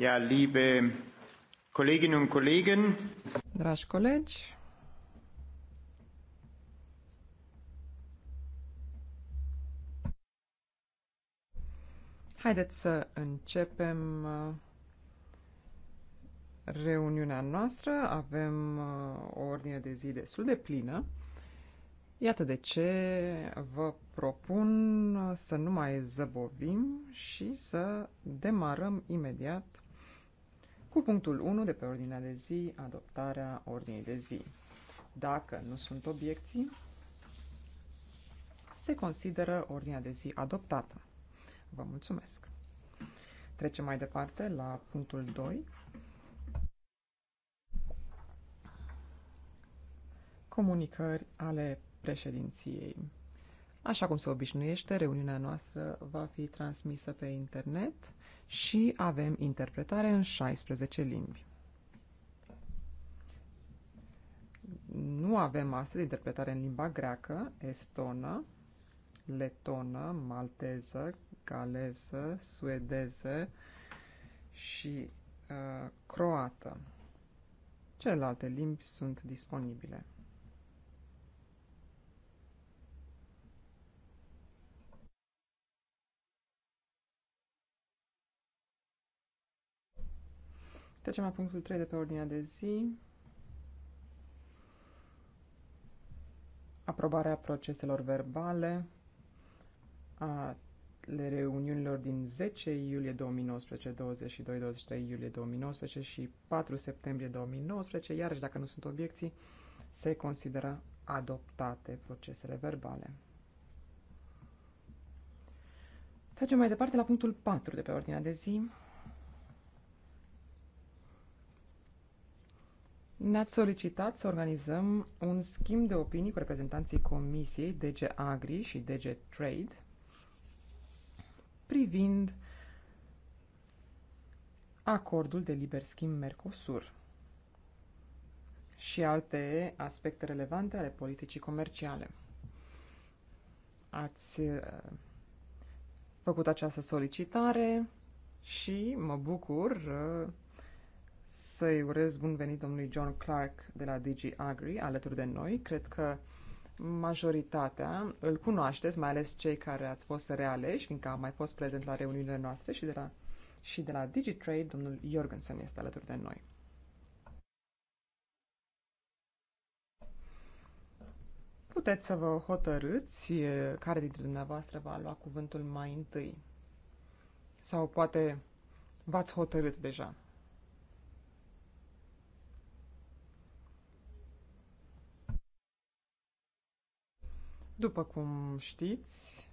Ja, liebe Kolleginnen und Kollegen. Dragi colegi. Haideți să începem uh, reuniunea noastră. Avem uh, o ordine de zi destul de plină. Iată de ce vă propun uh, să nu mai zăbovim și să demarăm imediat cu punctul 1 de pe ordinea de zi, adoptarea ordinii de zi. Dacă nu sunt obiecții, se consideră ordinea de zi adoptată. Vă mulțumesc! Trecem mai departe la punctul 2. Comunicări ale președinției. Așa cum se obișnuiește, reuniunea noastră va fi transmisă pe internet și avem interpretare în 16 limbi. Nu avem astăzi interpretare în limba greacă, estonă, letonă, malteză, galeză, suedeză și uh, croată. Celelalte limbi sunt disponibile. Trecem la punctul 3 de pe ordinea de zi. Aprobarea proceselor verbale ale reuniunilor din 10 iulie 2019, 22, 23 iulie 2019 și 4 septembrie 2019. Iarăși, dacă nu sunt obiecții, se consideră adoptate procesele verbale. Trecem mai departe la punctul 4 de pe ordinea de zi, Ne-ați solicitat să organizăm un schimb de opinii cu reprezentanții Comisiei DG Agri și DG Trade privind acordul de liber schimb Mercosur și alte aspecte relevante ale politicii comerciale. Ați uh, făcut această solicitare și mă bucur uh, să-i urez bun venit domnului John Clark de la DG Agri alături de noi. Cred că majoritatea îl cunoașteți, mai ales cei care ați fost realeși, fiindcă am mai fost prezent la reuniunile noastre și de la, și de la DigiTrade, domnul Jorgensen este alături de noi. Puteți să vă hotărâți care dintre dumneavoastră va lua cuvântul mai întâi. Sau poate v-ați hotărât deja. După cum știți,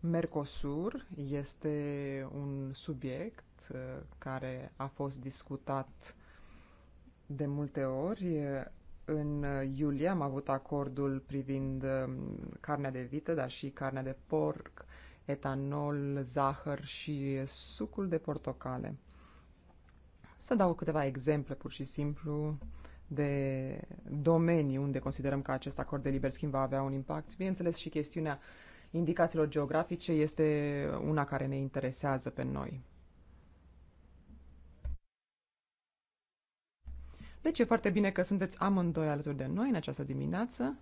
Mercosur este un subiect uh, care a fost discutat de multe ori. În iulie am avut acordul privind um, carnea de vită, dar și carnea de porc, etanol, zahăr și sucul de portocale. Să dau câteva exemple pur și simplu de domenii unde considerăm că acest acord de liber schimb va avea un impact. Bineînțeles, și chestiunea indicațiilor geografice este una care ne interesează pe noi. Deci e foarte bine că sunteți amândoi alături de noi în această dimineață.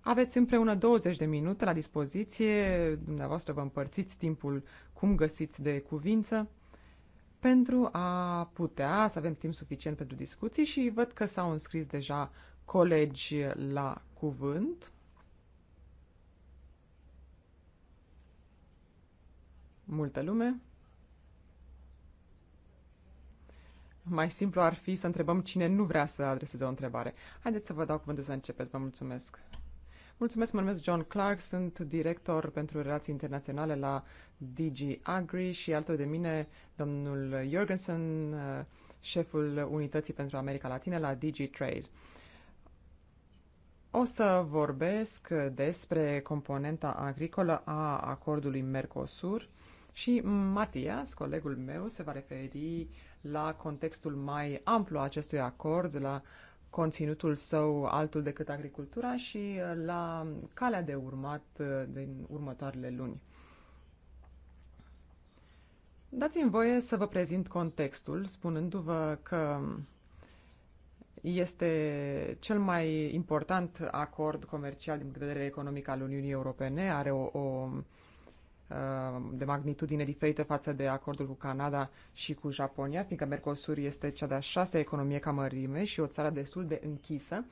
Aveți împreună 20 de minute la dispoziție, dumneavoastră vă împărțiți timpul cum găsiți de cuvință pentru a putea să avem timp suficient pentru discuții și văd că s-au înscris deja colegi la cuvânt. Multă lume. Mai simplu ar fi să întrebăm cine nu vrea să adreseze o întrebare. Haideți să vă dau cuvântul să începeți. Vă mulțumesc. Mulțumesc, mă numesc John Clark, sunt director pentru relații internaționale la DG Agri și altor de mine domnul Jorgensen, uh, șeful unității pentru America Latină la DG Trade. O să vorbesc despre componenta agricolă a acordului Mercosur și Matias, colegul meu, se va referi la contextul mai amplu a acestui acord, la uh, conținutul său altul decât agricultura și uh, la calea de urmat uh, din următoarele luni. Dați-mi voie să vă prezint contextul, spunându-vă că este cel mai important acord comercial din punct de vedere economic al Uniunii Europene, are o, o Uh, de magnitudine diferită față de acordul cu Canada și cu Japonia, fiindcă Mercosur este cea de-a șasea economie ca mărime și o țară destul de închisă.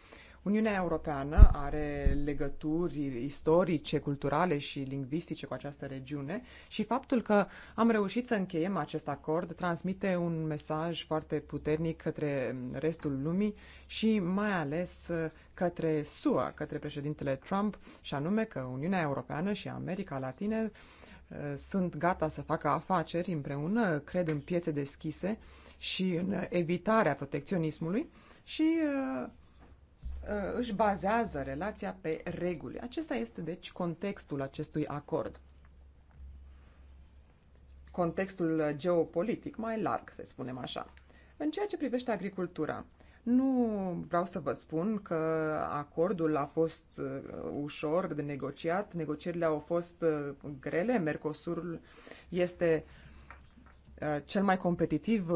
Uniunea Europeană are legături istorice, culturale și lingvistice cu această regiune și faptul că am reușit să încheiem acest acord transmite un mesaj foarte puternic către restul lumii și mai ales către SUA, către președintele Trump, și anume că Uniunea Europeană și America Latină sunt gata să facă afaceri împreună, cred în piețe deschise și în evitarea protecționismului și uh, uh, își bazează relația pe reguli. Acesta este, deci, contextul acestui acord. Contextul geopolitic mai larg, să spunem așa. În ceea ce privește agricultura, nu vreau să vă spun că acordul a fost uh, ușor de negociat, negocierile au fost uh, grele, Mercosur este uh, cel mai competitiv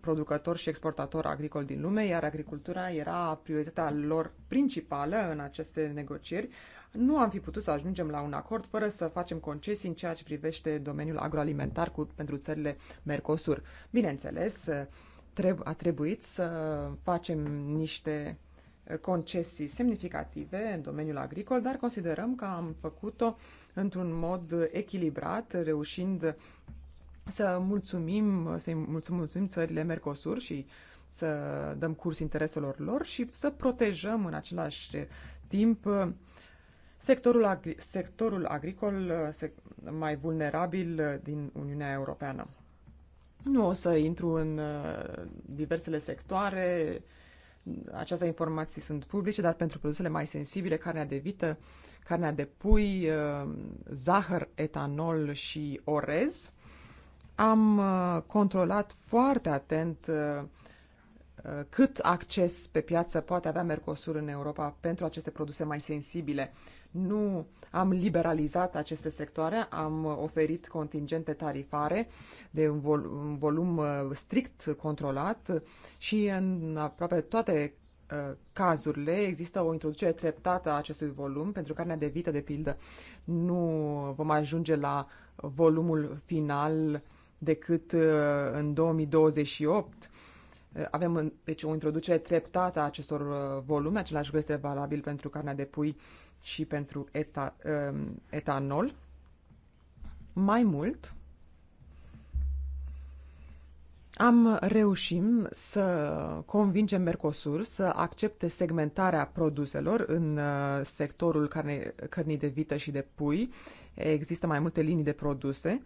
producător și exportator agricol din lume, iar agricultura era prioritatea lor principală în aceste negocieri. Nu am fi putut să ajungem la un acord fără să facem concesii în ceea ce privește domeniul agroalimentar cu, pentru țările Mercosur. Bineînțeles, a trebuit să facem niște uh, concesii semnificative în domeniul agricol, dar considerăm că am făcut-o într-un mod echilibrat, reușind să mulțumim, să mulțumim țările Mercosur și să dăm curs intereselor lor și să protejăm în același timp sectorul, agri- sectorul agricol uh, mai vulnerabil din Uniunea Europeană. Nu o să intru în uh, diversele sectoare, aceste informații sunt publice, dar pentru produsele mai sensibile, carnea de vită, carnea de pui, uh, zahăr, etanol și orez, am uh, controlat foarte atent Uh, cât acces pe piață poate avea Mercosur în Europa pentru aceste produse mai sensibile. Nu am liberalizat aceste sectoare, am oferit contingente tarifare de un, vol- un volum uh, strict controlat și în aproape toate uh, cazurile există o introducere treptată a acestui volum pentru carnea de vită, de pildă. Nu vom ajunge la volumul final decât în 2028 Eh, avem deci o introducere treptată a acestor uh, volume, același lucru este valabil pentru carnea de pui și pentru eta, um, etanol. Mai mult, am reușit să convingem Mercosur să accepte segmentarea produselor în uh, sectorul carne, cărnii de vită și de pui. Există mai multe linii de produse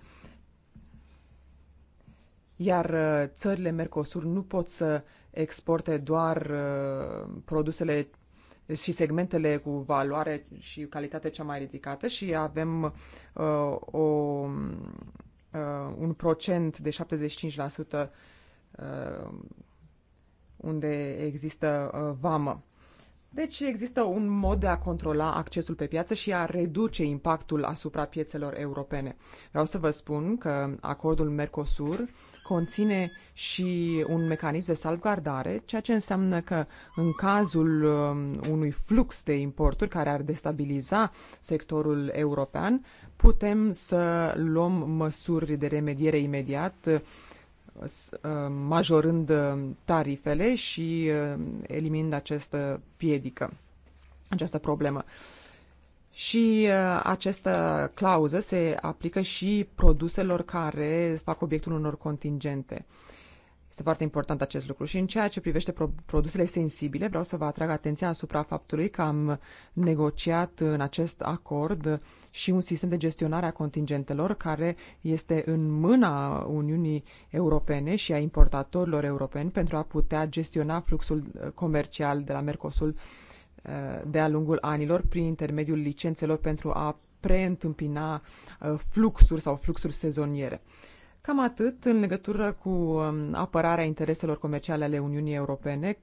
iar uh, țările Mercosur nu pot să exporte doar uh, produsele și segmentele cu valoare și calitate cea mai ridicată și avem uh, o, uh, un procent de 75% uh, unde există uh, vamă. Deci există un mod de a controla accesul pe piață și a reduce impactul asupra piețelor europene. Vreau să vă spun că acordul Mercosur conține și un mecanism de salvgardare, ceea ce înseamnă că în cazul um, unui flux de importuri care ar destabiliza sectorul european, putem să luăm măsuri de remediere imediat, uh, uh, majorând uh, tarifele și eliminând această piedică, această problemă. Și uh, această clauză se aplică și produselor care fac obiectul unor contingente. Este foarte important acest lucru. Și în ceea ce privește pro- produsele sensibile, vreau să vă atrag atenția asupra faptului că am negociat în acest acord și un sistem de gestionare a contingentelor care este în mâna Uniunii Europene și a importatorilor europeni pentru a putea gestiona fluxul uh, comercial de la Mercosul uh, Uh, de-a lungul anilor prin intermediul licențelor pentru a preîntâmpina uh, fluxuri sau fluxuri sezoniere. Cam atât în legătură cu um, apărarea intereselor comerciale ale Uniunii Europene,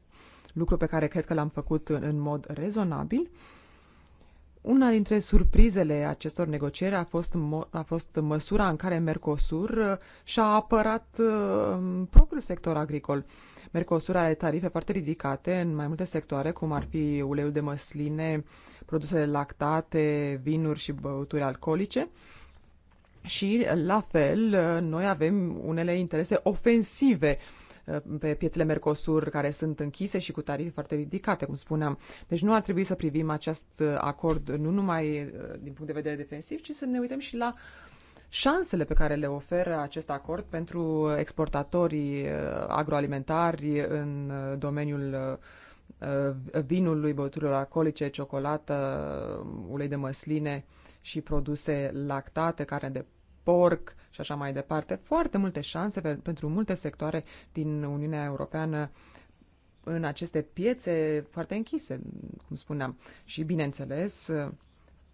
lucru pe care cred că l-am făcut în mod rezonabil. Una dintre surprizele acestor negocieri a fost, a fost măsura în care Mercosur uh, și-a apărat propriul sector agricol. Mercosur are tarife foarte ridicate în mai multe sectoare, cum ar fi uleiul de măsline, produsele lactate, vinuri și băuturi alcoolice. Și, la fel, noi avem unele interese ofensive uh, pe piețele Mercosur care sunt închise și cu tarife foarte ridicate, cum spuneam. Deci nu ar trebui să privim acest uh, acord nu numai uh, din punct de vedere defensiv, ci să ne uităm și la uh, șansele pe care le oferă acest acord pentru exportatorii uh, agroalimentari în uh, domeniul uh, vinului, băuturilor alcoolice, ciocolată, ulei de măsline și produse lactate, carne de porc și așa mai departe. Foarte multe șanse pentru multe sectoare din Uniunea Europeană în aceste piețe foarte închise, cum spuneam. Și, bineînțeles,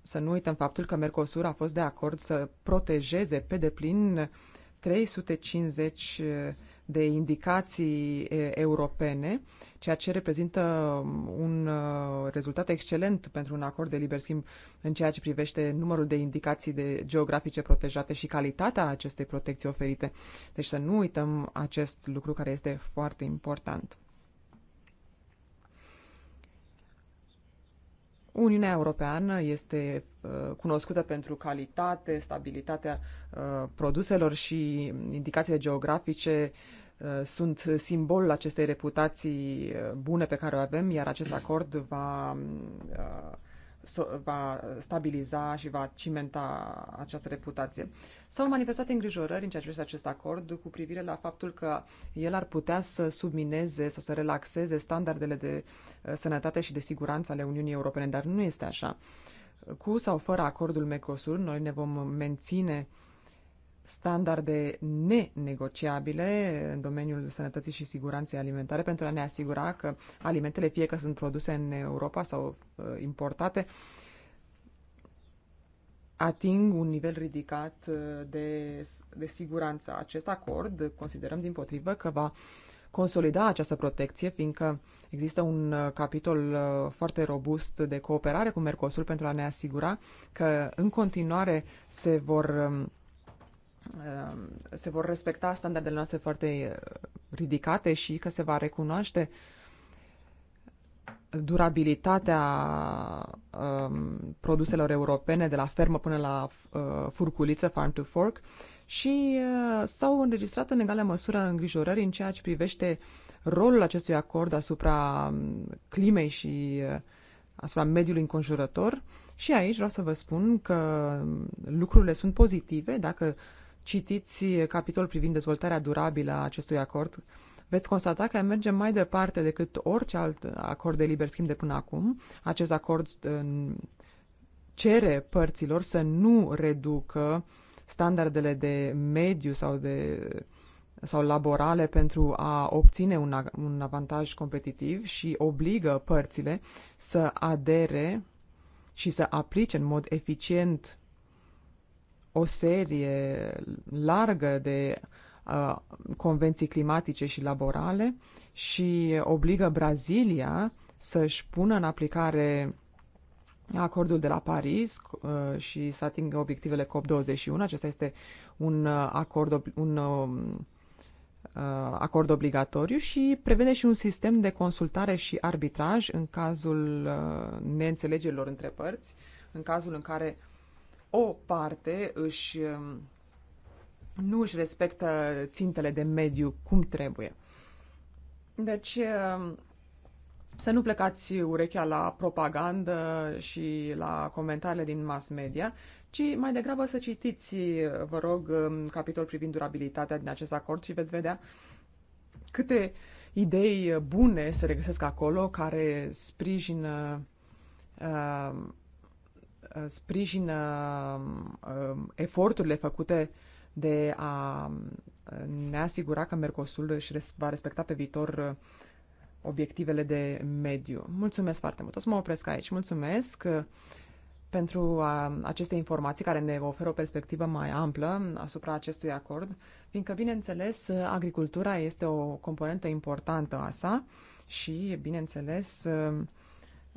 să nu uităm faptul că Mercosur a fost de acord să protejeze pe deplin 350 de indicații europene, ceea ce reprezintă um, un uh, rezultat excelent pentru un acord de liber schimb în ceea ce privește numărul de indicații de geografice protejate și calitatea acestei protecții oferite. Deci să nu uităm acest lucru care este foarte important. Uniunea Europeană este uh, cunoscută pentru calitate, stabilitatea uh, produselor și indicațiile geografice uh, sunt simbolul acestei reputații bune pe care o avem, iar acest acord va va stabiliza și va cimenta această reputație. S-au manifestat îngrijorări în ceea ce privește acest acord cu privire la faptul că el ar putea să submineze sau să relaxeze standardele de uh, sănătate și de siguranță ale Uniunii Europene, dar nu este așa. Cu sau fără acordul MECOSUR, noi ne vom menține uh, standarde nenegociabile în domeniul sănătății și siguranței alimentare pentru a ne asigura că alimentele, fie că sunt produse în Europa sau uh, importate, ating un nivel ridicat uh, de, de siguranță. Acest acord considerăm din potrivă că va consolida această protecție, fiindcă există un uh, capitol foarte robust de cooperare cu Mercosul pentru a ne asigura că în continuare se vor um, Ehm, se vor respecta standardele noastre foarte eh, ridicate și că se va recunoaște durabilitatea um, produselor europene de la fermă până la uh, furculiță, farm to fork, și uh, s-au înregistrat în egală măsură îngrijorări în ceea ce privește rolul acestui acord asupra mm, climei și uh, asupra mediului înconjurător. Și aici vreau să vă spun că mm, lucrurile sunt pozitive dacă uh, citiți capitolul privind dezvoltarea durabilă a acestui acord, veți constata că mergem mai departe decât orice alt acord de liber schimb de până acum. Acest acord cere părților să nu reducă standardele de mediu sau de sau laborale pentru a obține un, un avantaj competitiv și obligă părțile să adere și să aplice în mod eficient o serie largă de uh, convenții climatice și laborale și obligă Brazilia să-și pună în aplicare acordul de la Paris uh, și să atingă obiectivele COP21. Acesta este un acord, un acord obligatoriu și prevede și un sistem de consultare și arbitraj în cazul neînțelegerilor între părți, în cazul în care o parte își, um, nu își respectă țintele de mediu cum trebuie. Deci, um, să nu plecați urechea la propagandă și la comentariile din mass media, ci mai degrabă să citiți, vă rog, um, capitol privind durabilitatea din acest acord și veți vedea câte idei bune se regăsesc acolo care sprijină uh, sprijină um, eforturile făcute de a um, ne asigura că Mercosul își va respecta pe viitor uh, obiectivele de mediu. Mulțumesc foarte mult. O să mă opresc aici. Mulțumesc uh, pentru uh, aceste informații care ne oferă o perspectivă mai amplă asupra acestui acord, fiindcă, bineînțeles, agricultura este o componentă importantă a sa și, bineînțeles,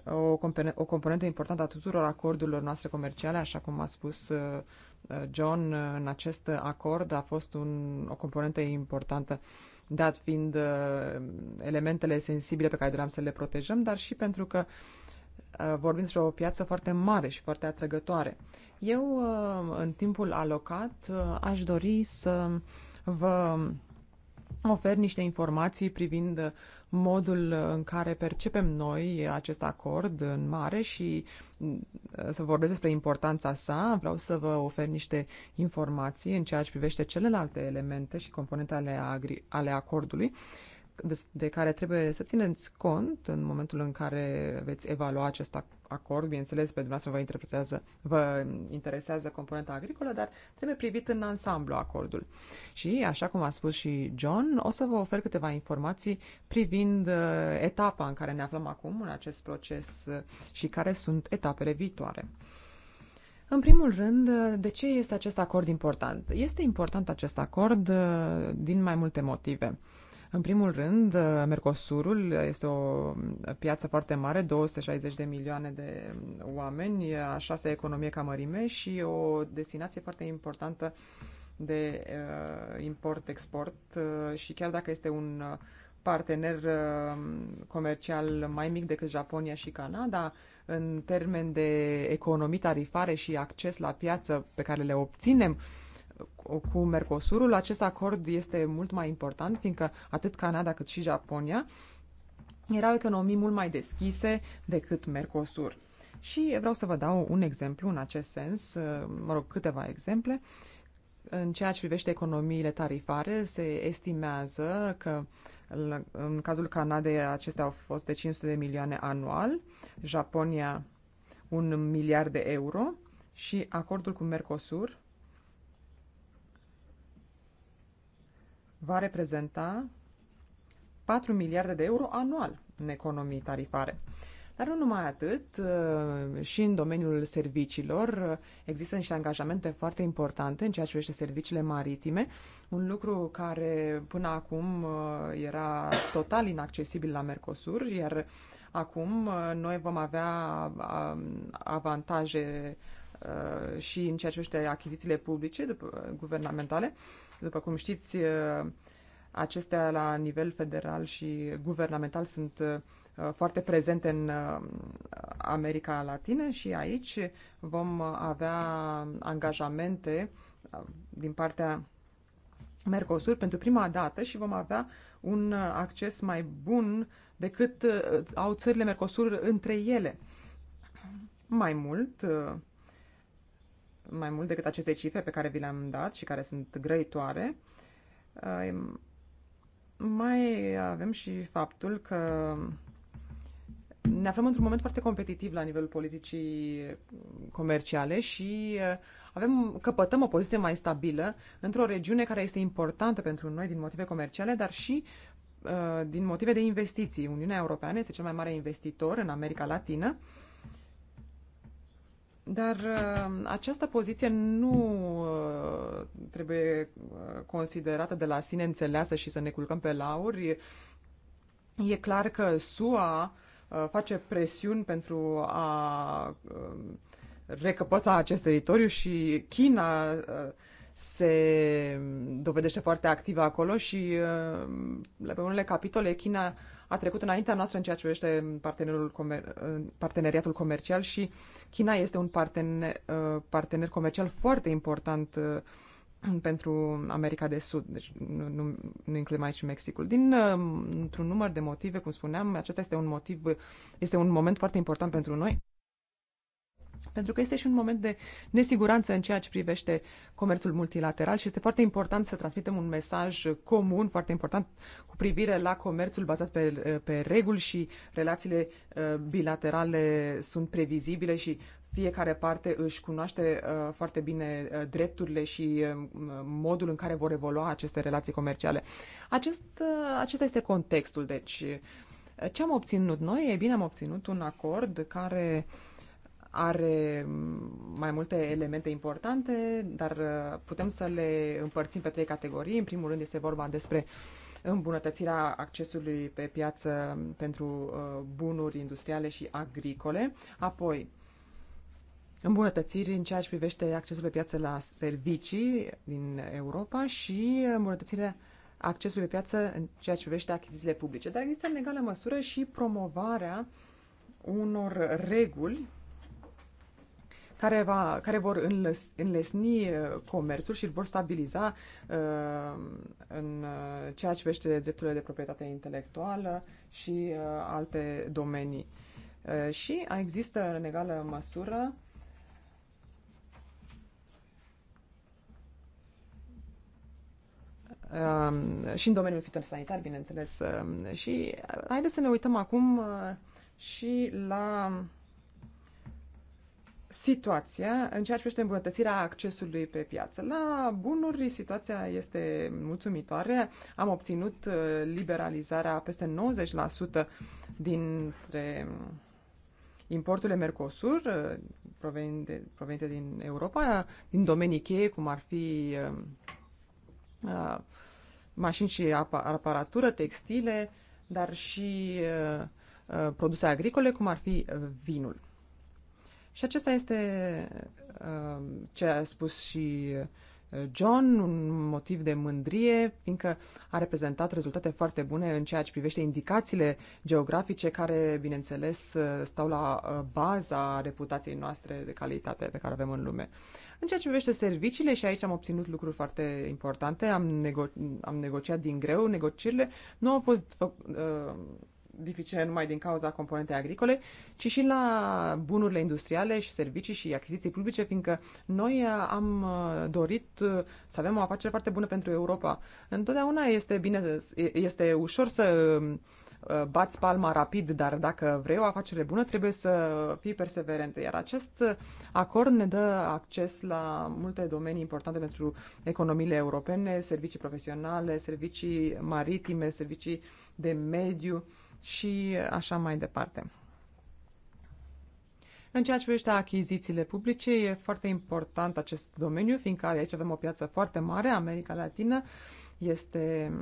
o, compone- o componentă importantă a tuturor acordurilor noastre comerciale, așa cum a spus uh, uh, John, uh, în acest acord a fost un, o componentă importantă, dat fiind elementele sensibile pe care doream să le protejăm, dar și pentru că vorbim despre o piață foarte mare și foarte atrăgătoare. Eu, în timpul alocat, aș dori să vă ofer niște informații privind modul în care percepem noi acest acord în mare și mm, să vorbesc despre importanța sa. Vreau să vă ofer niște informații în ceea ce privește celelalte elemente și componente ale, agri- ale acordului de care trebuie să țineți cont în momentul în care veți evalua acest acord. Bineînțeles, pe dumneavoastră vă interesează, vă interesează componenta agricolă, dar trebuie privit în ansamblu acordul. Și, așa cum a spus și John, o să vă ofer câteva informații privind uh, etapa în care ne aflăm acum în acest proces uh, și care sunt etapele viitoare. În primul rând, uh, de ce este acest acord important? Este important acest acord din mai multe motive. În primul rând, Mercosurul este o piață foarte mare, 260 de milioane de oameni, a șasea economie ca mărime și o destinație foarte importantă de uh, import-export uh, și chiar dacă este un partener uh, comercial mai mic decât Japonia și Canada, în termen de economii tarifare și acces la piață pe care le obținem, uh, cu Mercosurul, acest acord este mult mai important, fiindcă atât Canada cât și Japonia erau economii mult mai deschise decât Mercosur. Și vreau să vă dau un exemplu în acest sens, uh, mă rog, câteva exemple. În ceea ce privește economiile tarifare, se estimează că în cazul Canadei acestea au fost de 500 de milioane anual, Japonia un miliard de euro și acordul cu Mercosur va reprezenta 4 miliarde de euro anual în economii tarifare. Dar nu numai atât, uh, și în domeniul serviciilor uh, există niște angajamente foarte importante în ceea ce privește serviciile maritime, un lucru care până acum uh, era total inaccesibil la Mercosur, iar acum noi vom avea um, avantaje și în ceea ce privește achizițiile publice guvernamentale după cum știți, uh, acestea la nivel federal și guvernamental sunt uh, foarte prezente în uh, America Latină și aici vom avea angajamente din partea Mercosur pentru prima dată și vom avea un acces mai bun decât au țările Mercosur între ele. Mai mult, mai mult decât aceste cifre pe care vi le-am dat și care sunt grăitoare, uh, mai avem și faptul că ne aflăm într-un moment foarte competitiv la nivelul politicii comerciale și uh, avem, căpătăm o poziție mai stabilă într-o regiune care este importantă pentru noi din motive comerciale, dar și uh, din motive de investiții. Uniunea Europeană este cel mai mare investitor în America Latină dar uh, această poziție nu uh, trebuie uh, considerată de la sine înțeleasă și să ne culcăm pe lauri. E clar că SUA face presiuni pentru a recăpăta acest teritoriu și China se dovedește foarte activă acolo și pe unele capitole China a trecut înaintea noastră în ceea ce privește partenerul comer- parteneriatul comercial și China este un partener, uh, partener comercial foarte important uh, pentru America de Sud, deci nu, nu includem aici Mexicul. Din uh, într-un număr de motive, cum spuneam, acesta este un motiv, este un moment foarte important pentru noi pentru că este și un moment de nesiguranță în ceea ce privește comerțul multilateral și este foarte important să transmitem un mesaj comun, foarte important, cu privire la comerțul bazat pe, pe reguli și relațiile uh, bilaterale sunt previzibile și fiecare parte își cunoaște uh, foarte bine uh, drepturile și modul în care vor evolua aceste relații comerciale. Acest, acesta este contextul, deci. Ce am obținut noi? E bine, am obținut un acord care uh, are mai multe elemente importante, dar uh, putem să le împărțim pe trei categorii. În primul rând este vorba despre îmbunătățirea accesului pe piață pentru uh, bunuri industriale și agricole, apoi îmbunătățiri în ceea ce privește accesul pe piață la servicii din Europa și îmbunătățirea accesului pe piață în ceea ce privește achizițiile publice. Dar există în egală măsură și promovarea unor reguli care, va, care vor înles, înlesni uh, comerțul și îl vor stabiliza uh, în uh, ceea ce vește drepturile de proprietate intelectuală și uh, alte domenii. Uh, și există în egală măsură um, și în domeniul fitosanitar, bineînțeles. Um, și uh, haideți să ne uităm acum și la situația în ceea ce privește îmbunătățirea accesului pe piață. La bunuri, situația este mulțumitoare. Am obținut uh, liberalizarea peste 90% dintre importurile Mercosur uh, provenite, din Europa, din domenii cheie, cum ar fi uh, mașini și aparatură, textile, dar și produse agricole, cum ar fi vinul. Și acesta este uh, ce a spus și uh, John, un motiv de mândrie, fiindcă a reprezentat rezultate foarte bune în ceea ce privește indicațiile geografice care, bineînțeles, uh, stau la uh, baza reputației noastre de calitate pe care avem în lume. În ceea ce privește serviciile, și aici am obținut lucruri foarte importante, am, nego- am negociat din greu, negocierile nu au fost fă- uh, dificile numai din cauza componentei agricole, ci și la bunurile industriale și servicii și achiziții publice, fiindcă noi uh, am uh, dorit uh, să avem o afacere foarte bună pentru Europa. Întotdeauna este bine, este ușor să um, bați palma rapid, dar dacă vrei o afacere bună, trebuie să fii perseverent. Iar acest acord ne dă acces la multe domenii importante pentru economiile europene, servicii profesionale, servicii maritime, servicii de mediu și așa mai departe. În ceea ce privește achizițiile publice, e foarte important acest domeniu, fiindcă aici avem o piață foarte mare, America Latină este,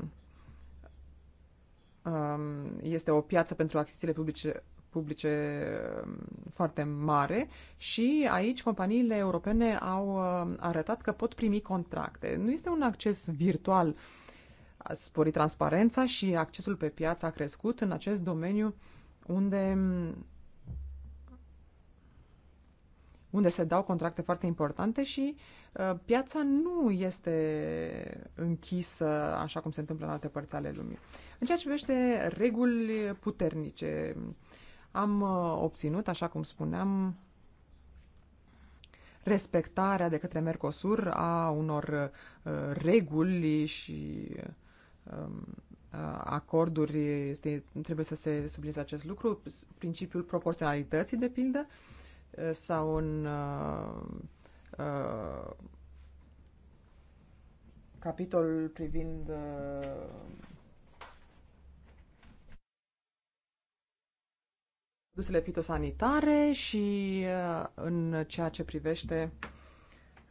um, este o piață pentru achizițiile publice publice um, foarte mare și aici companiile europene au um, arătat că pot primi contracte. Nu este un acces virtual uh, a sporit transparența și accesul pe piață a crescut în acest domeniu unde unde se dau contracte foarte importante și uh, piața nu este închisă așa cum se întâmplă în alte părți ale lumii. În ceea ce privește reguli puternice, am uh, obținut, așa cum spuneam, respectarea de către Mercosur a unor uh, reguli și uh, Um, uh, acorduri, este, trebuie să se sublinieze acest lucru, principiul proporționalității, de pildă, uh, sau în uh, uh, capitolul privind uh, produsele fitosanitare și uh, în ceea ce privește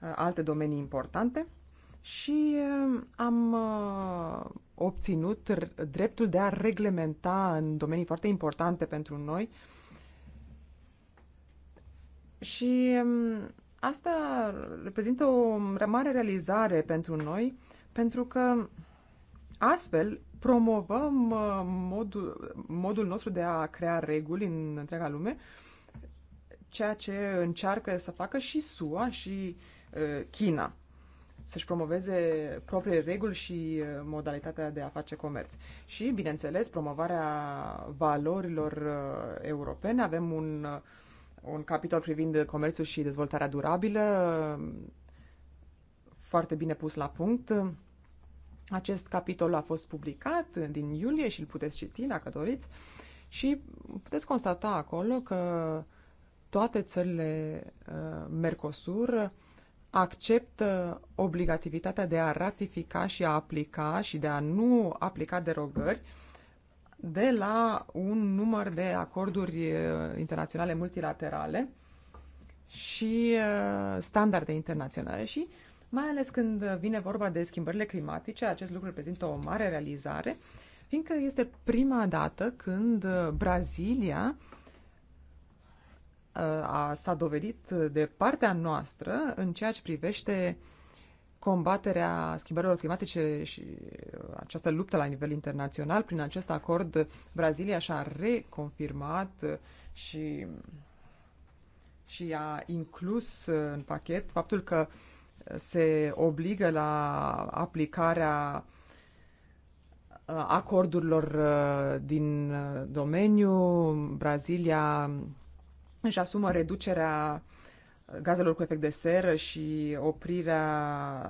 uh, alte domenii importante și uh, am uh, obținut dreptul de a reglementa în domenii foarte importante pentru noi. Și um, asta reprezintă o mare realizare pentru noi, pentru că astfel promovăm uh, modul, modul nostru de a crea reguli în întreaga lume, ceea ce încearcă să facă și SUA și China să-și promoveze propriile reguli și uh, modalitatea de a face comerț. Și, bineînțeles, promovarea valorilor uh, europene. Avem un, uh, un capitol privind comerțul și dezvoltarea durabilă, foarte bine pus la punct. Acest capitol a fost publicat din iulie și îl puteți citi dacă doriți și puteți constata acolo că toate țările Mercosur acceptă obligativitatea de a ratifica și a aplica și de a nu aplica derogări de la un număr de acorduri uh, internaționale multilaterale și uh, standarde internaționale și mai ales când vine vorba de schimbările climatice, acest lucru reprezintă o mare realizare, fiindcă este prima dată când uh, Brazilia s-a dovedit de partea noastră în ceea ce privește combaterea schimbărilor climatice și această luptă la nivel internațional. Prin acest acord, Brazilia și-a reconfirmat și, și a inclus în pachet faptul că se obligă la aplicarea acordurilor din domeniu. Brazilia își asumă reducerea gazelor cu efect de seră și oprirea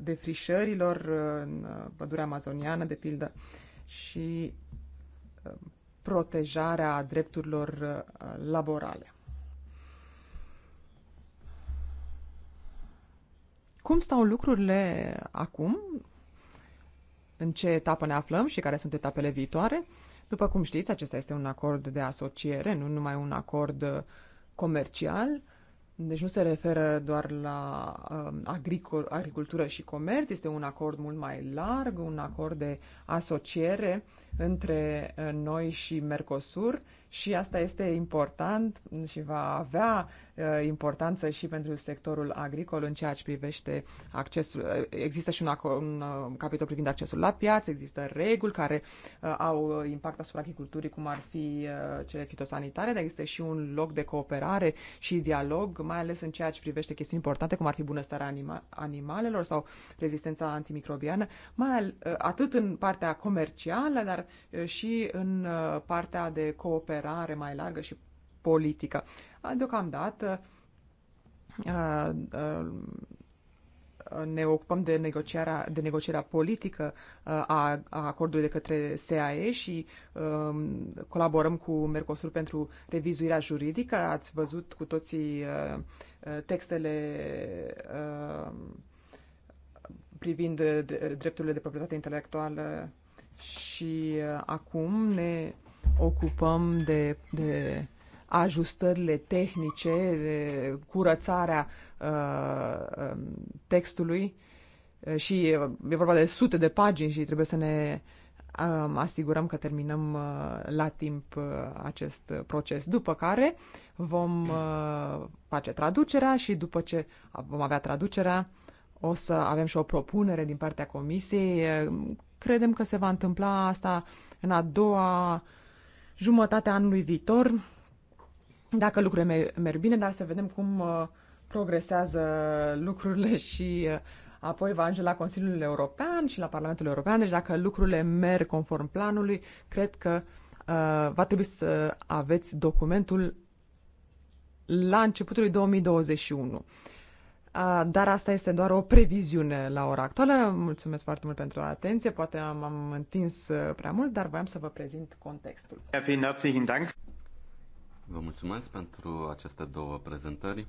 defrișărilor în uh, pădurea amazoniană, de pildă, și uh, protejarea drepturilor uh, laborale. Cum stau lucrurile acum? În ce etapă ne aflăm și care sunt etapele viitoare? După cum știți, acesta este un acord de asociere, nu numai un acord uh, comercial, deci nu se referă doar la um, agricol, agricultură și comerț, este un acord mult mai larg, un acord de asociere uh, între uh, noi și Mercosur și asta este important și va avea uh, importanță și pentru sectorul agricol în ceea ce privește accesul. Uh, există și un, un capitol privind accesul la piață, există reguli care au impact asupra agriculturii, cum ar fi cele fitosanitare, dar există și un loc de cooperare și dialog, mai ales în ceea ce privește chestiuni importante, cum ar fi bunăstarea anima- animalelor sau rezistența antimicrobiană, mai al, atât în partea comercială, dar și în partea de cooperare mai largă și politică. Deocamdată ne ocupăm de negocierea, de negocierea politică a, a acordului de către SAE și um, colaborăm cu Mercosur pentru revizuirea juridică. Ați văzut cu toții uh, textele uh, privind drepturile de proprietate intelectuală și uh, acum ne ocupăm de, de ajustările tehnice, de curățarea uh, um, textului uh, și uh, e vorba de sute de pagini și trebuie să ne uh, asigurăm că terminăm uh, la timp uh, acest proces. După care vom face traducerea și după ce vom avea traducerea, o să avem și o propunere din partea comisiei. Credem că se va întâmpla asta în a doua jumătate a anului viitor, dacă lucrurile merg bine, dar să vedem cum uh, progresează lucrurile și uh, apoi va ajunge la Consiliul European și la Parlamentul European. Deci dacă lucrurile merg conform planului, cred că uh, va trebui să aveți documentul la începutul 2021. Dar asta este doar o previziune la ora actuală. Mulțumesc foarte mult pentru atenție. Poate am, am întins uh, prea mult, dar voiam să vă prezint contextul. Vă mulțumesc pentru aceste două prezentări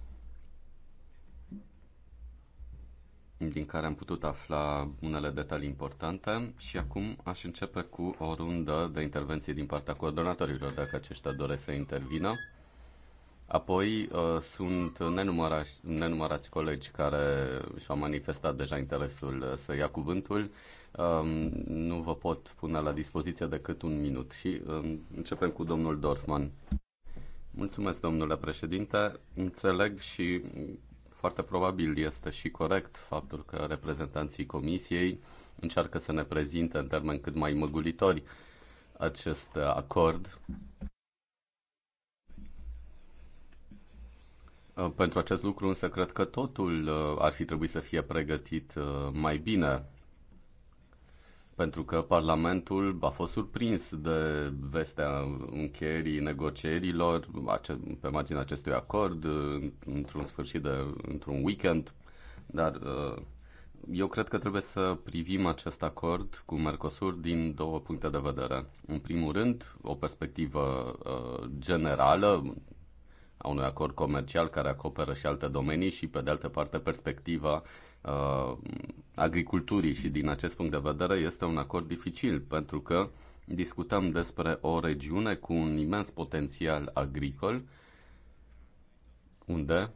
din care am putut afla unele detalii importante și acum aș începe cu o rundă de intervenții din partea coordonatorilor, dacă aceștia doresc să intervină. Apoi uh, sunt nenumărați, nenumărați colegi care și-au manifestat deja interesul uh, să ia cuvântul. Um, nu vă pot pune la dispoziție decât un minut și um, începem cu domnul Dorfman. Mulțumesc, domnule președinte. Înțeleg și foarte probabil este și corect faptul că reprezentanții comisiei încearcă să ne prezinte în termeni cât mai măgulitori acest acord Uh, pentru acest lucru, însă cred că totul uh, ar fi trebuit să fie pregătit uh, mai bine, pentru că Parlamentul a fost surprins de vestea încheierii negocierilor pe marginea acestui acord, într-un sfârșit de, într-un weekend, dar eu cred că trebuie să privim acest acord cu Mercosur din două puncte de vedere. În primul rând, o perspectivă generală, a unui acord comercial care acoperă și alte domenii și, pe de altă parte, perspectiva uh, agriculturii și din acest punct de vedere este un acord dificil pentru că discutăm despre o regiune cu un imens potențial agricol unde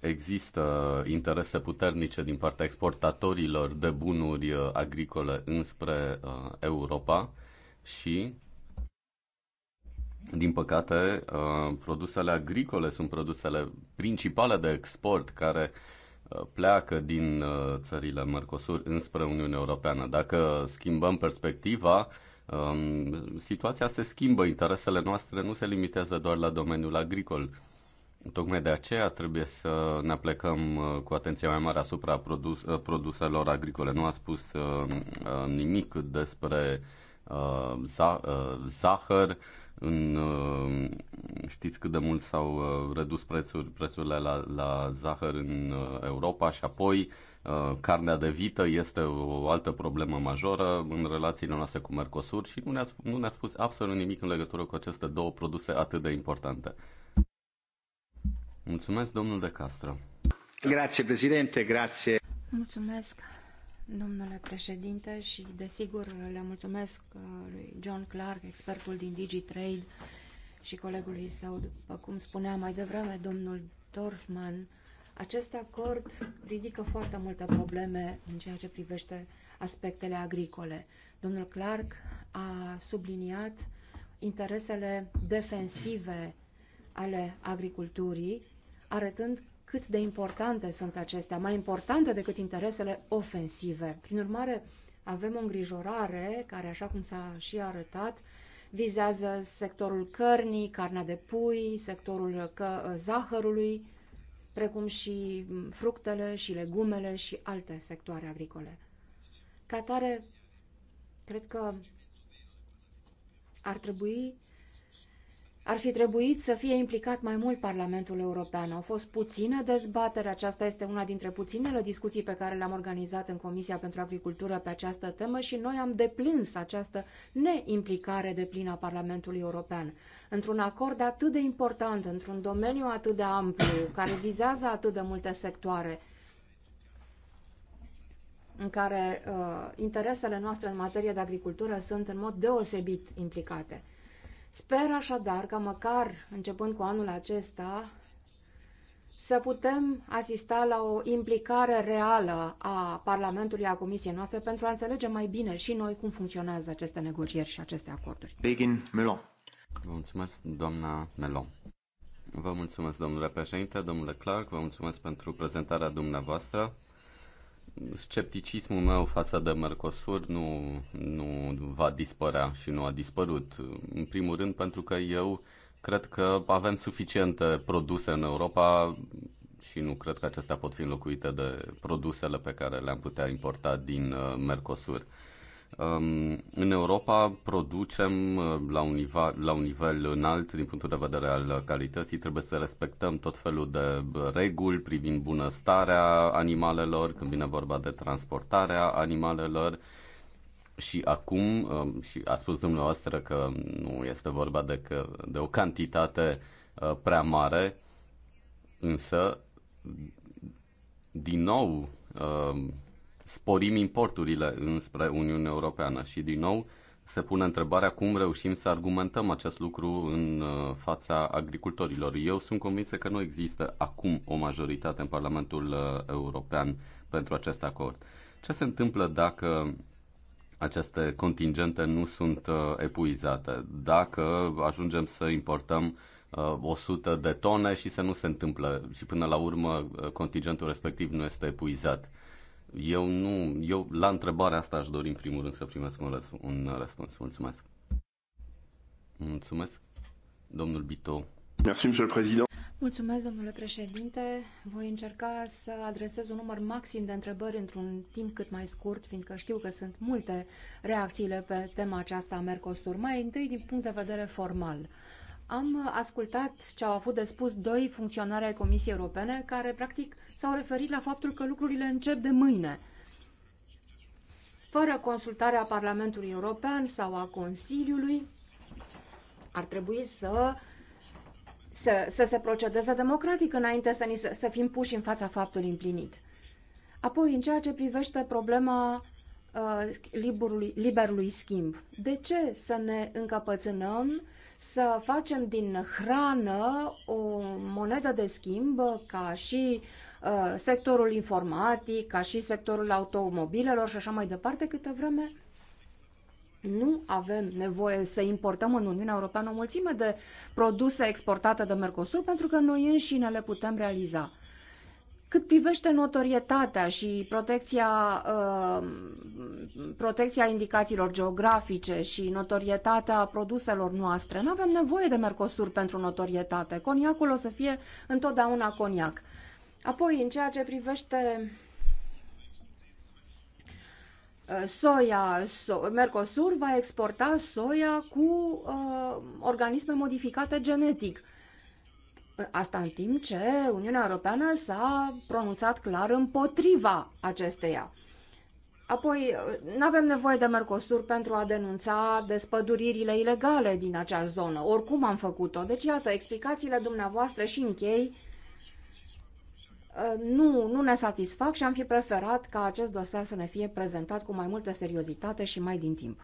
există interese puternice din partea exportatorilor de bunuri uh, agricole înspre uh, Europa și din păcate, uh, produsele agricole sunt produsele principale de export care uh, pleacă din uh, țările Mercosur înspre Uniunea Europeană. Dacă schimbăm perspectiva, um, situația se schimbă, interesele noastre nu se limitează doar la domeniul agricol. Tocmai de aceea trebuie să ne plecăm cu atenție mai mare asupra produs, produselor agricole. Nu a spus nimic despre zahăr, în, uh, știți cât de mult s-au uh, redus prețuri, prețurile la, la zahăr în uh, Europa și apoi carnea de vită este o altă problemă majoră în relațiile noastre cu Mercosur și nu ne a nu ne spus absolut nimic în legătură cu aceste două produse atât de importante. Mulțumesc, domnul De Castro. Grazie, președinte, grazie. Mulțumesc, Domnule președinte, și desigur le mulțumesc uh, lui John Clark, expertul din DigiTrade și colegului său, după cum spunea mai devreme domnul Dorfman, acest acord ridică foarte multe probleme în ceea ce privește aspectele agricole. Domnul Clark a subliniat interesele defensive ale agriculturii, arătând cât de importante sunt acestea, mai importante decât interesele ofensive. Prin urmare, avem o îngrijorare care, așa cum s-a și arătat, vizează sectorul cărnii, carnea de pui, sectorul că, zahărului, precum și fructele și legumele și alte sectoare agricole. Ca tare, cred că ar trebui ar fi trebuit să fie implicat mai mult Parlamentul European. Au fost puține dezbateri, aceasta este una dintre puținele discuții pe care le-am organizat în Comisia pentru Agricultură pe această temă și noi am deplâns această neimplicare de plină a Parlamentului European. Într-un acord atât de important, într-un domeniu atât de amplu, care vizează atât de multe sectoare, în care uh, interesele noastre în materie de agricultură sunt în mod deosebit implicate. Sper așadar că măcar începând cu anul acesta să putem asista la o implicare reală a Parlamentului, a Comisiei noastre, pentru a înțelege mai bine și noi cum funcționează aceste negocieri și aceste acorduri. Begin Melon. Vă mulțumesc, doamna Melon. Vă mulțumesc, domnule președinte, domnule Clark, vă mulțumesc pentru prezentarea dumneavoastră scepticismul meu față de Mercosur nu, nu va dispărea și nu a dispărut. În primul rând pentru că eu cred că avem suficiente produse în Europa și nu cred că acestea pot fi înlocuite de produsele pe care le-am putea importa din uh, Mercosur. Um, în Europa producem uh, la un, nivel, la un nivel înalt din punctul de vedere al calității. Trebuie să respectăm tot felul de uh, reguli privind bunăstarea animalelor, când vine vorba de transportarea animalelor. Și acum, um, și a spus dumneavoastră că nu este vorba de, că, de o cantitate uh, prea mare, însă, din nou, um, sporim importurile înspre Uniunea Europeană și din nou se pune întrebarea cum reușim să argumentăm acest lucru în uh, fața agricultorilor. Eu sunt convins că nu există acum o majoritate în Parlamentul uh, European pentru acest acord. Ce se întâmplă dacă aceste contingente nu sunt uh, epuizate? Dacă ajungem să importăm 100 de tone și să nu se întâmplă și până la urmă contingentul respectiv nu este epuizat? Eu nu, eu la întrebarea asta aș dori în primul rând să primesc un, răsp- un răspuns. Mulțumesc. Mulțumesc. Domnul Bito. Merci, monsieur le président. Mulțumesc, domnule președinte. Voi încerca să adresez un număr maxim de întrebări într-un timp cât mai scurt, fiindcă știu că sunt multe reacțiile pe tema aceasta a Mercosur. Mai întâi, din punct de vedere formal. Am ascultat ce au avut de spus doi funcționari ai Comisiei Europene care, practic, s-au referit la faptul că lucrurile încep de mâine. Fără consultarea Parlamentului European sau a Consiliului, ar trebui să, să, să se procedeze democratic înainte să, ni, să, să fim puși în fața faptului împlinit. Apoi, în ceea ce privește problema uh, liberului, liberului schimb, de ce să ne încăpățânăm să facem din hrană o monedă de schimb ca și uh, sectorul informatic, ca și sectorul automobilelor și așa mai departe, câte vreme nu avem nevoie să importăm în Uniunea Europeană o mulțime de produse exportate de Mercosur pentru că noi înșine le putem realiza. Cât privește notorietatea și protecția, uh, protecția indicațiilor geografice și notorietatea produselor noastre, nu avem nevoie de Mercosur pentru notorietate. Coniacul o să fie întotdeauna coniac. Apoi, în ceea ce privește uh, soia, so, Mercosur va exporta soia cu uh, organisme modificate genetic asta în timp ce Uniunea Europeană s-a pronunțat clar împotriva acesteia. Apoi, nu avem nevoie de Mercosur pentru a denunța despăduririle ilegale din acea zonă. Oricum am făcut-o. Deci, iată, explicațiile dumneavoastră și închei uh, nu, nu ne satisfac și am fi preferat ca acest dosar să ne fie prezentat cu mai multă seriozitate și mai din timp.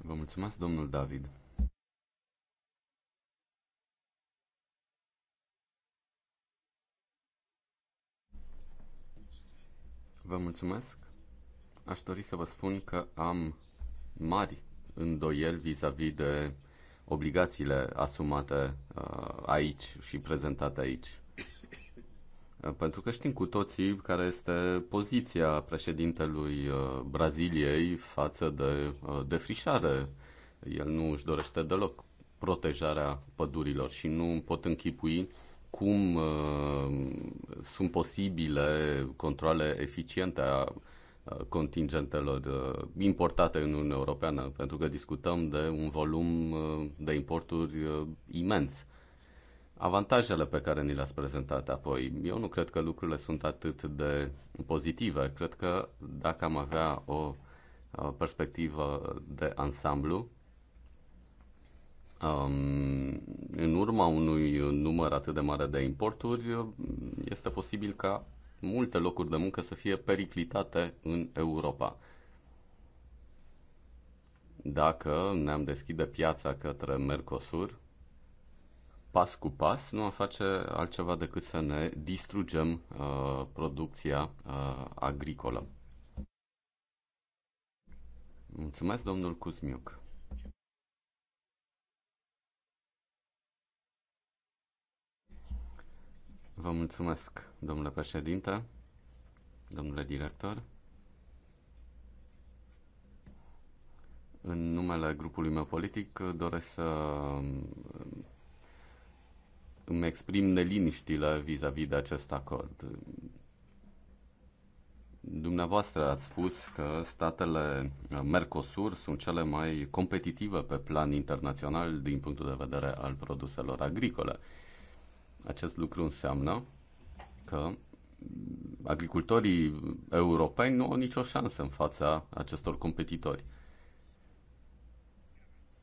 Vă mulțumesc, domnul David. Vă mulțumesc. Aș dori să vă spun că am mari îndoieli vis-a-vis -vis de obligațiile asumate uh, aici și prezentate aici. Uh, pentru că știm cu toții care este poziția președintelui uh, Braziliei față de defrișare. El nu își dorește deloc protejarea pădurilor și nu pot închipui cum uh, sunt posibile controle eficiente a uh, contingentelor uh, importate în Uniunea Europeană, pentru că discutăm de un volum de importuri imens. Avantajele pe care ni le-ați prezentat apoi, eu nu cred că lucrurile sunt atât de pozitive. Cred că dacă am avea o perspectivă de ansamblu, um, în urma unui număr atât de mare de importuri, este posibil ca multe locuri de muncă să fie periclitate în Europa. Dacă ne-am deschide piața către Mercosur, pas cu pas, nu am face altceva decât să ne distrugem uh, producția uh, agricolă. Mulțumesc, domnul Cuzmiuc. Vă mulțumesc, domnule președinte, domnule director. În numele grupului meu politic doresc să um, îmi exprim neliniștile vis-a-vis de acest acord. Dumneavoastră ați spus că statele Mercosur sunt cele mai competitive pe plan internațional din punctul de vedere al produselor agricole. Acest lucru înseamnă că agricultorii europeni nu au nicio șansă în fața acestor competitori.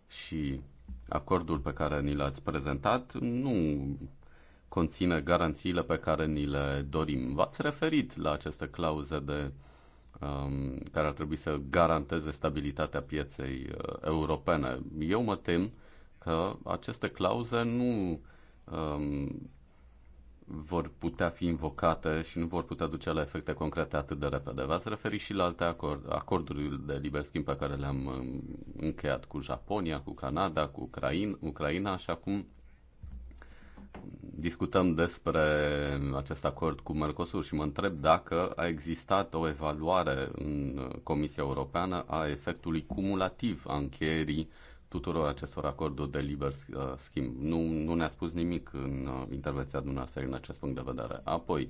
Și acordul pe care ni l-ați prezentat nu conține garanțiile pe care ni le dorim. V-ați referit la aceste clauze de um, care ar trebui să garanteze stabilitatea pieței uh, europene. Eu mă tem că aceste clauze nu um, vor putea fi invocate și nu vor putea duce la efecte concrete atât de repede. V-ați referit și la alte acord, acorduri de liber schimb pe care le-am um, încheiat cu Japonia, cu Canada, cu Ucraina, Ucraina și acum discutăm despre acest acord cu Mercosur și mă întreb dacă a existat o evaluare în Comisia Europeană a efectului cumulativ a încheierii uh, tuturor acestor acorduri de liber uh, schimb. Nu, nu ne-a spus nimic în uh, intervenția dumneavoastră în acest punct de vedere. Apoi,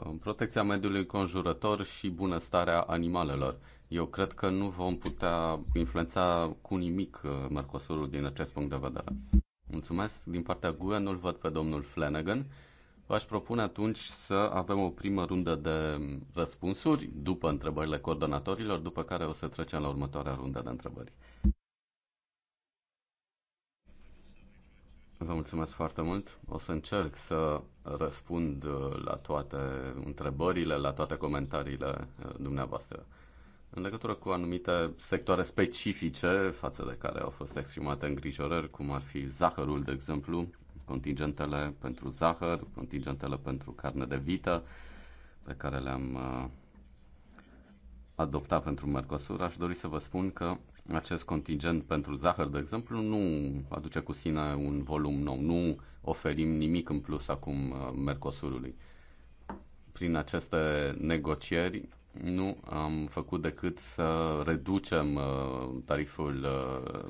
uh, protecția mediului conjurător și bunăstarea animalelor. Eu cred că nu vom putea influența cu nimic Mercosurul din acest punct de vedere. Mulțumesc. Din partea GUE nu-l văd pe domnul Flanagan. V-aș propune atunci să avem o primă rundă de răspunsuri după întrebările coordonatorilor, după care o să trecem la următoarea rundă de întrebări. Vă mulțumesc foarte mult. O să încerc să răspund uh, la toate întrebările, la toate comentariile uh, dumneavoastră. În legătură cu anumite sectoare specifice față de care au fost exprimate îngrijorări, cum ar fi zahărul, de exemplu, contingentele pentru zahăr, contingentele pentru carne de vită, pe care le-am uh, adoptat pentru Mercosur, aș dori să vă spun că acest contingent pentru zahăr, de exemplu, nu aduce cu sine un volum nou, nu oferim nimic în plus acum uh, Mercosurului. Prin aceste negocieri nu am făcut decât să reducem uh, tariful uh,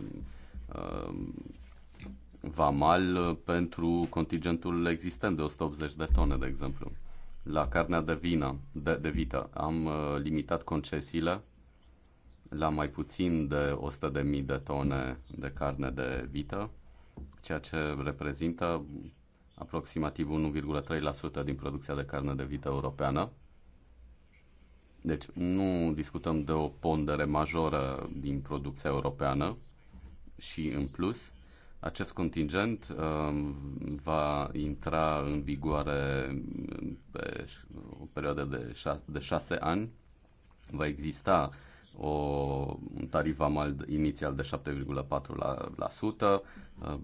vamal pentru contingentul existent de 180 de tone, de exemplu. La carnea de vină, de, de vită, am limitat concesiile la mai puțin de 100.000 de tone de carne de vită, ceea ce reprezintă aproximativ 1,3% din producția de carne de vită europeană. Deci nu discutăm de o pondere majoră din producția europeană și în plus acest contingent uh, va intra în vigoare pe o perioadă de, șa- de șase ani. Va exista o, un tarif amal inițial de 7,4%. la uh,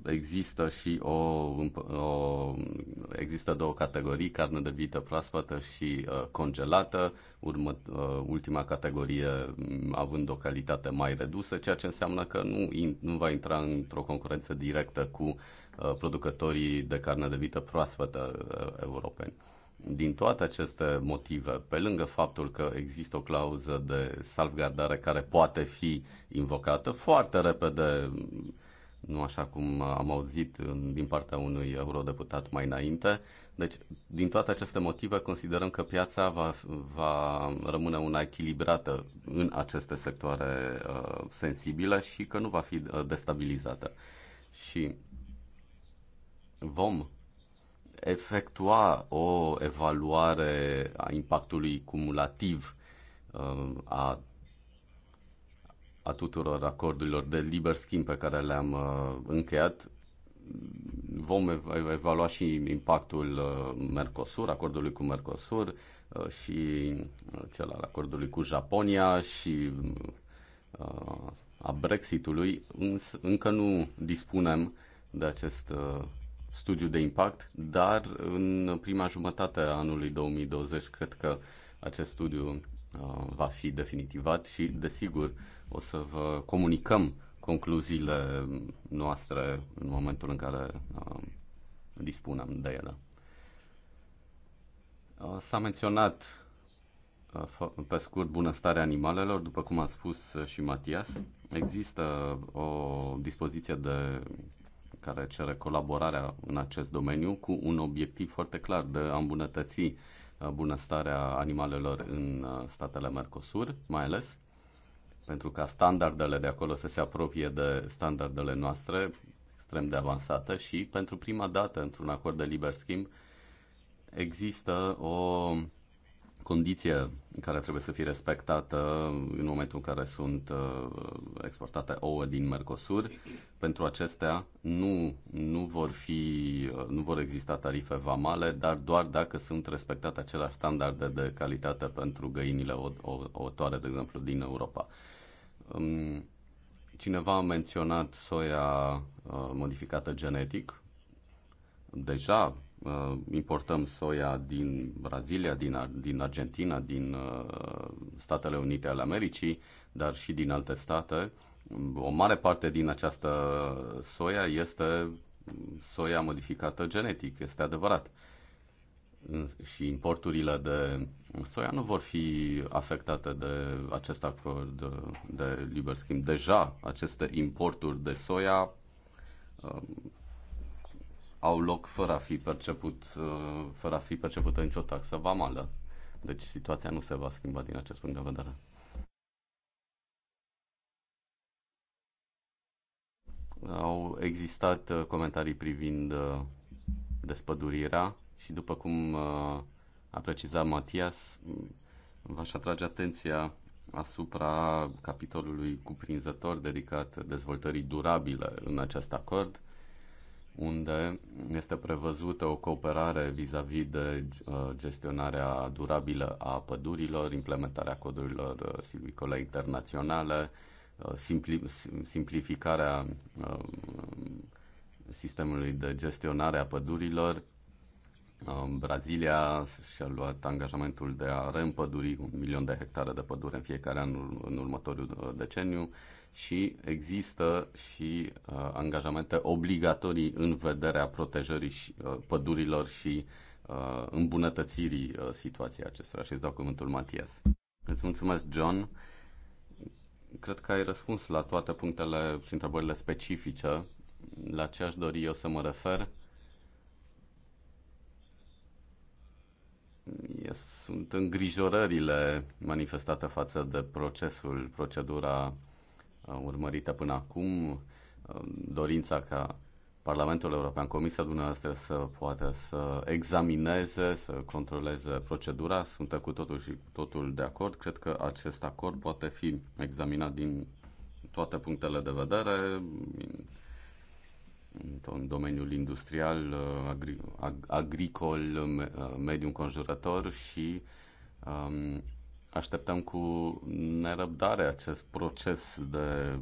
Există și o, o, există două categorii, carne de vită proaspătă și uh, congelată, urmă, uh, ultima categorie mm, având o calitate mai redusă, ceea ce înseamnă că nu, in, nu va intra într-o concurență directă cu uh, producătorii de carne de vită proaspătă uh, europeni. Din toate aceste motive, pe lângă faptul că există o clauză de salvgardare care poate fi invocată foarte repede, nu așa cum am auzit din partea unui eurodeputat mai înainte. Deci, din toate aceste motive, considerăm că piața va, va rămâne una echilibrată în aceste sectoare uh, sensibile și că nu va fi uh, destabilizată. Și vom efectua o evaluare a impactului cumulativ uh, a, a tuturor acordurilor de liber schimb pe care le-am uh, încheiat, vom evalua și impactul uh, Mercosur, acordului cu Mercosur și cel al acordului cu Japonia și a Brexitului, încă nu dispunem de acest studiu de impact, dar în prima jumătate a anului 2020 cred că acest studiu uh, va fi definitivat și, desigur, o să vă comunicăm concluziile noastre în momentul în care uh, dispunem de ele. Uh, s-a menționat pe scurt bunăstarea animalelor, după cum a spus și Matias. Există o dispoziție de care cere colaborarea în acest domeniu cu un obiectiv foarte clar de a îmbunătăți uh, bunăstarea animalelor în uh, statele Mercosur, mai ales pentru ca standardele de acolo să se apropie de standardele noastre extrem de avansate și pentru prima dată într-un acord de liber schimb există o condiție care trebuie să fie respectată în momentul în care sunt uh, exportate ouă din Mercosur. Pentru acestea nu, nu, vor fi, uh, nu vor exista tarife vamale, dar doar dacă sunt respectate aceleași standarde de calitate pentru găinile ouătoare, de exemplu, din Europa. Um, cineva a menționat soia uh, modificată genetic. Deja Uh, importăm soia din Brazilia, din, din Argentina, din uh, Statele Unite ale Americii, dar și din alte state. Um, o mare parte din această soia este soia modificată genetic, este adevărat. Și importurile de soia nu vor fi afectate de acest acord de, de liber schimb. Deja aceste importuri de soia um, au loc fără a fi, perceput, uh, fără a fi percepută nicio taxă vamală. Deci situația nu se va schimba din acest punct de vedere. Au existat uh, comentarii privind uh, despădurirea și după cum a precizat Matias, v-aș atrage atenția asupra capitolului cuprinzător dedicat dezvoltării durabile în acest acord unde este prevăzută o cooperare vis-a-vis -vis de uh, gestionarea durabilă a pădurilor, implementarea codurilor uh, silvicole internaționale, uh, simplificarea sistemului de gestionare a pădurilor. Um, Brazilia și-a luat angajamentul de a reîmpăduri un milion de hectare de pădure în fiecare an în următorul deceniu și există și uh, angajamente obligatorii în vederea protejării și, uh, pădurilor și uh, îmbunătățirii uh, situației acestora. Și îți dau cuvântul, Matias. Îți mulțumesc, John. Cred că ai răspuns la toate punctele și întrebările specifice. La ce aș dori eu să mă refer? Sunt îngrijorările manifestate față de procesul, procedura urmărită până acum, um, dorința ca Parlamentul European, Comisia dumneavoastră să poată să examineze, să controleze procedura. Sunt cu totul și totul de acord. Cred că acest acord poate fi examinat din toate punctele de vedere, în domeniul industrial, agri, agricol, mediul înconjurător și um, Așteptăm cu nerăbdare acest proces de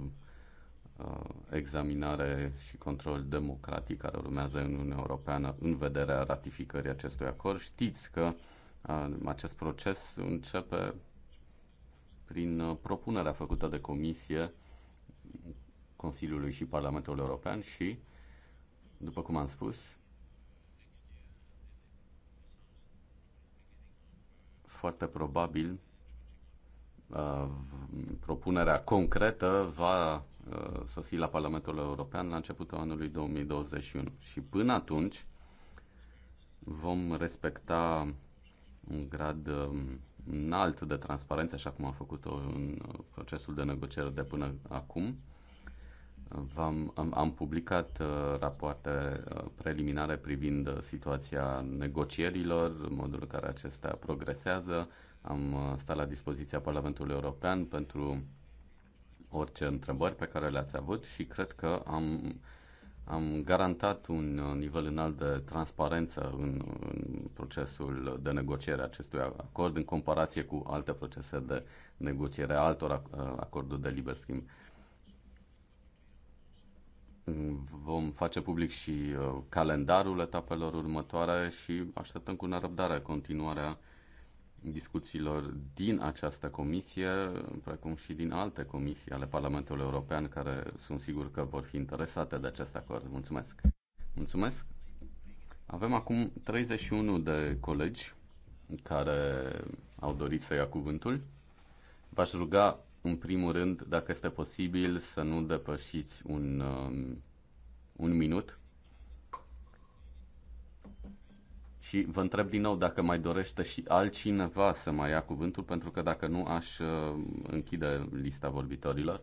uh, examinare și control democratic care urmează în Uniunea Europeană în vederea ratificării acestui acord. Știți că uh, acest proces începe prin uh, propunerea făcută de Comisie Consiliului și Parlamentului European și, după cum am spus, foarte probabil Uh, propunerea concretă va uh, sosi la Parlamentul European la începutul anului 2021 și până atunci vom respecta un grad um, înalt de transparență, așa cum am făcut-o în uh, procesul de negociere de până acum. am am, am publicat uh, rapoarte uh, preliminare privind uh, situația negocierilor, modul în care acestea progresează, am uh, stat la dispoziția Parlamentului European pentru orice întrebări pe care le-ați avut și cred că am, am garantat un uh, nivel înalt de transparență în, în procesul de negociere a acestui acord în comparație cu alte procese de negociere a altor uh, acorduri de liber schimb. Vom face public și calendarul etapelor următoare și așteptăm cu nerăbdare continuarea discuțiilor din această comisie, precum și din alte comisii ale Parlamentului European, care sunt sigur că vor fi interesate de acest acord. Mulțumesc! Mulțumesc! Avem acum 31 de colegi care au dorit să ia cuvântul. V-aș ruga, în primul rând, dacă este posibil, să nu depășiți un, um, un minut Și vă întreb din nou dacă mai dorește și altcineva să mai ia cuvântul, pentru că dacă nu, aș uh, închide lista vorbitorilor.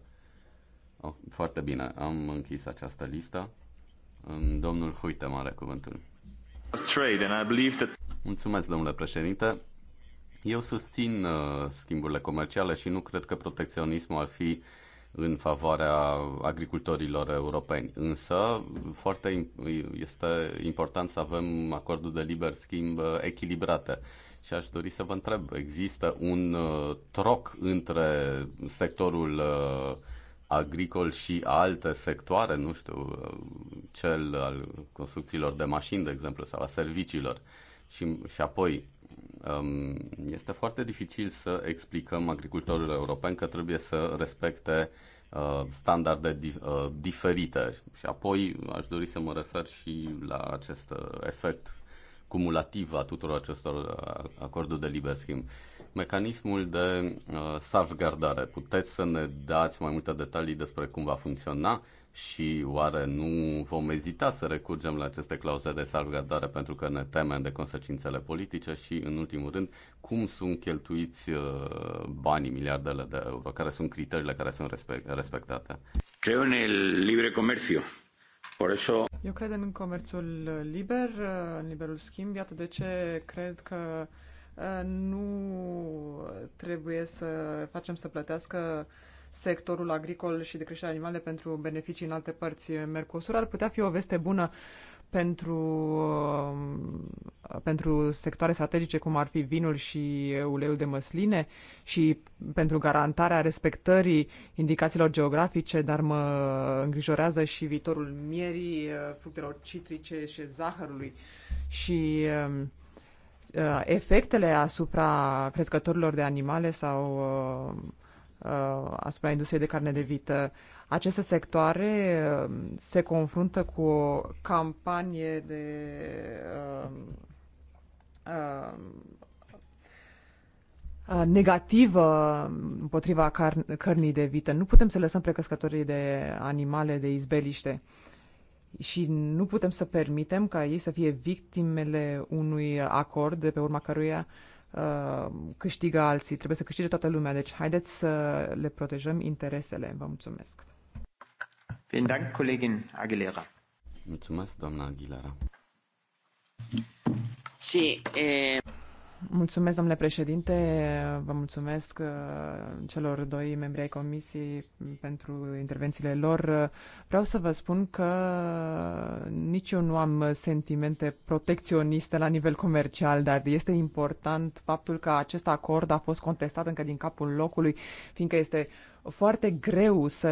Oh, foarte bine, am închis această listă. Domnul Huite are cuvântul. Mulțumesc, domnule președinte. Eu susțin uh, schimburile comerciale și nu cred că protecționismul ar fi uh, în favoarea agricultorilor europeni. Însă foarte este important să avem acordul de liber schimb uh, echilibrate. Și aș dori să vă întreb, există un uh, troc între sectorul uh, agricol și alte sectoare, nu știu, cel al construcțiilor de mașini, de exemplu, sau a serviciilor. Și, și apoi, Um, este foarte dificil să explicăm agricultorilor europeni că trebuie să respecte uh, standarde uh, diferite. Și apoi aș dori să mă refer și la acest uh, efect cumulativ a tuturor acestor acorduri de liber schimb. Mecanismul de salvgardare. Puteți să ne dați mai multe detalii despre cum va funcționa? și oare nu vom ezita să recurgem la aceste clauze de salvgardare pentru că ne temem de consecințele politice și, în ultimul rând, cum sunt cheltuiți uh, banii, miliardele de euro, care sunt criteriile care sunt respectate? Creo în el libre comercio. Por eso... Eu cred în comerțul uh, liber, uh, în liberul schimb. Iată de ce cred că nu trebuie să facem să plătească uh, sectorul agricol și de creștere animale pentru beneficii în alte părți Mercosur ar putea fi o veste bună pentru, um, pentru sectoare strategice cum ar fi vinul și uleiul de măsline și pentru garantarea respectării indicațiilor geografice, dar mă îngrijorează și viitorul mierii, uh, fructelor citrice și zahărului și um, uh, efectele asupra crescătorilor de animale sau uh, Uh, asupra industriei de carne de vită. Aceste sectoare uh, se confruntă cu o campanie de uh, negativă împotriva car- cărnii de vită. Nu putem să lăsăm precăscătorii de animale de izbeliște și nu putem să permitem ca ei să fie victimele unui acord de pe urma căruia uh, Uh, câștigă alții, trebuie să câștige toată lumea. Deci haideți să le protejăm interesele. Vă mulțumesc. Vielen Dank, Kollegin Aguilera. Mulțumesc, doamna Aguilera. Sí, eh... Mulțumesc, domnule președinte, vă mulțumesc uh, celor doi membri ai comisiei pentru intervențiile lor. Vreau să vă spun că nici eu nu am sentimente protecționiste la nivel comercial, dar este important faptul că acest acord a fost contestat încă din capul locului, fiindcă este foarte greu să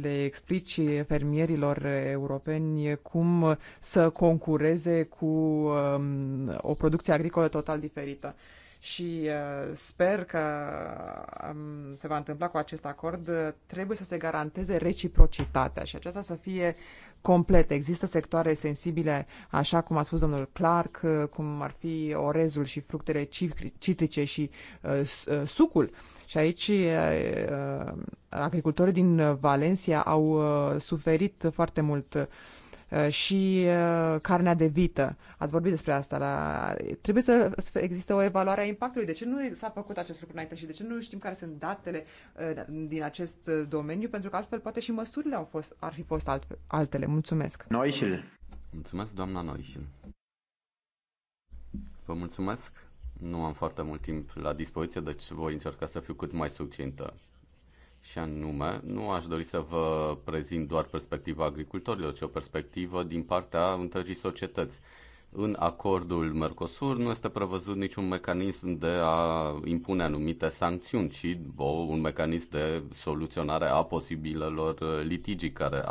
le explici fermierilor europeni cum să concureze cu um, o producție agricolă total diferită și uh, sper că um, se va întâmpla cu acest acord, trebuie să se garanteze reciprocitatea și aceasta să fie complet. Există sectoare sensibile, așa cum a spus domnul Clark, uh, cum ar fi orezul și fructele citrice și uh, uh, sucul. Și aici uh, agricultorii din Valencia au uh, suferit foarte mult Uh, și uh, carnea de vită. Ați vorbit despre asta. La... Trebuie să există o evaluare a impactului. De ce nu s-a făcut acest lucru înainte și de ce nu știm care sunt datele uh, din acest domeniu? Pentru că altfel poate și măsurile au fost, ar fi fost altele. Mulțumesc. Noichel. Mulțumesc, doamna Noichel. Vă mulțumesc. Nu am foarte mult timp la dispoziție, deci voi încerca să fiu cât mai succintă. Și anume, nu aș dori să vă prezint doar perspectiva agricultorilor, ci o perspectivă din partea întregii societăți. În acordul Mercosur nu este prevăzut niciun mecanism de a impune anumite sancțiuni, ci bo, un mecanism de soluționare a posibilelor litigii care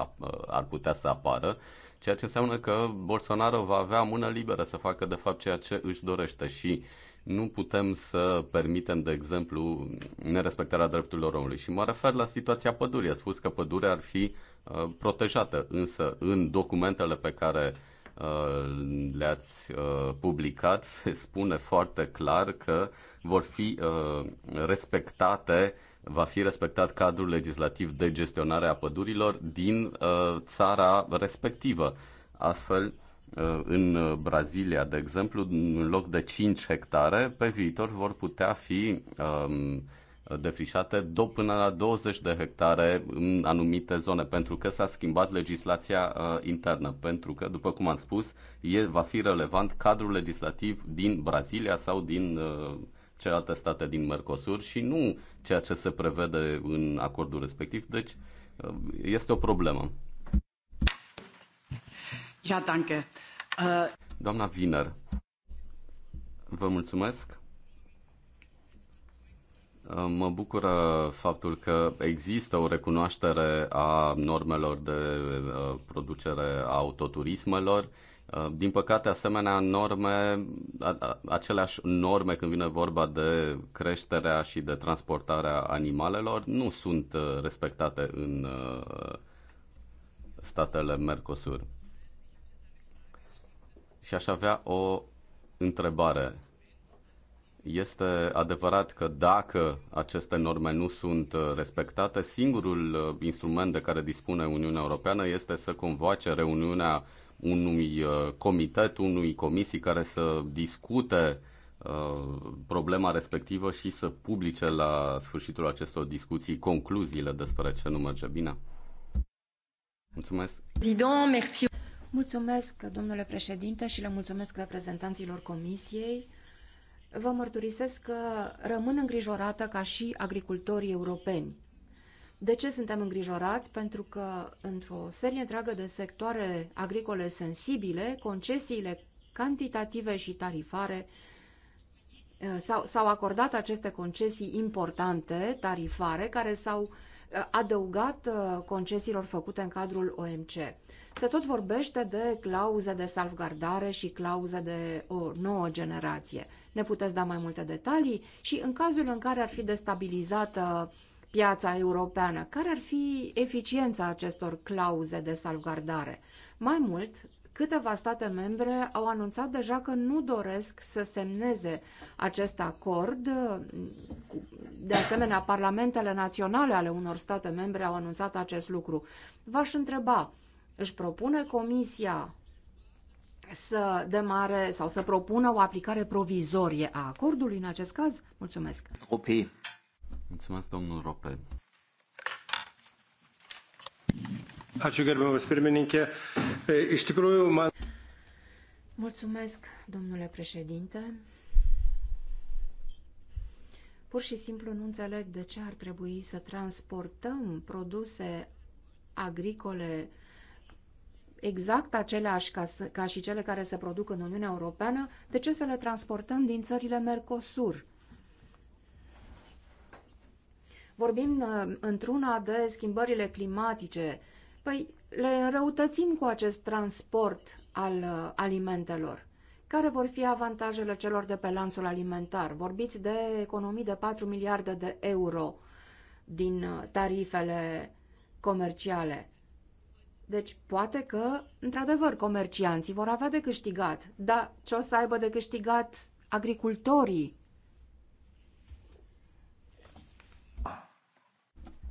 ar putea să apară, ceea ce înseamnă că Bolsonaro va avea mână liberă să facă de fapt ceea ce își dorește și uh, nu putem să permitem, de exemplu, nerespectarea drepturilor omului. Și mă refer la situația pădurii. A spus că pădurea ar fi uh, protejată, însă în documentele pe care uh, le-ați uh, publicat se spune foarte clar că vor fi uh, respectate va fi respectat cadrul legislativ de gestionare a pădurilor din uh, țara respectivă. Astfel, Uh, în uh, Brazilia, de exemplu, în loc de 5 hectare, pe viitor vor putea fi um, defrișate do- până la 20 de hectare în anumite zone, pentru că s-a schimbat legislația uh, internă, pentru că, după cum am spus, e, va fi relevant cadrul legislativ din Brazilia sau din celelalte state din Mercosur și nu ceea ce se prevede în acordul respectiv, deci este o problemă. Ja, danke. Uh... Doamna Wiener, vă mulțumesc. Uh, mă bucură faptul că există o recunoaștere a normelor de uh, producere a autoturismelor. Uh, din păcate, asemenea norme, aceleași norme când vine vorba de creșterea și de transportarea animalelor, nu sunt respectate în statele Mercosur. Și aș avea o întrebare. Este adevărat că dacă aceste norme nu sunt uh, respectate, singurul uh, instrument de care dispune Uniunea Europeană este să convoace reuniunea unui uh, comitet, unui comisii care să discute problema respectivă și să publice la sfârșitul acestor discuții concluziile despre ce nu merge bine. Mulțumesc. merci. Mulțumesc, domnule președinte, și le mulțumesc reprezentanților comisiei. Vă mărturisesc că rămân îngrijorată ca și agricultorii europeni. De ce suntem îngrijorați? Pentru că într-o serie întreagă de sectoare agricole sensibile, concesiile cantitative și tarifare eh, s-au acordat aceste concesii importante, tarifare, care s-au eh, adăugat eh, concesiilor făcute în cadrul OMC. Se tot vorbește de clauze de salvgardare și clauze de o nouă generație. Ne puteți da mai multe detalii și în cazul în care ar fi destabilizată piața europeană, care ar fi eficiența acestor clauze de salvgardare? Mai mult, câteva state membre au anunțat deja că nu doresc să semneze acest acord. De asemenea, parlamentele naționale ale unor state membre au anunțat acest lucru. V-aș întreba, își propune Comisia să demare sau să propună o aplicare provizorie a acordului în acest caz? Mulțumesc. Rope. Mulțumesc, domnul Rope. Ačiū gerbiamas pirmininkė. Iš tikrųjų, man. Mulțumesc, domnule președinte. Pur și simplu nu înțeleg de ce ar trebui să transportăm produse agricole uh, exact aceleași ca, ca și cele care se produc în Uniunea Europeană, de ce să le transportăm din țările Mercosur? Vorbim uh, într-una de schimbările climatice. Păi le înrăutățim cu acest transport al uh, alimentelor. Care vor fi avantajele celor de pe lanțul alimentar? Vorbiți de economii de 4 miliarde de euro din uh, tarifele comerciale. Deci poate că, într-adevăr, comercianții vor avea de câștigat, dar ce o să aibă de câștigat agricultorii?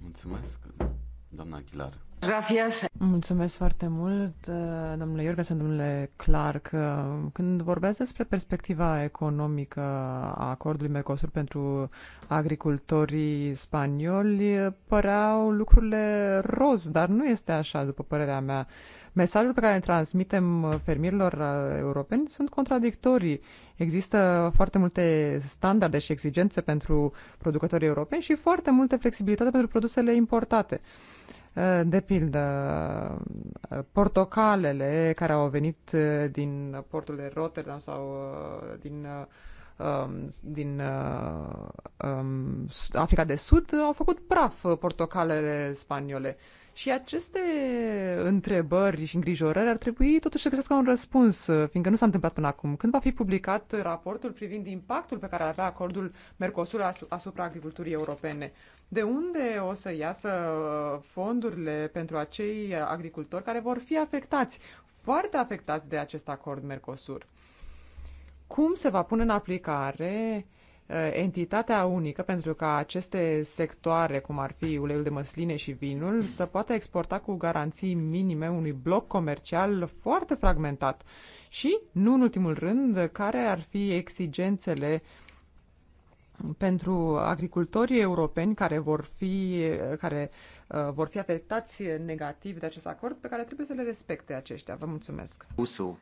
Mulțumesc. Doamna Aguilar. Gracias. Mulțumesc foarte mult, uh, domnule sunt domnule Clark. Uh, când vorbeați despre perspectiva economică a acordului Mercosur pentru agricultorii spanioli, uh, păreau lucrurile roz, dar nu este așa, după părerea mea. Mesajul pe care îl transmitem fermierilor europeni sunt contradictorii. Există foarte multe standarde și exigențe pentru producătorii europeni și foarte multe flexibilitate pentru produsele importate. Uh, de pildă, uh, portocalele care au venit uh, din portul de Rotterdam sau din, um, din um, Africa de Sud au făcut praf portocalele spaniole. Și aceste întrebări și îngrijorări ar trebui totuși să găsească un răspuns, uh, fiindcă nu s-a întâmplat până acum. Când va fi publicat raportul privind impactul pe care ar avea acordul Mercosur asupra agriculturii europene? De unde o să iasă uh, fondurile pentru acei agricultori care vor fi afectați, foarte afectați de acest acord Mercosur? Cum se va pune în aplicare Uh, entitatea unică pentru ca aceste sectoare, cum ar fi uleiul de măsline și vinul, să poată exporta cu garanții minime unui bloc comercial foarte fragmentat și, nu în ultimul rând, care ar fi exigențele pentru agricultorii europeni care vor fi, care, uh, vor fi afectați negativ de acest acord pe care trebuie să le respecte aceștia. Vă mulțumesc. Usu.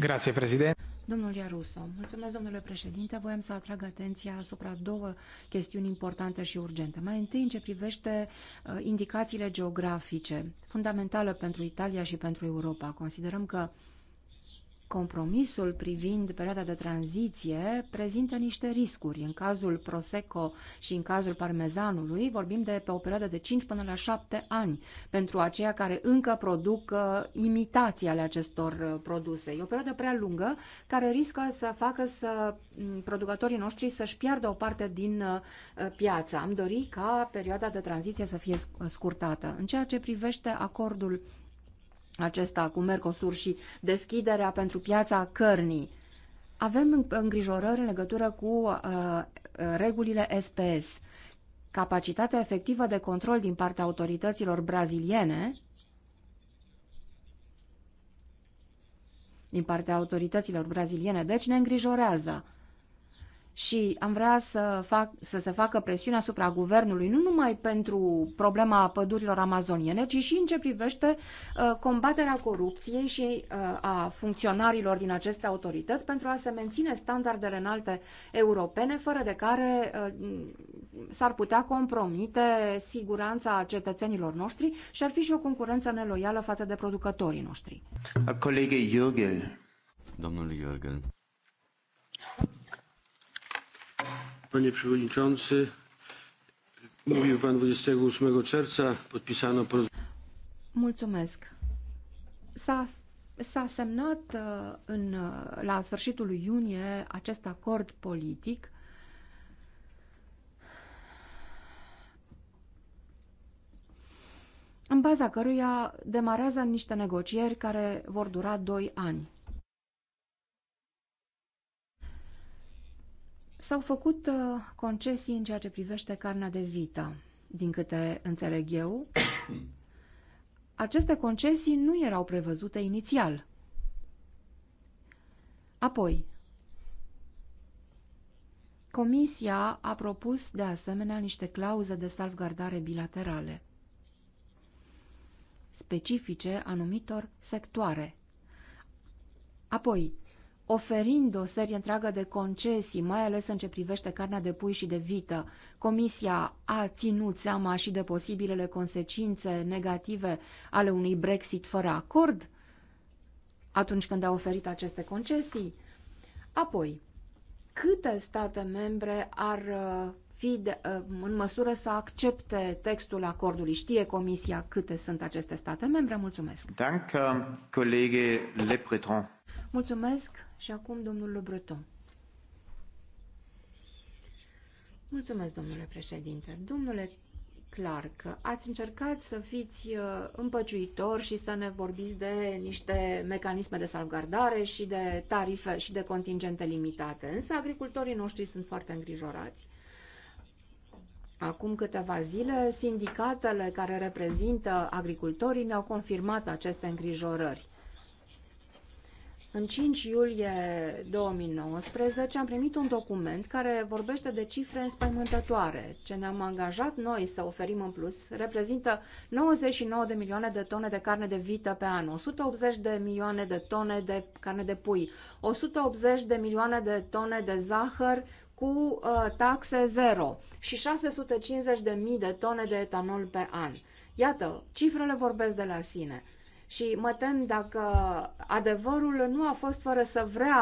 Grazie, președinte. Domnul Iaruso, mulțumesc, domnule președinte. Voiam să atrag atenția asupra două chestiuni importante și urgente. Mai întâi, în ce privește uh, indicațiile geografice, fundamentală pentru Italia și pentru Europa. Considerăm că Compromisul privind perioada de tranziție prezintă niște riscuri. În cazul Prosecco și în cazul Parmezanului vorbim de pe o perioadă de 5 până la 7 ani pentru aceia care încă produc uh, imitații ale acestor uh, produse. E o perioadă prea lungă care riscă să facă să mm, producătorii noștri să-și piardă o parte din uh, piață. Am dorit ca perioada de tranziție să fie scurtată. În ceea ce privește acordul acesta cu Mercosur și deschiderea pentru piața cărnii. Avem îngrijorări în legătură cu uh, uh regulile SPS. Capacitatea efectivă de control din partea autorităților braziliene, din partea autorităților braziliene, deci ne îngrijorează și am vrea să, fac, să se facă presiune asupra guvernului, nu numai pentru problema pădurilor amazoniene, ci și în ce privește uh, combaterea corupției și uh, a funcționarilor din aceste autorități pentru a se menține standardele înalte europene, fără de care uh, s-ar putea compromite siguranța cetățenilor noștri și ar fi și o concurență neloială față de producătorii noștri. Colegă Iurgel. Domnul Iurgel. Panie Przewodniczący, mówił Pan 28 czerwca, podpisano Mulțumesc. S-a, s-a semnat uh, în, uh, la sfârșitul lui iunie acest acord politic în baza căruia demarează niște negocieri care vor dura 2 ani. S-au făcut uh, concesii în ceea ce privește carnea de vită. Din câte înțeleg eu, aceste concesii nu erau prevăzute inițial. Apoi, Comisia a propus de asemenea niște clauze de salvgardare bilaterale, specifice anumitor sectoare. Apoi, oferind o serie întreagă de concesii, mai ales în ce privește carnea de pui și de vită. Comisia a ținut seama și de posibilele consecințe negative ale unui Brexit fără acord atunci când a oferit aceste concesii. Apoi, câte state membre ar uh, fi de, uh, în măsură să accepte textul acordului? Știe Comisia câte sunt aceste state membre? Mulțumesc! Danke, uh, colegi Le Breton. Mulțumesc și acum domnul Le Breton. Mulțumesc, domnule președinte. Domnule Clark, ați încercat să fiți uh, împăciuitor și să ne vorbiți de niște mecanisme de salvgardare și de tarife și de contingente limitate, însă agricultorii noștri sunt foarte îngrijorați. Acum câteva zile, sindicatele care reprezintă agricultorii ne-au confirmat aceste îngrijorări. În 5 iulie 2019 am primit un document care vorbește de cifre înspăimântătoare. Ce ne-am angajat noi să oferim în plus reprezintă 99 de milioane de tone de carne de vită pe an, 180 de milioane de tone de carne de pui, 180 de milioane de tone de zahăr cu uh, taxe zero și 650 de mii de tone de etanol pe an. Iată, cifrele vorbesc de la sine și mă tem dacă adevărul nu a fost fără să vrea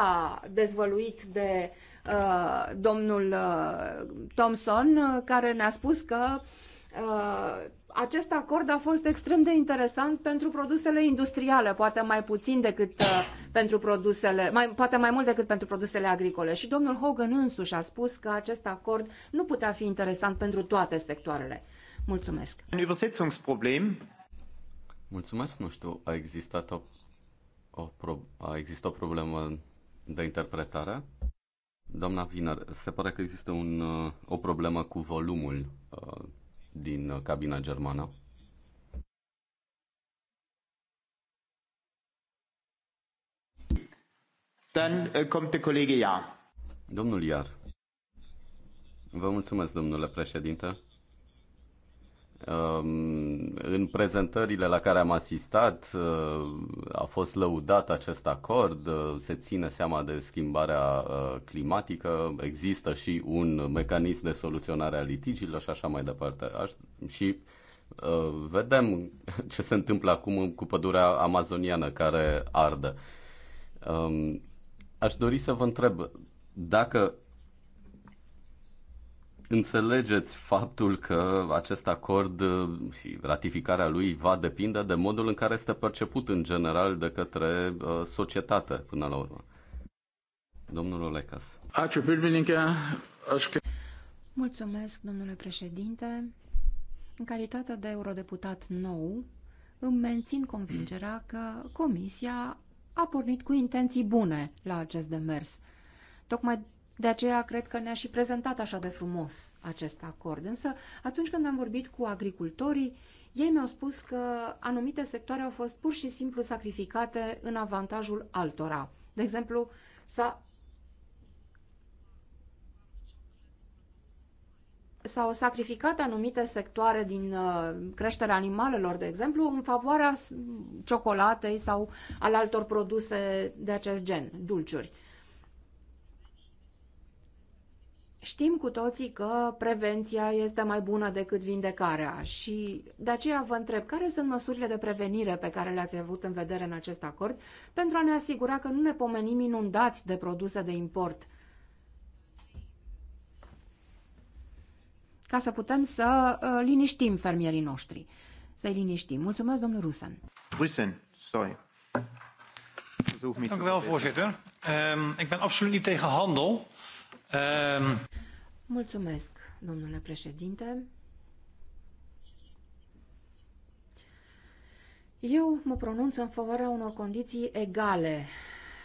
dezvăluit de uh, domnul uh, Thomson, uh, care ne-a spus că uh, acest acord a fost extrem de interesant pentru produsele industriale, poate mai puțin decât uh, pentru produsele, mai, poate mai mult decât pentru produsele agricole. Și domnul Hogan însuși a spus că acest acord nu putea fi interesant pentru toate sectoarele. Mulțumesc. Un Mulțumesc, nu știu, a existat o, o, pro, a existat o problemă de interpretare? Doamna Viner, se pare că există un, o problemă cu volumul uh, din cabina germană. Dan, uh, kommt der Domnul Iar. Vă mulțumesc, domnule președinte. Ehm, în prezentările la care am asistat eh, a fost lăudat acest acord, eh, se ține seama de schimbarea eh, climatică, există și un mecanism de soluționare a litigiilor și așa mai departe. Și vedem ce se întâmplă acum cu pădurea amazoniană care arde. Ehm, aș dori să vă întreb dacă înțelegeți faptul că acest acord uh, și ratificarea lui va depinde de modul în care este perceput în general de către uh, societate până la urmă. Domnul Olecas. Mulțumesc, domnule președinte. În calitate de eurodeputat nou, îmi mențin convingerea că Comisia a pornit cu intenții bune la acest demers. Tocmai de aceea cred că ne-a și prezentat așa de frumos acest acord. Însă, atunci când am vorbit cu agricultorii, ei mi-au spus că anumite sectoare au fost pur și simplu sacrificate în avantajul altora. De exemplu, s-a s-au sacrificat anumite sectoare din uh, creșterea animalelor, de exemplu, în favoarea ciocolatei sau al altor produse de acest gen, dulciuri. Știm cu toții că prevenția este mai bună decât vindecarea și de aceea vă întreb care sunt măsurile de prevenire pe care le-ați avut în vedere în acest acord pentru a ne asigura că nu ne pomenim inundați de produse de import ca să putem să uh, liniștim fermierii noștri. Să-i liniștim. Mulțumesc, domnul Rusen. Rusen, sorry. Dank u wel, voorzitter. Um, ik ben absoluut niet tegen handel. Ehm. Mulțumesc, domnule președinte. Eu mă pronunț în favoarea unor condiții egale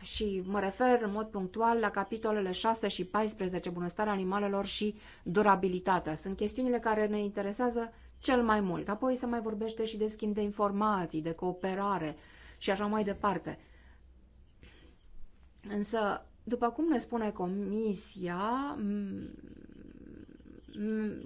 și mă refer în mod punctual la capitolele 6 și 14, bunăstarea animalelor și durabilitatea. Sunt chestiunile care ne interesează cel mai mult. Apoi se mai vorbește și de schimb de informații, de cooperare și așa mai departe. Însă după cum ne spune Comisia,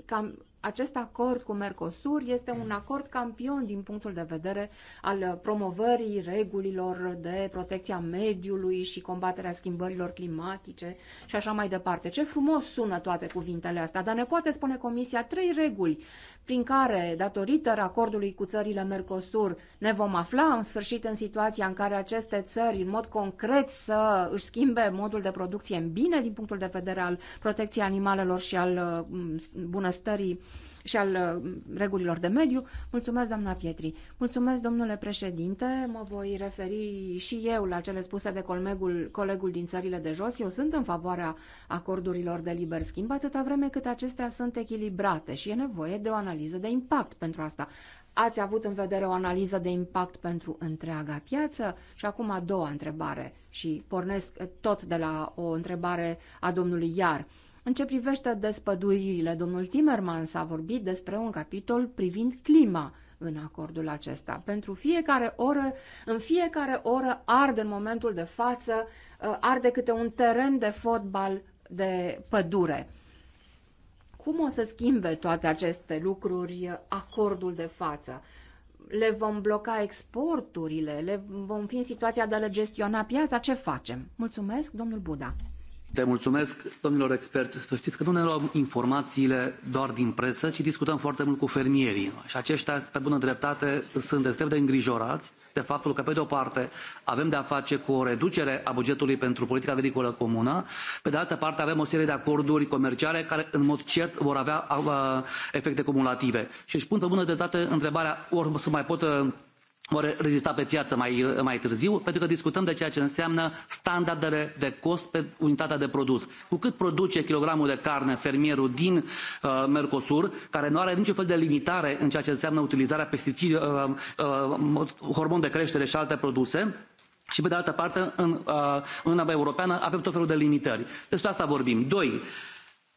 cam acest acord cu Mercosur este un acord campion din punctul de vedere al promovării regulilor de protecția mediului și combaterea schimbărilor climatice și așa mai departe. Ce frumos sună toate cuvintele astea, dar ne poate spune Comisia trei reguli prin care, datorită acordului cu țările Mercosur, ne vom afla în sfârșit în situația în care aceste țări, în mod concret, să își schimbe modul de producție în bine din punctul de vedere al protecției animalelor și al uh, bunăstării uh, și al uh, regulilor de mediu. Mulțumesc, doamna Pietri. Mulțumesc, domnule președinte. Mă voi referi și eu la cele spuse de colegul, colegul din țările de jos. Eu sunt în favoarea acordurilor de liber schimb atâta vreme cât acestea sunt echilibrate și e nevoie de o analiză de impact pentru asta. Ați avut în vedere o analiză de impact pentru întreaga piață? Și acum a doua întrebare și pornesc tot de la o întrebare a domnului Iar. În ce privește despăduririle, domnul Timmermans a vorbit despre un capitol privind clima în acordul acesta. Pentru fiecare oră, în fiecare oră arde în momentul de față, uh, arde câte un teren de fotbal de pădure. Cum o să schimbe toate aceste lucruri acordul de față? Le vom bloca exporturile? Le vom fi în situația de a le gestiona piața? Ce facem? Mulțumesc, domnul Buda. Te mulțumesc, domnilor experți. Să știți că nu ne luăm informațiile doar din presă, ci discutăm foarte mult cu fermierii. Și aceștia, pe bună dreptate, sunt extrem de îngrijorați de faptul că, pe de o parte, avem de a face cu o reducere a bugetului pentru politica agricolă comună, pe de altă parte, avem o serie de acorduri comerciale care, în mod cert, vor avea uh, efecte cumulative. Și își pun pe bună dreptate întrebarea, ori să mai pot uh, vor rezista pe piață mai, mai târziu, pentru că discutăm de ceea ce înseamnă standardele de cost pe unitatea de produs. Cu cât produce kilogramul de carne fermierul din uh, Mercosur, care nu are niciun fel de limitare în ceea ce înseamnă utilizarea pesticidelor, uh, uh, hormon de creștere și alte produse, și pe de altă parte, în uh, Uniunea Europeană avem tot felul de limitări. Despre asta vorbim. Doi,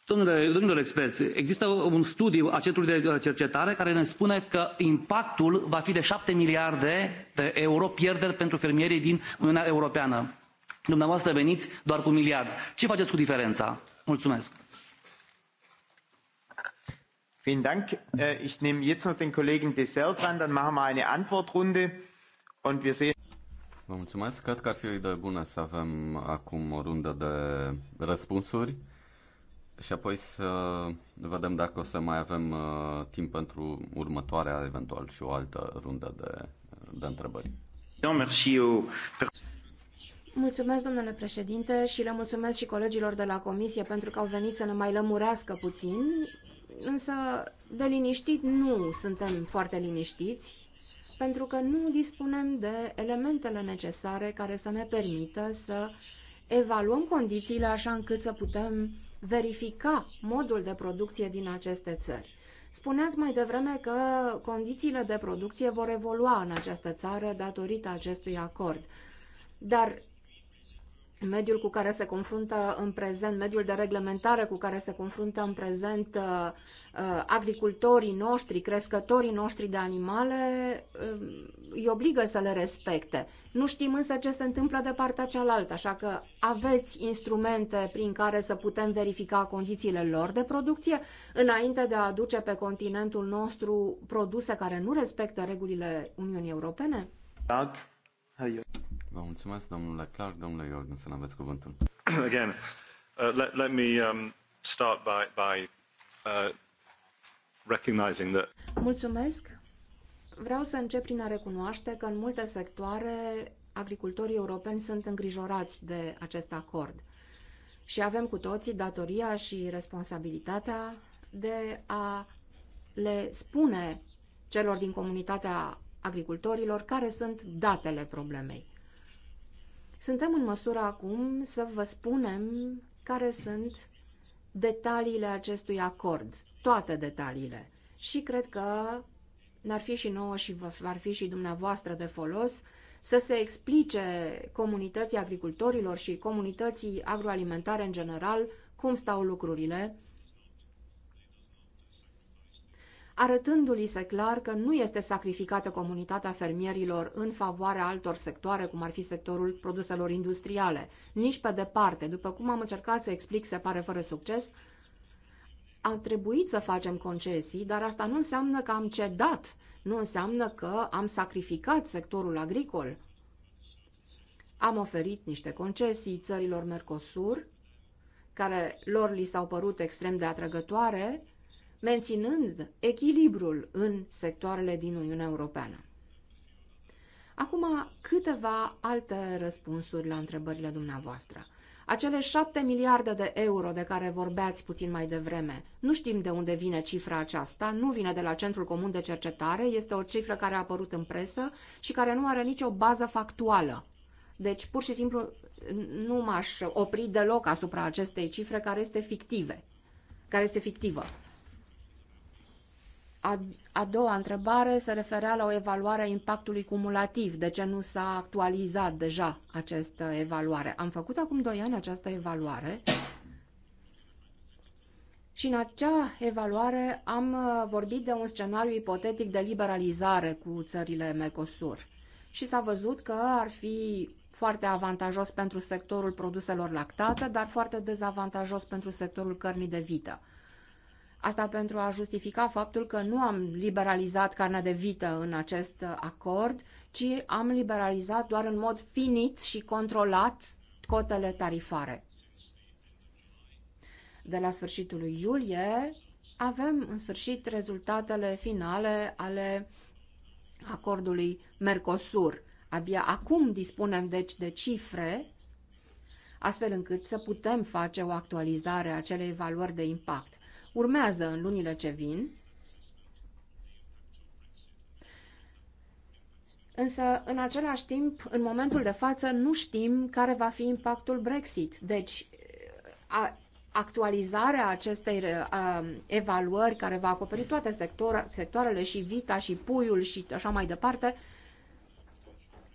domnilor experți există un studiu al centrului de cercetare care ne spune că impactul va fi de șapte miliarde de euro pierderi pentru fermierii din uniunea europeană. dumneavoastră veniți doar cu miliard. ce faceți cu diferența? mulțumesc. Vielen Dank. Äh, ich nehme jetzt noch den Kollegen Dessert dran, dann machen wir eine Antwortrunde und wir sehen. Vă mulțumesc. Cred că ar fi o idee bună să avem acum o rundă de răspunsuri și apoi să vedem dacă o să mai avem uh, timp pentru următoarea, eventual, și o altă rundă de, de întrebări. Mulțumesc, domnule președinte, și le mulțumesc și colegilor de la comisie pentru că au venit să ne mai lămurească puțin, însă de liniștit nu suntem foarte liniștiți, pentru că nu dispunem de elementele necesare care să ne permită să evaluăm condițiile așa încât să putem verifica modul de producție din aceste țări. Spuneați mai devreme că condițiile de producție vor evolua în această țară datorită acestui acord. Dar mediul cu care se confruntă în prezent, mediul de reglementare cu care se confruntă în prezent uh, uh, agricultorii noștri, crescătorii noștri de animale, um, îi obligă să le respecte. Nu știm însă ce se întâmplă de partea cealaltă, așa că aveți instrumente prin care să putem verifica condițiile lor de producție înainte de a aduce pe continentul nostru produse care nu respectă regulile Uniunii Europene? Da. Hai Vă mulțumesc, domnule Clark, domnule Iorgen, să ne aveți cuvântul. Again, uh, let, let me um, start by, by uh, recognizing that... Mulțumesc. Vreau să încep prin a recunoaște că în multe sectoare agricultorii europeni sunt îngrijorați de acest acord. Și avem cu toții datoria și responsabilitatea de a le spune celor din comunitatea agricultorilor care sunt datele problemei. Suntem în măsură acum să vă spunem care sunt detaliile acestui acord, toate detaliile. Și cred că n-ar fi și nouă și ar fi și dumneavoastră de folos să se explice comunității agricultorilor și comunității agroalimentare în general cum stau lucrurile arătându-li se clar că nu este sacrificată comunitatea fermierilor în favoarea altor sectoare, cum ar fi sectorul produselor industriale. Nici pe departe, după cum am încercat să explic, se pare fără succes, a trebuit să facem concesii, dar asta nu înseamnă că am cedat, nu înseamnă că am sacrificat sectorul agricol. Am oferit niște concesii țărilor Mercosur, care lor li s-au părut extrem de atrăgătoare, menținând echilibrul în sectoarele din Uniunea Europeană. Acum câteva alte răspunsuri la întrebările dumneavoastră. Acele șapte miliarde de euro de care vorbeați puțin mai devreme, nu știm de unde vine cifra aceasta, nu vine de la Centrul Comun de Cercetare, este o cifră care a apărut în presă și care nu are nicio bază factuală. Deci, pur și simplu, nu m-aș opri deloc asupra acestei cifre care este fictive, care este fictivă. A, doua întrebare se referea la o evaluare a impactului cumulativ. De ce nu s-a actualizat deja această evaluare? Am făcut acum doi ani această evaluare și în acea evaluare am uh, vorbit de un scenariu ipotetic de liberalizare cu țările Mercosur. Și s-a văzut că ar fi foarte avantajos pentru sectorul produselor lactate, dar foarte dezavantajos pentru sectorul cărnii de vită. Asta pentru a justifica faptul că nu am liberalizat carnea de vită în acest acord, ci am liberalizat doar în mod finit și controlat cotele tarifare. De la sfârșitul lui iulie avem în sfârșit rezultatele finale ale acordului Mercosur. Abia acum dispunem deci de cifre astfel încât să putem face o actualizare a acelei valori de impact urmează în lunile ce vin. Însă, în același timp, în momentul de față, nu știm care va fi impactul Brexit. Deci, a, actualizarea acestei uh, a, evaluări care va acoperi toate sectoare, sectoarele și vita și puiul și așa mai departe,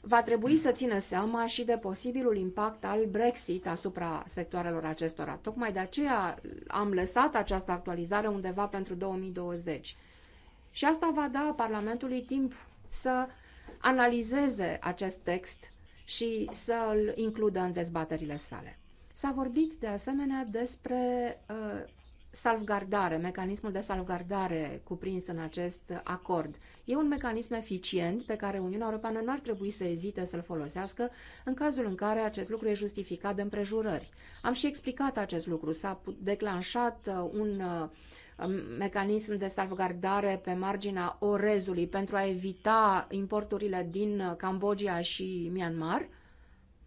va trebui să țină seama și de posibilul impact al Brexit asupra sectoarelor acestora. Tocmai de aceea am lăsat această actualizare undeva pentru 2020. Și asta va da Parlamentului timp să analizeze acest text și să îl includă în dezbaterile sale. S-a vorbit de asemenea despre uh, salvgardare, mecanismul de salvgardare cuprins în acest acord. E un mecanism eficient pe care Uniunea Europeană n-ar trebui să ezite să-l folosească în cazul în care acest lucru e justificat de împrejurări. Am și explicat acest lucru. S-a declanșat uh, un uh, mecanism de salvgardare pe marginea orezului pentru a evita importurile din uh, Cambodgia și Myanmar.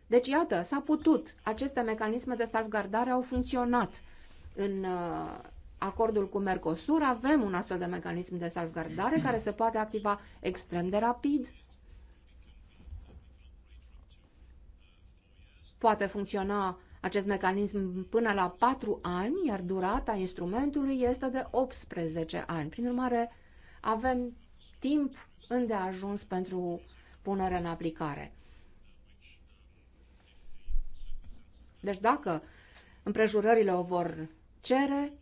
Deci, iată, s-a putut. Aceste mecanisme de salvgardare au funcționat în acordul cu Mercosur avem un astfel de mecanism de salvgardare care se poate activa extrem de rapid, poate funcționa acest mecanism până la 4 ani, iar durata instrumentului este de 18 ani. Prin urmare, avem timp îndeajuns pentru punere în aplicare. Deci dacă împrejurările o vor cere,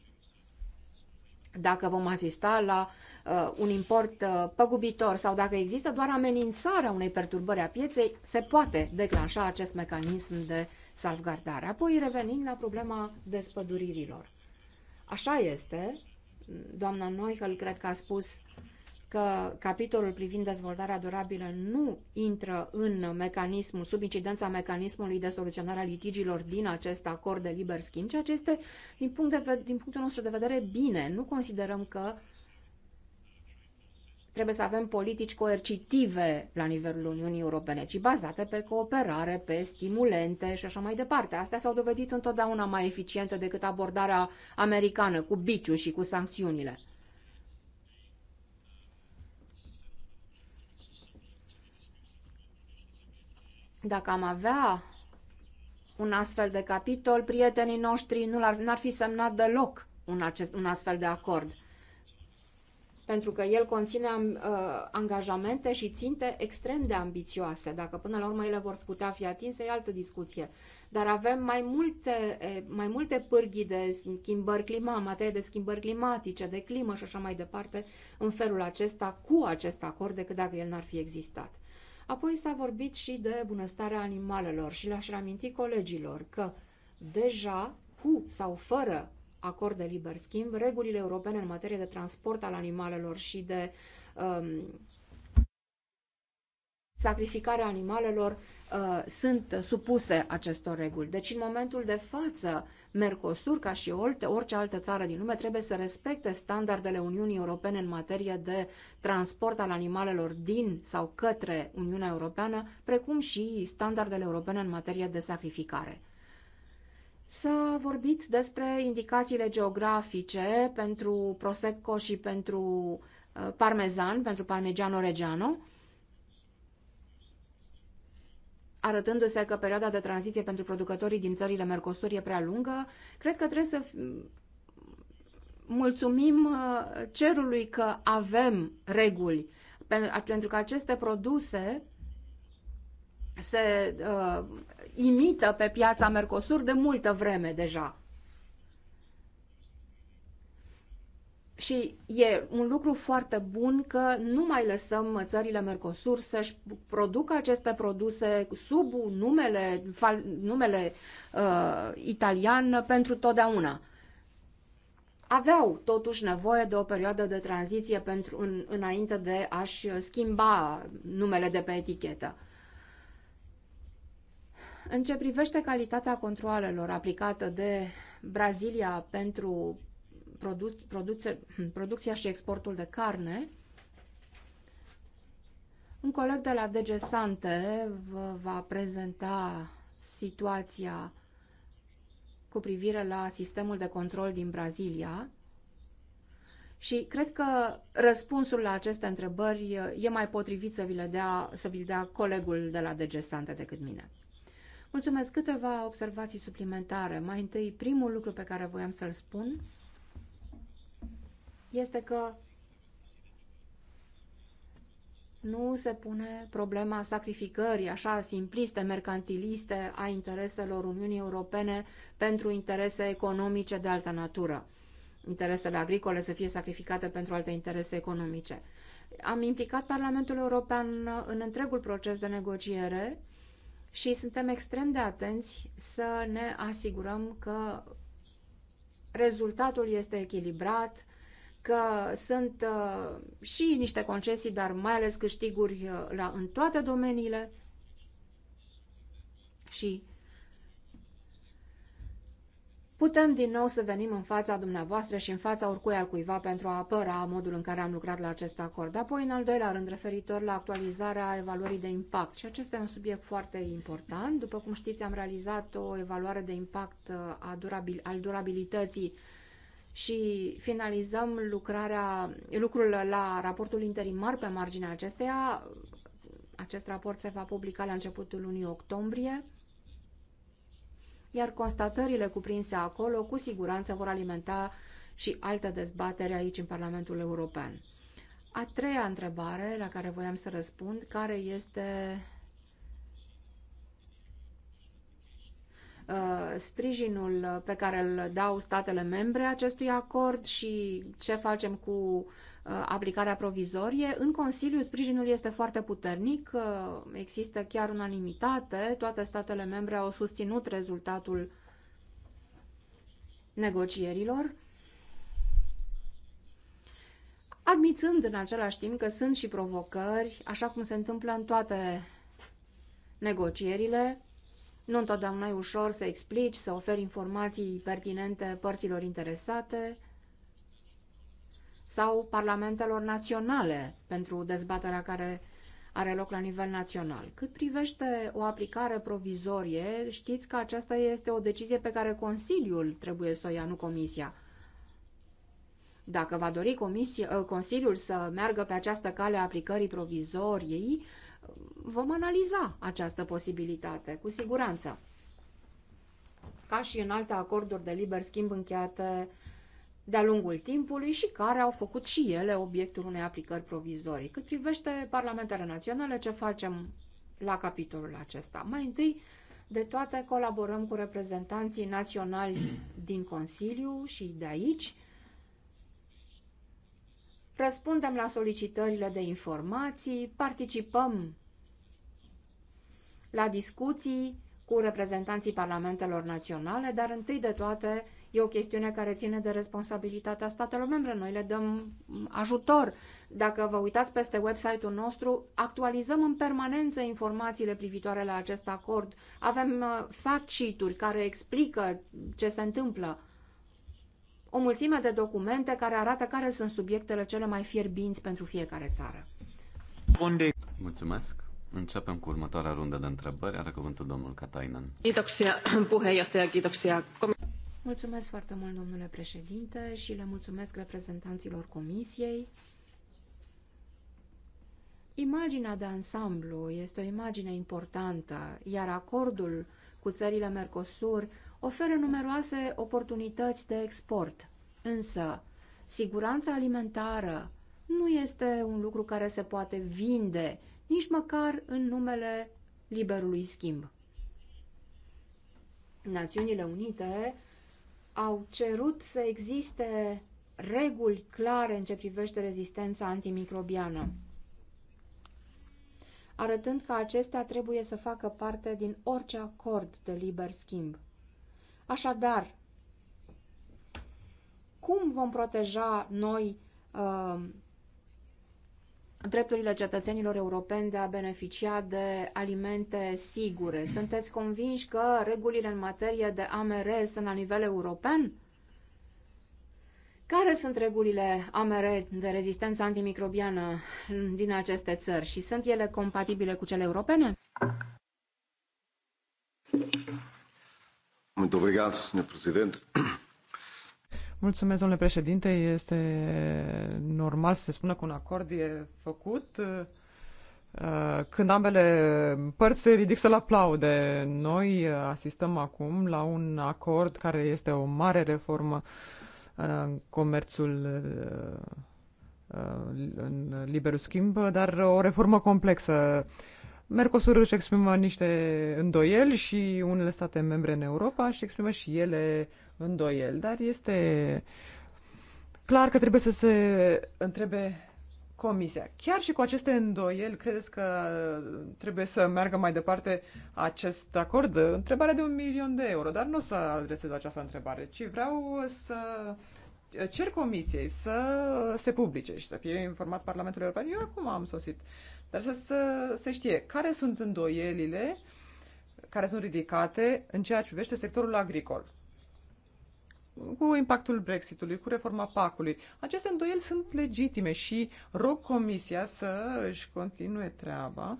dacă vom asista la uh, un import uh, păgubitor sau dacă există doar amenințarea unei perturbări a pieței, se poate declanșa acest mecanism de salvgardare. Apoi revenind la problema despăduririlor. Așa este, doamna Noichel cred că a spus că capitolul privind dezvoltarea durabilă nu intră în mecanismul, sub incidența mecanismului de soluționare a litigilor din acest acord de liber schimb, ceea ce este, din, punct de, din punctul nostru de vedere, bine. Nu considerăm că trebuie să avem politici coercitive la nivelul Uniunii Europene, ci bazate pe cooperare, pe stimulente și așa mai departe. Astea s-au dovedit întotdeauna mai eficiente decât abordarea americană cu biciu și cu sancțiunile. Dacă am avea un astfel de capitol, prietenii noștri nu ar n-ar fi semnat deloc un, acest, un astfel de acord. Pentru că el conține uh, angajamente și ținte extrem de ambițioase. Dacă până la urmă ele vor putea fi atinse, e altă discuție. Dar avem mai multe, mai multe pârghii de schimbări clima, în materie de schimbări climatice, de climă și așa mai departe, în felul acesta, cu acest acord, decât dacă el n-ar fi existat. Apoi s-a vorbit și de bunăstarea animalelor și le-aș reaminti colegilor că deja, cu sau fără acord de liber schimb, regulile europene în materie de transport al animalelor și de um, sacrificarea animalelor uh, sunt supuse acestor reguli. Deci, în momentul de față, uh, Mercosur, ca și orice altă țară din lume, trebuie să respecte standardele Uniunii Europene în materie de transport al animalelor din sau către Uniunea Europeană, precum și standardele europene în materie de sacrificare. S-a vorbit despre indicațiile geografice pentru Prosecco și pentru uh, parmezan, pentru parmigiano reggiano. arătându-se că perioada de tranziție pentru producătorii din țările Mercosur e prea lungă, cred că trebuie să mulțumim uh, cerului că avem reguli, pentru că aceste produse se uh, imită pe piața Mercosur de multă vreme deja. Și e un lucru foarte bun că nu mai lăsăm țările Mercosur să-și producă aceste produse sub numele, numele uh, italian pentru totdeauna. Aveau totuși nevoie de o perioadă de tranziție pentru, în, înainte de a-și schimba numele de pe etichetă. În ce privește calitatea controalelor aplicată de Brazilia pentru produ produce, producția și exportul de carne. Un coleg de la DG Sante vă va prezenta situația cu privire la sistemul de control din Brazilia. Și cred că răspunsul la aceste întrebări e mai potrivit să vi le dea, să vi dea colegul de la DG Sante decât mine. Mulțumesc câteva observații suplimentare. Mai întâi, primul lucru pe care voiam să-l spun este că nu se pune problema sacrificării așa simpliste, mercantiliste a intereselor Uniunii Europene pentru interese economice de altă natură. Interesele agricole să fie sacrificate pentru alte interese economice. Am implicat Parlamentul European în întregul proces de negociere și suntem extrem de atenți să ne asigurăm că rezultatul este echilibrat, că sunt uh, și niște concesii, dar mai ales câștiguri uh, la, în toate domeniile și putem din nou să venim în fața dumneavoastră și în fața oricui al cuiva pentru a apăra modul în care am lucrat la acest acord. Apoi, în al doilea rând, referitor la actualizarea evaluării de impact. Și acesta e un subiect foarte important. După cum știți, am realizat o evaluare de impact uh, a durabil, al durabilității și finalizăm lucrarea, lucrul la raportul interimar pe marginea acesteia. Acest raport se va publica la începutul lunii octombrie, iar constatările cuprinse acolo cu siguranță vor alimenta și alte dezbatere aici în Parlamentul European. A treia întrebare la care voiam să răspund, care este Uh, sprijinul pe care îl dau statele membre acestui acord și ce facem cu uh, aplicarea provizorie. În Consiliu sprijinul este foarte puternic, uh, există chiar unanimitate, toate statele membre au susținut rezultatul negocierilor, admițând în același timp că sunt și provocări, așa cum se întâmplă în toate negocierile, nu întotdeauna e ușor să explici, să oferi informații pertinente părților interesate sau parlamentelor naționale pentru dezbaterea care are loc la nivel național. Cât privește o aplicare provizorie, știți că aceasta este o decizie pe care Consiliul trebuie să o ia, nu Comisia. Dacă va dori Consiliul să meargă pe această cale a aplicării provizoriei vom analiza această posibilitate, cu siguranță. Ca și în alte acorduri de liber schimb încheiate de-a lungul timpului și care au făcut și ele obiectul unei aplicări provizorii. Cât privește parlamentele naționale, ce facem la capitolul acesta? Mai întâi, de toate, colaborăm cu reprezentanții naționali din Consiliu și de aici. Răspundem la solicitările de informații, participăm la discuții cu reprezentanții parlamentelor naționale, dar întâi de toate e o chestiune care ține de responsabilitatea statelor membre. Noi le dăm ajutor. Dacă vă uitați peste website-ul nostru, actualizăm în permanență informațiile privitoare la acest acord. Avem uh, fact sheet-uri care explică ce se întâmplă. O mulțime de documente care arată care sunt subiectele cele mai fierbinți pentru fiecare țară. Mulțumesc! Începem cu următoarea rundă de întrebări. Are cuvântul domnul Katainen. Mulțumesc foarte mult, domnule președinte, și le mulțumesc reprezentanților comisiei. Imaginea de ansamblu este o imagine importantă, iar acordul cu țările Mercosur oferă numeroase oportunități de export. Însă, siguranța alimentară nu este un lucru care se poate vinde nici măcar în numele liberului schimb. Națiunile Unite au cerut să existe reguli clare în ce privește rezistența antimicrobiană, arătând că acestea trebuie să facă parte din orice acord de liber schimb. Așadar, cum vom proteja noi uh, drepturile cetățenilor europeni de a beneficia de alimente sigure. Sunteți convinși că regulile în materie de AMR sunt la nivel european? Care sunt regulile AMR de rezistență antimicrobiană din aceste țări și sunt ele compatibile cu cele europene? Muito obrigado, Sr. Presidente. Mulțumesc, domnule președinte. Este normal să se spună că un acord e făcut uh, când ambele părți se ridică la aplaude. Noi uh, asistăm acum la un acord care este o mare reformă uh, în comerțul în liberul schimb, dar o reformă complexă. Mercosur își exprimă niște îndoieli și unele state membre în Europa și exprimă și ele îndoieli, dar este clar că trebuie să se întrebe Comisia. Chiar și cu aceste îndoieli, credeți că trebuie să meargă mai departe acest acord? Întrebarea de un milion de euro, dar nu o să adresez această întrebare, ci vreau să cer Comisiei să se publice și să fie informat Parlamentul European. Eu acum am sosit dar să, se știe care sunt îndoielile care sunt ridicate în ceea ce privește sectorul agricol cu impactul Brexitului, cu reforma PAC-ului. Aceste îndoieli sunt legitime și rog Comisia să își continue treaba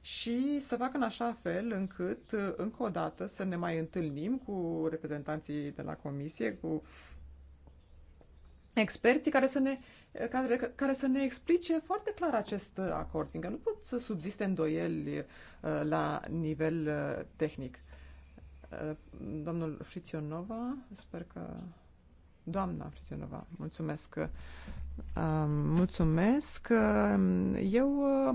și să facă în așa fel încât, încă o dată, să ne mai întâlnim cu reprezentanții de la Comisie, cu experții care să ne care, care să ne explice foarte clar acest acord, fiindcă nu pot să subziste îndoieli uh, la nivel uh, tehnic. Uh, domnul Friționova, sper că... Doamna Friționova, mulțumesc. Mulțumesc. Eu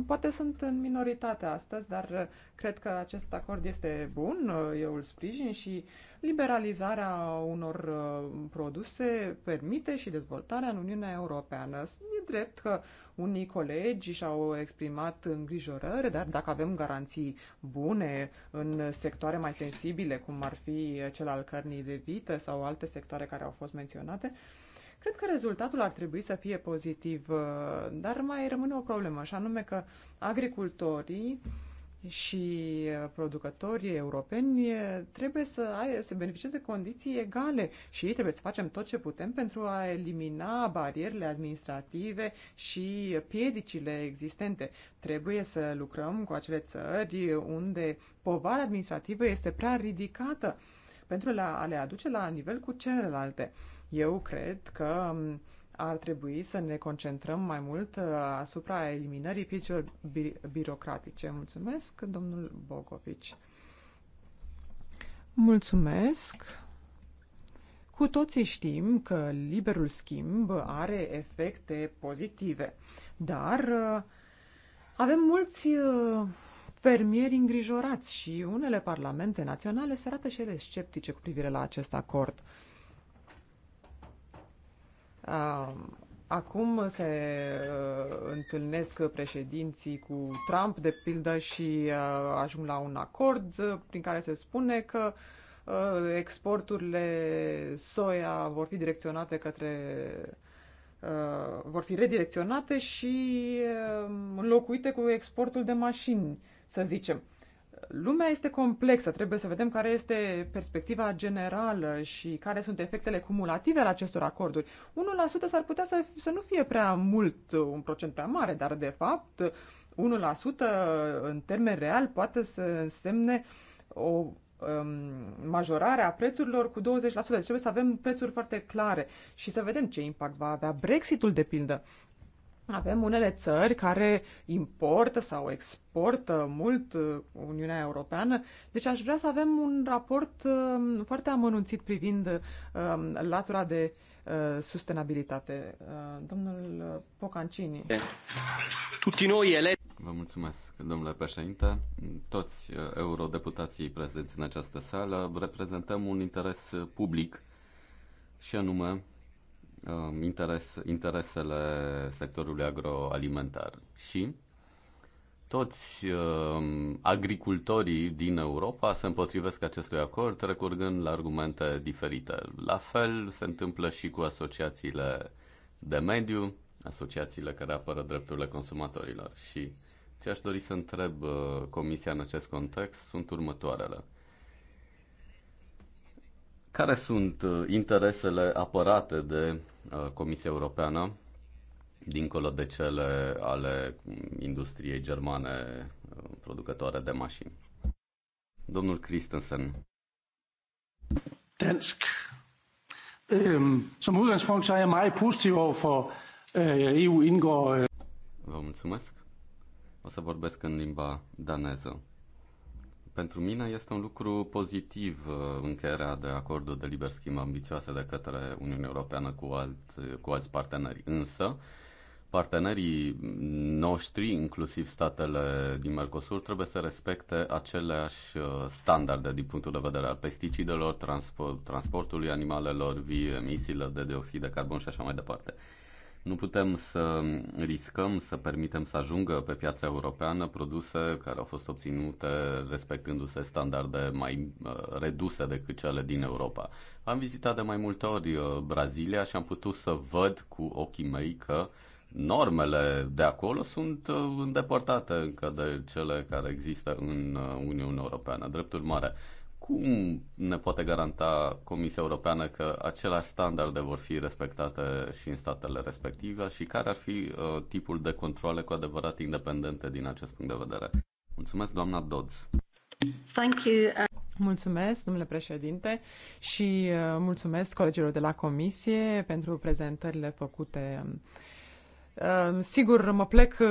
poate sunt în minoritate astăzi, dar uh, cred că acest acord este bun, uh, eu îl sprijin și liberalizarea unor uh, produse permite și dezvoltarea în Uniunea Europeană. E drept că unii colegi și-au exprimat îngrijorări, dar dacă avem garanții bune în sectoare mai sensibile, cum ar fi cel al cărnii de vită sau alte sectoare care au fost menționate, Cred că rezultatul ar trebui să fie pozitiv, uh, dar mai rămâne o problemă, așa anume că agricultorii și uh, producătorii europeni uh, trebuie să, se beneficieze condiții egale și ei trebuie să facem tot ce putem pentru a elimina barierele administrative și piedicile existente. Trebuie să lucrăm cu acele țări unde povara administrativă este prea ridicată pentru a le aduce la nivel cu celelalte. Eu cred că ar trebui să ne concentrăm mai mult uh, asupra eliminării picilor bi- birocratice. Mulțumesc, domnul Bogovici. Mulțumesc. Cu toții știm că liberul schimb are efecte pozitive, dar uh, avem mulți uh, fermieri îngrijorați și unele parlamente naționale se arată și ele sceptice cu privire la acest acord. Acum se uh, întâlnesc președinții cu Trump, de pildă, și uh, ajung la un acord uh, prin care se spune că exporturile soia vor fi direcționate către vor fi redirecționate și înlocuite cu exportul de mașini să zicem. Lumea este complexă, trebuie să vedem care este perspectiva generală și care sunt efectele cumulative ale acestor acorduri. 1% s-ar putea să, să nu fie prea mult, un procent prea mare, dar de fapt 1% în termen real poate să însemne o um, majorarea prețurilor cu 20%. Deci trebuie să avem prețuri foarte clare și să vedem ce impact va avea Brexitul, de pildă. Avem unele țări care importă sau exportă mult uh, Uniunea Europeană, deci aș vrea să avem un raport uh, foarte amănunțit privind um, latura de uh, sustenabilitate. Domnul Pocancini. Tutti noi ele... Vă mulțumesc, domnule președinte. Toți eurodeputații prezenți în această sală reprezentăm un interes public și anume Um, interes, interesele sectorului agroalimentar și toți uh, agricultorii din Europa se împotrivesc acestui acord, recurgând la argumente diferite. La fel se întâmplă și cu asociațiile de mediu, asociațiile care apără drepturile consumatorilor. Și ce aș dori să întreb uh, Comisia în acest context sunt următoarele. Care sunt uh, interesele apărate de Uh, Comisia Europeană, dincolo de cele ale industriei germane uh, producătoare de mașini. Domnul Christensen. Dansk. som udgangspunkt så er jeg meget positiv over for øh, EU indgår... Øh... Vă mulțumesc. O să vorbesc în limba daneză. Pentru mine este un lucru pozitiv uh, încheierea de acordul de liber schimb ambițioase de către Uniunea Europeană cu, alt, cu alți parteneri. Însă, partenerii noștri, inclusiv statele din Mercosur, trebuie să respecte aceleași uh, standarde din punctul de vedere al pesticidelor, transportului animalelor vii, emisiile de dioxid de carbon și așa mai departe. Nu putem să riscăm să permitem să ajungă pe piața europeană produse care au fost obținute respectându-se standarde mai uh, reduse decât cele din Europa. Am vizitat de mai multe ori uh, Brazilia și am putut să văd cu ochii mei că normele de acolo sunt uh, îndepărtate încă de cele care există în Uniunea Europeană. Drept urmare, cum ne poate garanta Comisia Europeană că aceleași standarde vor fi respectate și în statele respective și care ar fi uh, tipul de controle cu adevărat independente din acest punct de vedere? Mulțumesc, doamna Dodds. Thank you. Uh, mulțumesc, domnule președinte, și uh, mulțumesc colegilor de la Comisie pentru prezentările făcute um, Ehm, sigur, mă plec eh,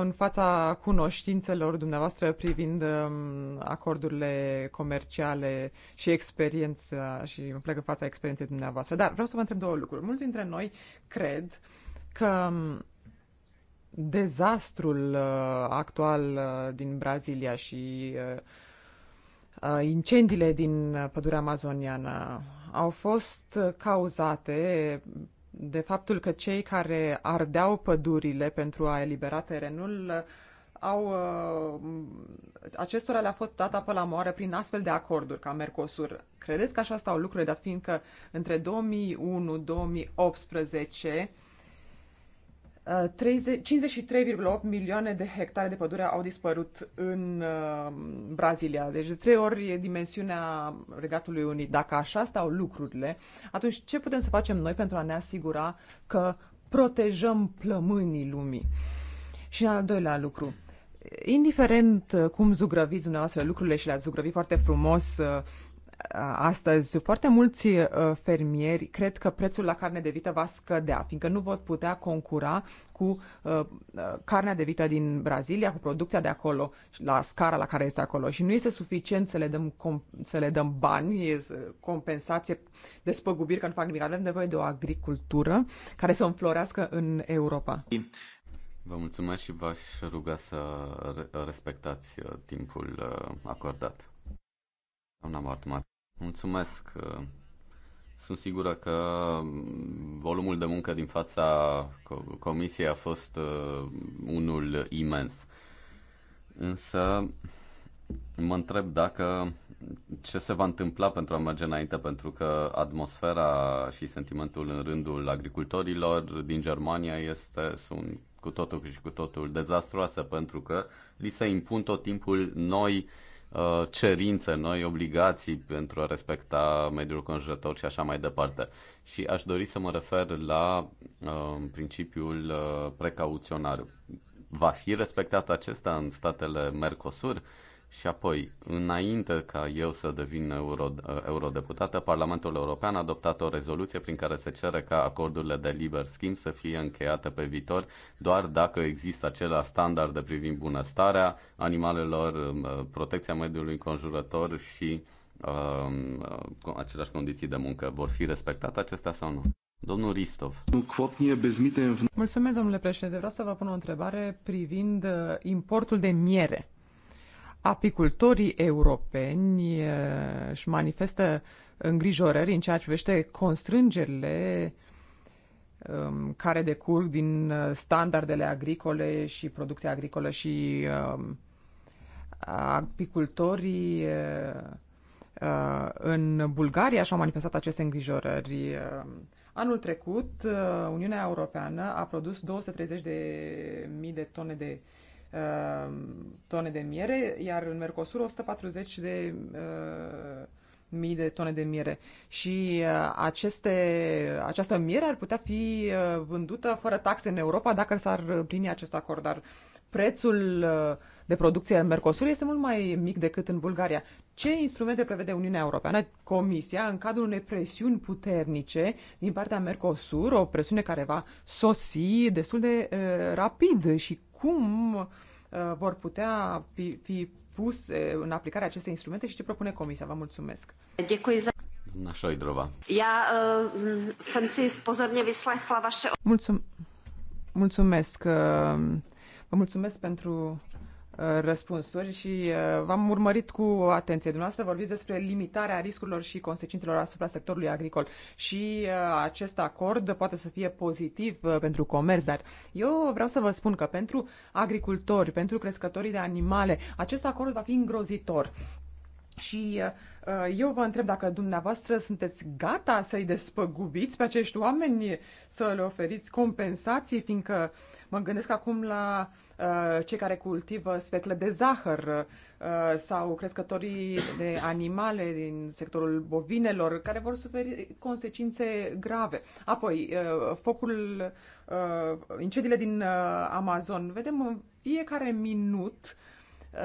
în fața cunoștințelor dumneavoastră privind ehm, acordurile comerciale și experiența și mă plec în fața experienței dumneavoastră. Dar vreau să vă întreb două lucruri. Mulți dintre noi cred că ehm, dezastrul eh, actual eh, din Brazilia și incendiile din pădurea amazoniană au fost cauzate de faptul că cei care ardeau pădurile pentru a elibera terenul uh, au, uh, acestora le-a fost dat apă la moară prin astfel de acorduri ca Mercosur. Credeți că așa stau lucrurile, dat fiindcă între 2001-2018 53,8 uh, milioane de hectare de pădure au dispărut în uh, Brazilia. Deci de trei ori e dimensiunea Regatului Unit. Dacă așa stau lucrurile, atunci ce putem să facem noi pentru a ne asigura că protejăm plămânii lumii? Și în al doilea lucru, indiferent cum zugrăviți dumneavoastră lucrurile și le-ați zugrăvit foarte frumos uh, astăzi foarte mulți uh, fermieri cred că prețul la carne de vită va scădea, fiindcă nu vor putea concura cu uh, uh, carnea de vită din Brazilia, cu producția de acolo, la scara la care este acolo. Și nu este suficient să le dăm, să le dăm bani, e compensație, despăgubiri, că nu fac nimic. Avem nevoie de o agricultură care să înflorească în Europa. Vă mulțumesc și v-aș ruga să respectați timpul acordat. Doamna Mortimer. Mulțumesc. Sunt sigură că volumul de muncă din fața comisiei a fost uh, unul imens. Însă mă întreb dacă ce se va întâmpla pentru a merge înainte, pentru că atmosfera și sentimentul în rândul agricultorilor din Germania este, sunt cu totul și cu totul dezastroase, pentru că li se impun tot timpul noi uh, Uh, cerințe noi, obligații pentru a respecta mediul conjurător și așa mai departe. Și aș dori să mă refer la uh, principiul uh, precauționar. Va fi respectat acesta în statele Mercosur? Și apoi, înainte ca eu să devin euro, eurodeputată, Parlamentul European a adoptat o rezoluție prin care se cere ca acordurile de liber schimb să fie încheiate pe viitor doar dacă există acelea standarde privind bunăstarea animalelor, um, uh, protecția mediului înconjurător și um, uh, aceleași condiții de muncă. Vor fi respectate acestea sau nu? Domnul Ristov. Mulțumesc, domnule președinte. Vreau să vă pun o întrebare privind uh, importul de miere apicultorii europeni eh, își manifestă îngrijorări în ceea ce privește constrângerile ehm, care decurg din eh, standardele agricole și producția agricolă și ehm, apicultorii eh, în Bulgaria și-au manifestat aceste îngrijorări. Anul trecut, Uniunea Europeană a produs 230.000 de, de tone de Uh, tone de miere, iar în Mercosur 140 de uh, mii de tone de miere. Și uh, aceste, această miere ar putea fi vândută fără taxe în Europa dacă s-ar plini acest acord, dar prețul de producție în Mercosur este mult mai mic decât în Bulgaria. Ce instrumente prevede Uniunea Europeană? Comisia, în cadrul unei presiuni puternice din partea Mercosur, o presiune care va sosi destul de uh, rapid și cum uh, vor putea fi, fi pus în aplicare aceste instrumente și ce propune Comisia. Vă mulțumesc. Doamna Șoidrova. Já uh, vaše... Mulțum... Mulțumesc. Uh, vă mulțumesc pentru răspunsuri și uh, v-am urmărit cu atenție. Dumneavoastră vorbiți despre limitarea riscurilor și consecințelor asupra sectorului agricol și uh, acest acord poate să fie pozitiv uh, pentru comerț, dar eu vreau să vă spun că pentru agricultori, pentru crescătorii de animale, acest acord va fi îngrozitor. Și eu vă întreb dacă dumneavoastră sunteți gata să-i despăgubiți pe acești oameni, să le oferiți compensații, fiindcă uh, Mă gândesc acum la uh, cei care cultivă sfeclă de zahăr uh, sau crescătorii de animale din sectorul bovinelor care vor suferi consecințe grave. Apoi, uh, focul, uh, incendiile din uh, Amazon. Vedem în fiecare minut uh,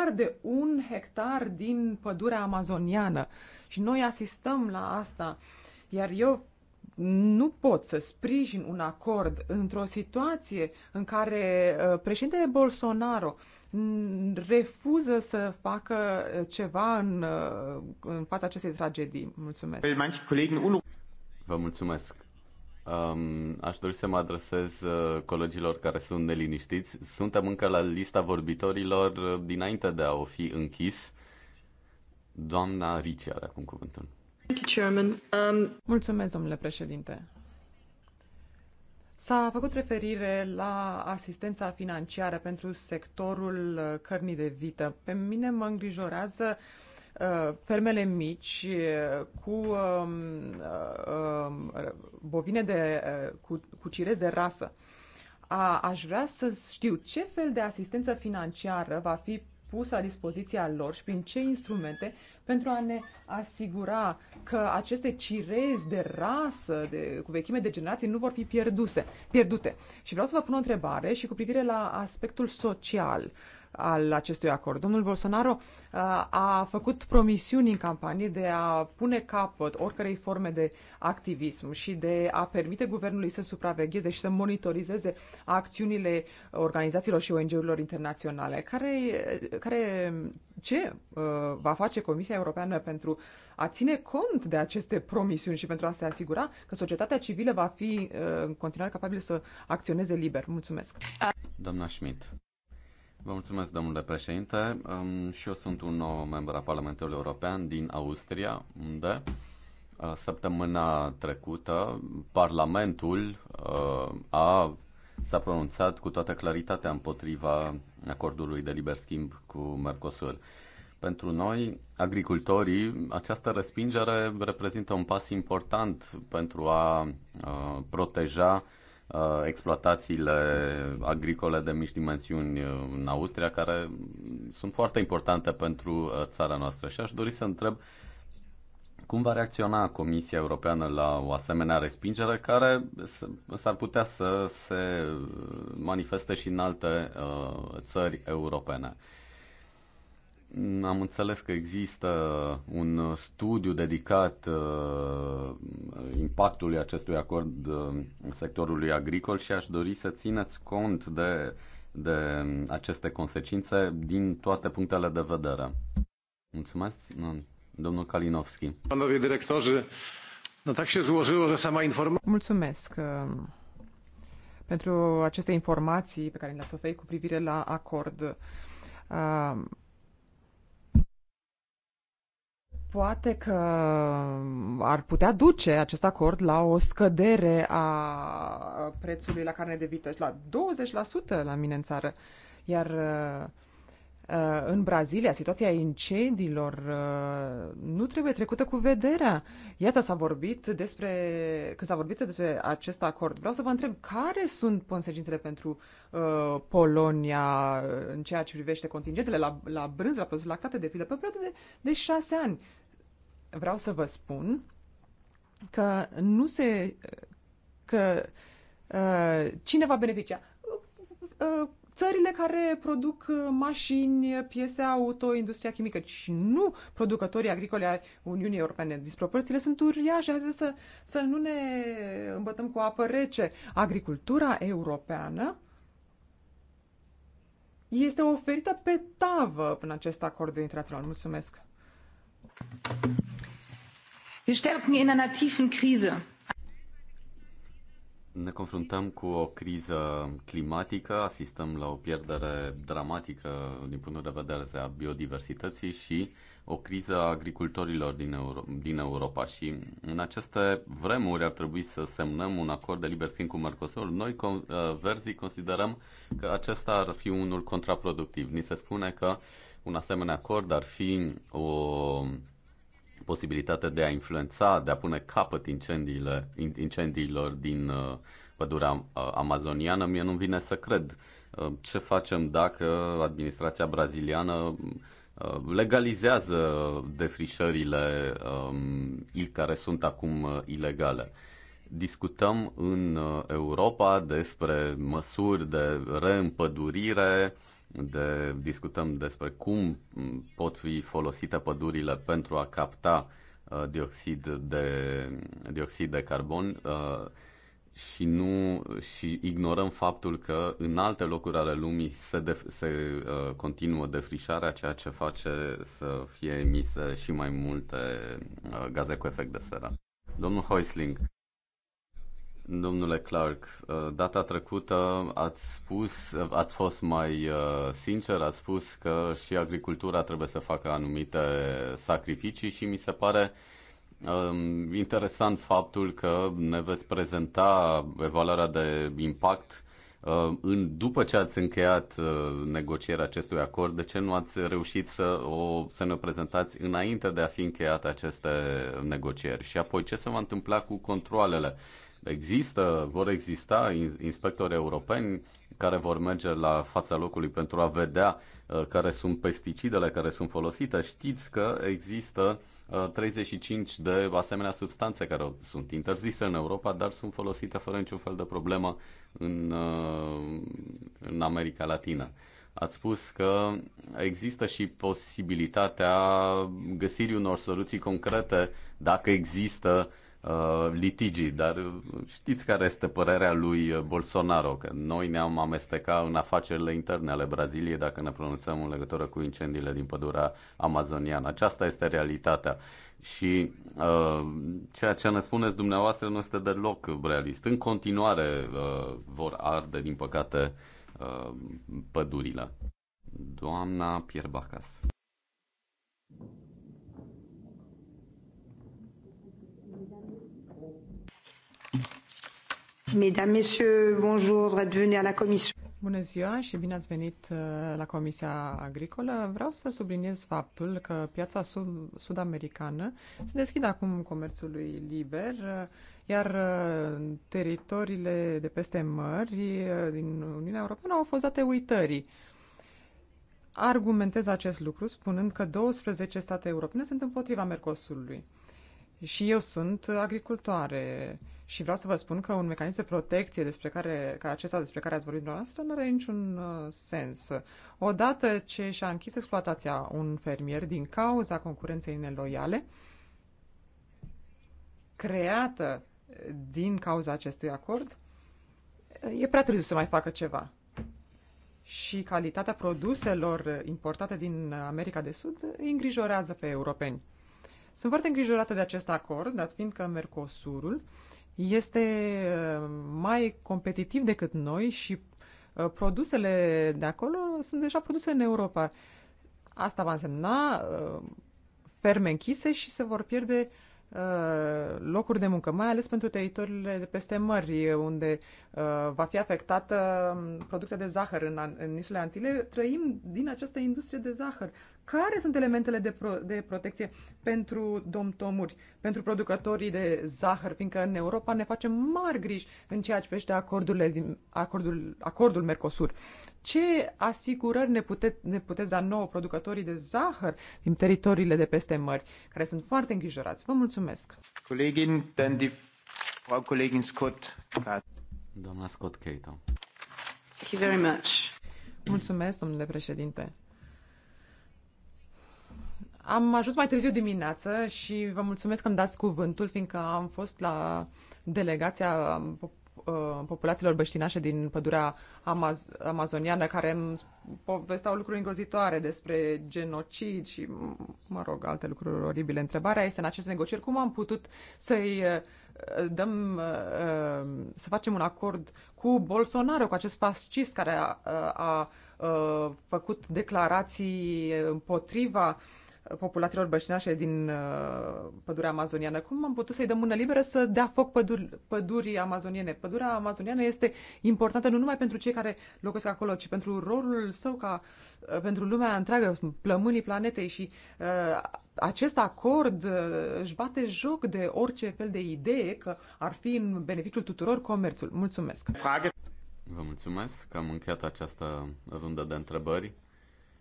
arde un hectar din pădurea amazoniană și noi asistăm la asta. Iar eu nu pot să sprijin un acord într-o situație în care uh, președintele Bolsonaro refuză să facă uh, ceva în, uh, în fața acestei tragedii. Mulțumesc. Vă mulțumesc. Um, aș dori să mă adresez uh, colegilor care sunt neliniștiți. Suntem încă la lista vorbitorilor uh, dinainte de a o fi închis. Doamna Ricci are acum cuvântul. Um, Mulțumesc, domnule președinte. S-a făcut referire la asistența financiară pentru sectorul uh, cărnii de vită. Pe mine mă îngrijorează uh, fermele mici uh, cu um, um, bovine de, cu, cu cirez de rasă. A, aș vrea să știu ce fel de asistență financiară va fi pusă la dispoziția lor și prin ce instrumente pentru a ne asigura că aceste cirezi de rasă, de, cu vechime de generații, nu vor fi pierduse, pierdute. Și vreau să vă pun o întrebare și cu privire la aspectul social. Uh, al acestui acord. Domnul Bolsonaro uh, a făcut promisiuni în campanie de a pune capăt oricărei forme de activism și de a permite guvernului să supravegheze și să monitorizeze acțiunile organizațiilor și ONG-urilor internaționale. Care, care ce uh, va face Comisia Europeană pentru a ține cont de aceste promisiuni și pentru a se asigura că societatea civilă va fi uh, în continuare capabilă să acționeze liber? Mulțumesc! Doamna Schmidt. Vă mulțumesc, domnule președinte. Um, și eu sunt un nou membru al Parlamentului European din Austria, unde uh, săptămâna trecută Parlamentul uh, a, s-a pronunțat cu toată claritatea împotriva acordului de liber schimb cu Mercosur. Pentru noi, agricultorii, această respingere reprezintă un pas important pentru a uh, proteja Uh, exploatațiile agricole de mici dimensiuni uh, în Austria, care sunt foarte importante pentru uh, țara noastră. Și aș dori să întreb cum va reacționa Comisia Europeană la o asemenea respingere care s-ar putea să se manifeste și în alte țări europene. Am înțeles că există un studiu dedicat uh, impactului acestui acord uh, sectorului agricol și aș dori să țineți cont de, de aceste consecințe din toate punctele de vedere. Mulțumesc, domnul Kalinowski. Domnului directori, no tak złożyło, że sama informacja... Mulțumesc uh, pentru aceste informații pe care le-ați oferit cu privire la acord. Uh, Poate că ar putea duce acest acord la o scădere a prețului la carne de vită, la 20% la mine în țară. Iar uh, uh, în Brazilia, situația incendiilor uh, nu trebuie trecută cu vederea. Iată, s-a vorbit despre, când s-a vorbit despre acest acord, vreau să vă întreb care sunt consecințele pentru uh, Polonia în ceea ce privește contingentele la, la brânză, la produse lactate, de pildă, pe perioadă de, de șase ani vreau să vă spun că nu se... că uh, cine va beneficia? Uh, uh țările care produc uh, mașini, piese auto, industria chimică, ci nu producătorii agricole ai Uniunii Europene. Disproporțiile sunt uriașe, hai să, să nu ne îmbătăm cu apă rece. Agricultura europeană este oferită pe tavă în acest acord internațional. Mulțumesc! Ne confruntăm cu o criză climatică, asistăm la o pierdere dramatică din punct de vedere a biodiversității și o criză a agricultorilor din, Euro- din Europa. Și în aceste vremuri ar trebui să semnăm un acord de liber schimb cu Mercosur. Noi, uh, verzii, considerăm că acesta ar fi unul contraproductiv. Ni se spune că un asemenea acord ar fi o posibilitatea de a influența, de a pune capăt incendiile, incendiilor din uh, pădurea uh, amazoniană, mie nu vine să cred uh, ce facem dacă administrația braziliană legalizează defrișările um, care sunt acum ilegale. Discutăm în Europa despre măsuri de reîmpădurire, de, discutăm despre cum pot fi folosite pădurile pentru a capta uh, dioxid, de, dioxid de carbon uh, și, nu, și ignorăm faptul că în alte locuri ale lumii se, def, se uh, continuă defrișarea, ceea ce face să fie emise și mai multe gaze cu efect de seră. Domnul Heusling, Domnule Clark, uh, data trecută ați spus, ați fost mai uh, sincer, ați spus că și agricultura trebuie să facă anumite sacrificii și mi se pare um, interesant faptul că ne veți prezenta evaluarea de impact uh, în, după ce ați încheiat negocierea acestui acord, de ce nu ați reușit să, o, să ne prezentați înainte de a fi încheiate aceste negocieri? Și apoi ce se va întâmpla cu controlele? Există, vor exista inspectori europeni care vor merge la fața locului pentru a vedea uh, care sunt pesticidele care sunt folosite. Știți că există 35 uh, de asemenea substanțe care sunt interzise în Europa, dar sunt folosite fără niciun fel de problemă în, uh, în America Latină. Ați spus că există și posibilitatea găsirii unor soluții concrete dacă există Uh, litigii, dar uh, știți care este părerea lui uh, Bolsonaro, că noi ne-am amestecat în afacerile interne ale Braziliei dacă ne pronunțăm în legătură cu incendiile din pădurea amazoniană. Aceasta este realitatea. Și uh, ceea ce ne spuneți dumneavoastră nu este deloc realist. În continuare uh, vor arde, din păcate, uh, pădurile. Doamna Pierbacas. Mesdames, Messieurs, bonjour, bienvenue à la Commission. Bună ziua și bine ați venit uh, la Comisia Agricolă. Vreau să subliniez faptul că piața sud-americană se deschide acum comerțului liber, uh, iar uh, teritoriile de peste mări din Uniunea Europeană au fost date uitării. Argumentez acest lucru spunând că 12 state europene sunt împotriva Mercosului. Și eu sunt agricultoare și vreau să vă spun că un mecanism de protecție despre care, ca acesta despre care ați vorbit dumneavoastră nu are niciun uh, sens. Odată ce și-a închis exploatația un fermier din cauza concurenței neloiale, creată din cauza acestui acord, e prea târziu să mai facă ceva. Și calitatea produselor importate din America de Sud îi îngrijorează pe europeni. Sunt foarte îngrijorată de acest acord, dat fiindcă Mercosurul uh, este uh, mai competitiv decât noi și uh, produsele de acolo sunt deja produse în Europa. Asta va însemna uh, ferme închise și se vor pierde locuri de muncă, mai ales pentru teritoriile de peste mări, unde Uh, va fi afectată um, producția de zahăr în, în insulele Antile, trăim din această industrie de zahăr. Care sunt elementele de, pro, de protecție pentru domtomuri, pentru producătorii de zahăr, fiindcă în Europa ne facem mari griji în ceea ce privește acordurile din, acordul, acordul Mercosur. Ce asigurări ne, pute, ne puteți da nouă producătorii de zahăr din teritoriile de peste mări, care sunt foarte îngrijorați? Vă mulțumesc! Colegin, dann Frau Scott. Doamna Scott Cato. Thank you very much. Mulțumesc, domnule președinte. Am ajuns mai târziu dimineață și vă mulțumesc că îmi dați cuvântul, fiindcă am fost la delegația uh, populațiilor băștinașe din pădurea Amaz- amazoniană care îmi povesteau lucruri îngrozitoare despre genocid și, mă rog, alte lucruri oribile. Întrebarea este în acest negocieri cum am putut să-i dăm, uh, să facem un acord cu Bolsonaro, cu acest fascist care a, a, a făcut declarații împotriva populațiilor bășinașe din uh, pădurea amazoniană. Cum am putut să-i dăm mână liberă să dea foc pădur, pădurii amazoniene? Pădurea amazoniană este importantă nu numai pentru cei care locuiesc acolo, ci pentru rolul său ca uh, pentru lumea întreagă, plămânii planetei și uh, acest acord uh, își bate joc de orice fel de idee că ar fi în beneficiul tuturor comerțul. Mulțumesc! Frage. Vă mulțumesc că am încheiat această rundă de întrebări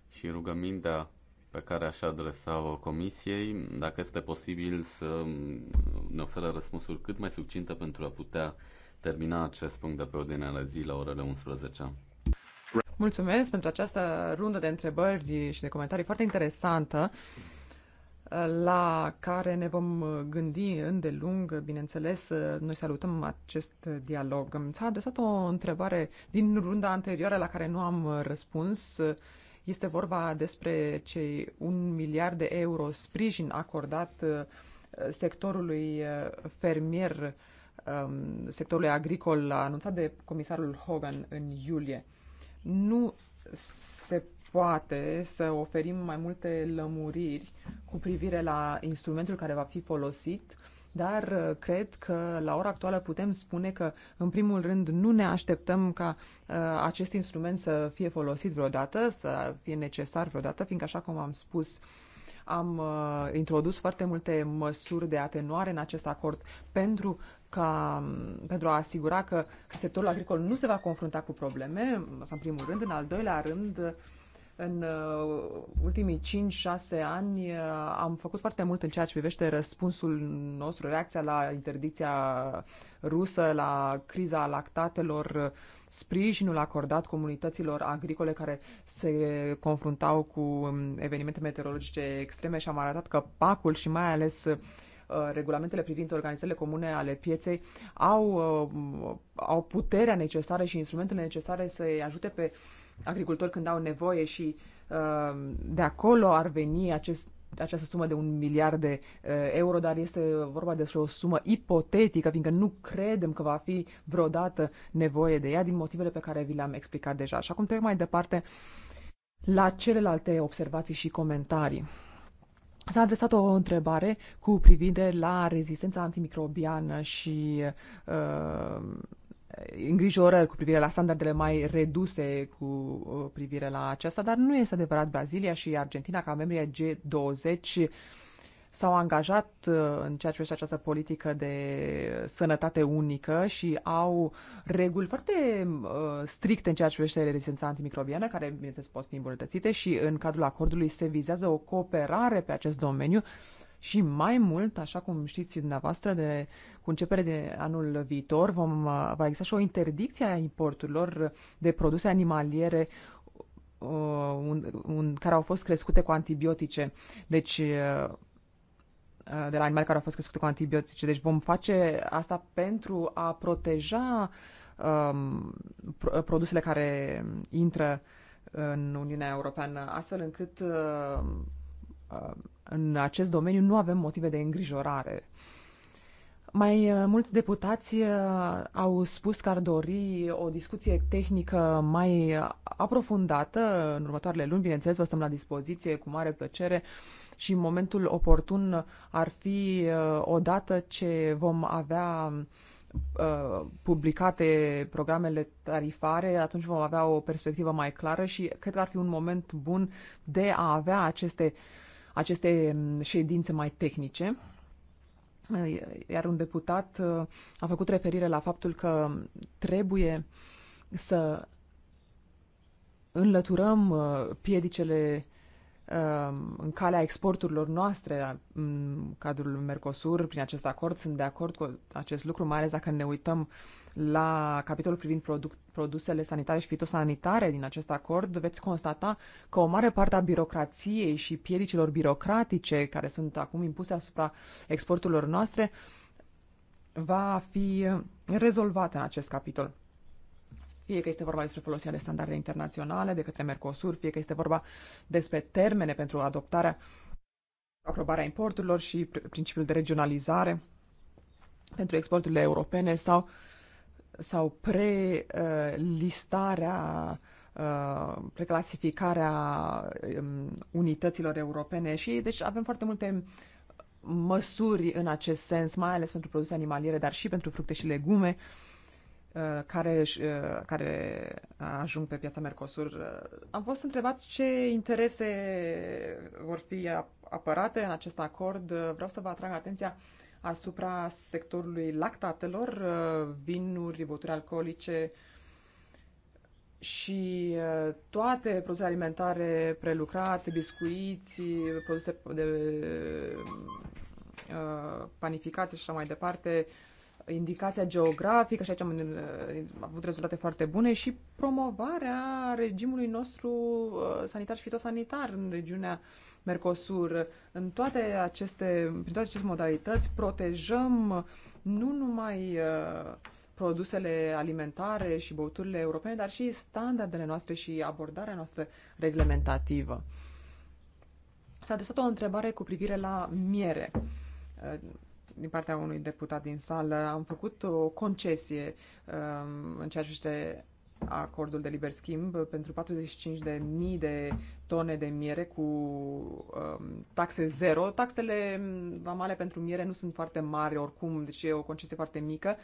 și rugămintea pe care aș adresa-o comisiei, dacă este posibil să ne oferă răspunsuri cât mai succinte pentru a putea termina acest punct de pe ordinea la zi la orele 11. Mulțumesc pentru această rundă de întrebări și de comentarii foarte interesantă la care ne vom gândi îndelung, bineînțeles, noi salutăm acest dialog. S-a adresat o întrebare din runda anterioară la care nu am răspuns este vorba despre cei un miliard de euro sprijin acordat uh, sectorului uh, fermier, um, sectorului agricol anunțat de comisarul Hogan în iulie. Nu se poate să oferim mai multe lămuriri cu privire la instrumentul care va fi folosit dar uh, cred că la ora actuală putem spune că, în primul rând, nu ne așteptăm ca uh, acest instrument să fie folosit vreodată, să fie necesar vreodată, fiindcă, așa cum am spus, am uh, introdus foarte multe măsuri de atenuare în acest acord pentru ca, mm, pentru a asigura că sectorul agricol nu se va confrunta cu probleme, în primul rând, în al doilea rând, uh, în uh, ultimii 5-6 ani uh, am făcut foarte mult în ceea ce privește răspunsul nostru, reacția la interdicția rusă, la criza lactatelor, sprijinul acordat comunităților agricole care se confruntau cu um, evenimente meteorologice extreme și am arătat că pacul și mai ales uh, regulamentele privind organizările comune ale pieței au, au puterea necesară și instrumentele necesare să-i ajute pe uh, agricultori când au nevoie și uh, de acolo ar veni acest această sumă de un miliard de uh, euro, dar este vorba despre o sumă ipotetică, fiindcă nu credem că va fi vreodată nevoie de ea, din motivele pe care vi le-am explicat deja. Și acum trec mai departe la celelalte observații și comentarii. S-a adresat o întrebare cu privire la rezistența antimicrobiană și uh, îngrijorări cu privire la standardele mai reduse cu uh, privire la aceasta, dar nu este adevărat. Brazilia și Argentina, ca membri G20, s-au angajat uh, în ceea ce privește această politică de sănătate unică și au reguli foarte uh, stricte în ceea ce privește rezistența antimicrobiană, care, bineînțeles, pot fi îmbunătățite și în cadrul acordului se vizează o cooperare pe acest domeniu uh, și mai mult, așa cum știți dumneavoastră, de, cu începere de anul viitor vom, va exista și o interdicție a importurilor de produse animaliere uh, un, un, care au fost crescute cu antibiotice. Deci, uh, de la animale care au fost crescute cu antibiotice. Deci vom face asta pentru a proteja um, produsele care intră în Uniunea Europeană, astfel încât uh, Uh, în acest domeniu nu avem motive de îngrijorare. Mai uh, mulți deputați uh, au spus că ar dori o discuție tehnică mai aprofundată în următoarele luni. Bineînțeles, vă stăm la dispoziție cu mare plăcere și momentul oportun ar fi odată ce vom avea publicate programele tarifare, atunci vom avea o perspectivă mai clară și cred că ar fi un moment bun de a avea aceste uh, aceste mm, ședințe mai tehnice. Iar un deputat uh, a făcut referire la faptul că trebuie să înlăturăm uh, piedicele Um, în calea exporturilor noastre în cadrul Mercosur prin acest acord. Sunt de acord cu acest lucru, mai ales dacă ne uităm la capitolul privind produc- produsele sanitare și fitosanitare din acest acord, veți constata că o mare parte a birocrației și piedicilor birocratice care sunt acum impuse asupra exporturilor noastre va fi rezolvată în acest capitol fie că este vorba despre folosirea de standarde internaționale de către Mercosur, fie că este vorba despre termene pentru adoptarea, aprobarea importurilor și principiul de regionalizare pentru exporturile europene sau, sau pre-listarea uh, preclasificarea um, unităților europene și deci avem foarte multe măsuri în acest sens, mai ales pentru produse animaliere, dar și pentru fructe și legume. Uh, Uh, care, uh, care ajung pe piața Mercosur. Uh, am fost întrebat ce interese vor fi apărate în acest acord. Vreau să vă atrag atenția asupra sectorului lactatelor, vinuri, băuturi alcoolice și toate produsele alimentare prelucrate, biscuiți, produse de panificație și așa mai departe, uh, indicația geografică și aici uh, am avut rezultate foarte bune și promovarea regimului nostru uh, sanitar și fitosanitar în regiunea Mercosur. În toate aceste, prin toate aceste modalități protejăm nu numai uh, produsele alimentare și băuturile europene, dar și standardele noastre și abordarea noastră reglementativă. S-a adresat o întrebare cu privire la miere din partea unui deputat din sală, am făcut o concesie um, în ceea ce este acordul de liber schimb pentru 45.000 de de tone de miere cu um, taxe zero. Taxele um, vamale pentru miere nu sunt foarte mari oricum, deci e o concesie foarte mică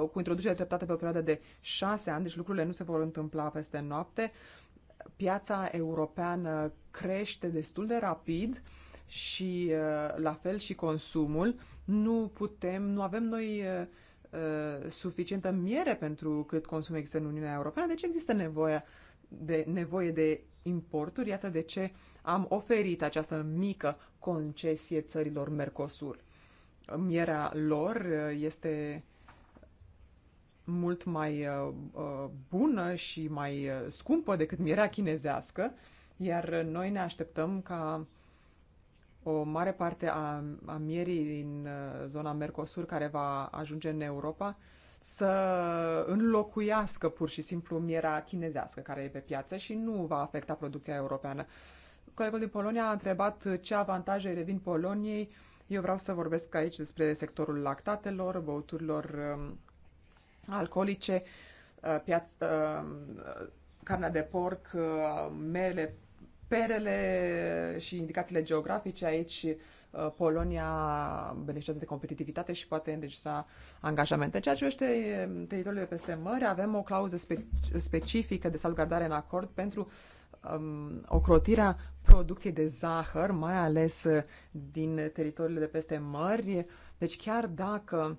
uh, cu introducerea treptată pe o perioadă de șase ani, deci lucrurile nu se vor întâmpla peste noapte. Piața europeană crește destul de rapid și uh, la fel și consumul nu putem, nu avem noi uh, uh, suficientă miere pentru cât consum există în Uniunea Europeană, deci există nevoia de nevoie de importuri. Iată de ce am oferit această mică concesie țărilor Mercosur. Mierea lor uh, este mult mai uh, bună și mai scumpă decât mierea chinezească, iar noi ne așteptăm ca o mare parte a, a mierii din uh, zona Mercosur care va ajunge în Europa să înlocuiască pur și simplu mierea chinezească care e pe piață și nu va afecta producția europeană. Colegul din Polonia a întrebat ce avantaje revin Poloniei. Eu vreau să vorbesc aici despre sectorul lactatelor, băuturilor um, alcoolice, uh, piață, uh, carnea de porc, mele, perele și indicațiile geografice. Aici uh, Polonia beneficiază de competitivitate și poate înregistra angajamente. ceea ce um, teritoriul teritoriile peste mări, avem o clauză spe- specifică de salvgardare în acord pentru um, ocrotirea producției de zahăr, mai ales uh, din teritoriile de peste mări. Deci chiar dacă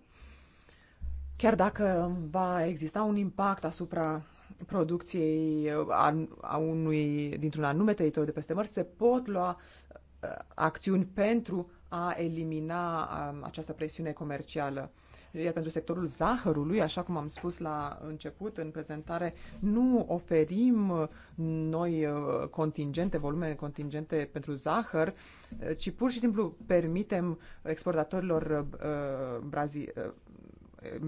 chiar dacă va exista un impact asupra producției uh, a, a unui, dintr-un anume teritoriu de peste mări, se pot lua uh, acțiuni pentru a elimina um, această presiune comercială. Iar pentru sectorul zahărului, așa cum am spus la început, în prezentare, nu oferim uh, noi contingente, volume contingente pentru zahăr, ci pur și simplu permitem exportatorilor brazi-